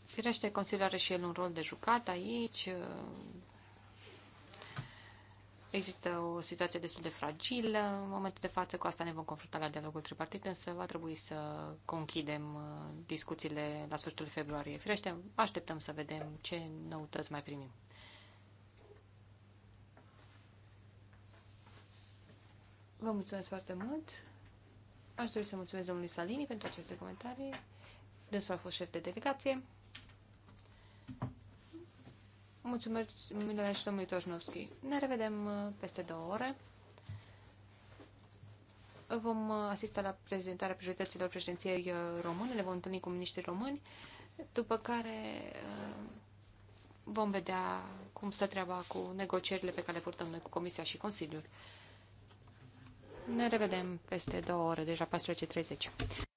Speaker 2: Firește, Consiliul are și el un rol de jucat aici, uh, Există o situație destul de fragilă în momentul de față, cu asta ne vom confrunta la dialogul tripartit, însă va trebui să conchidem uh, discuțiile la sfârșitul februarie. Firește, așteptăm să vedem ce noutăți mai primim. Vă mulțumesc foarte mult. Aș dori să mulțumesc domnului Salini pentru aceste comentarii. Dânsul a fost șef de delegație. Mulțumesc, domnule și domnului Toșnovski. Ne revedem uh, peste două ore. Vom uh, asista la prezentarea priorităților președinției uh, române, le vom întâlni cu miniștrii români, după care vom vedea cum stă treaba cu negocierile pe care le purtăm noi cu Comisia și Consiliul. Ne revedem peste două ore, deja deci 14.30.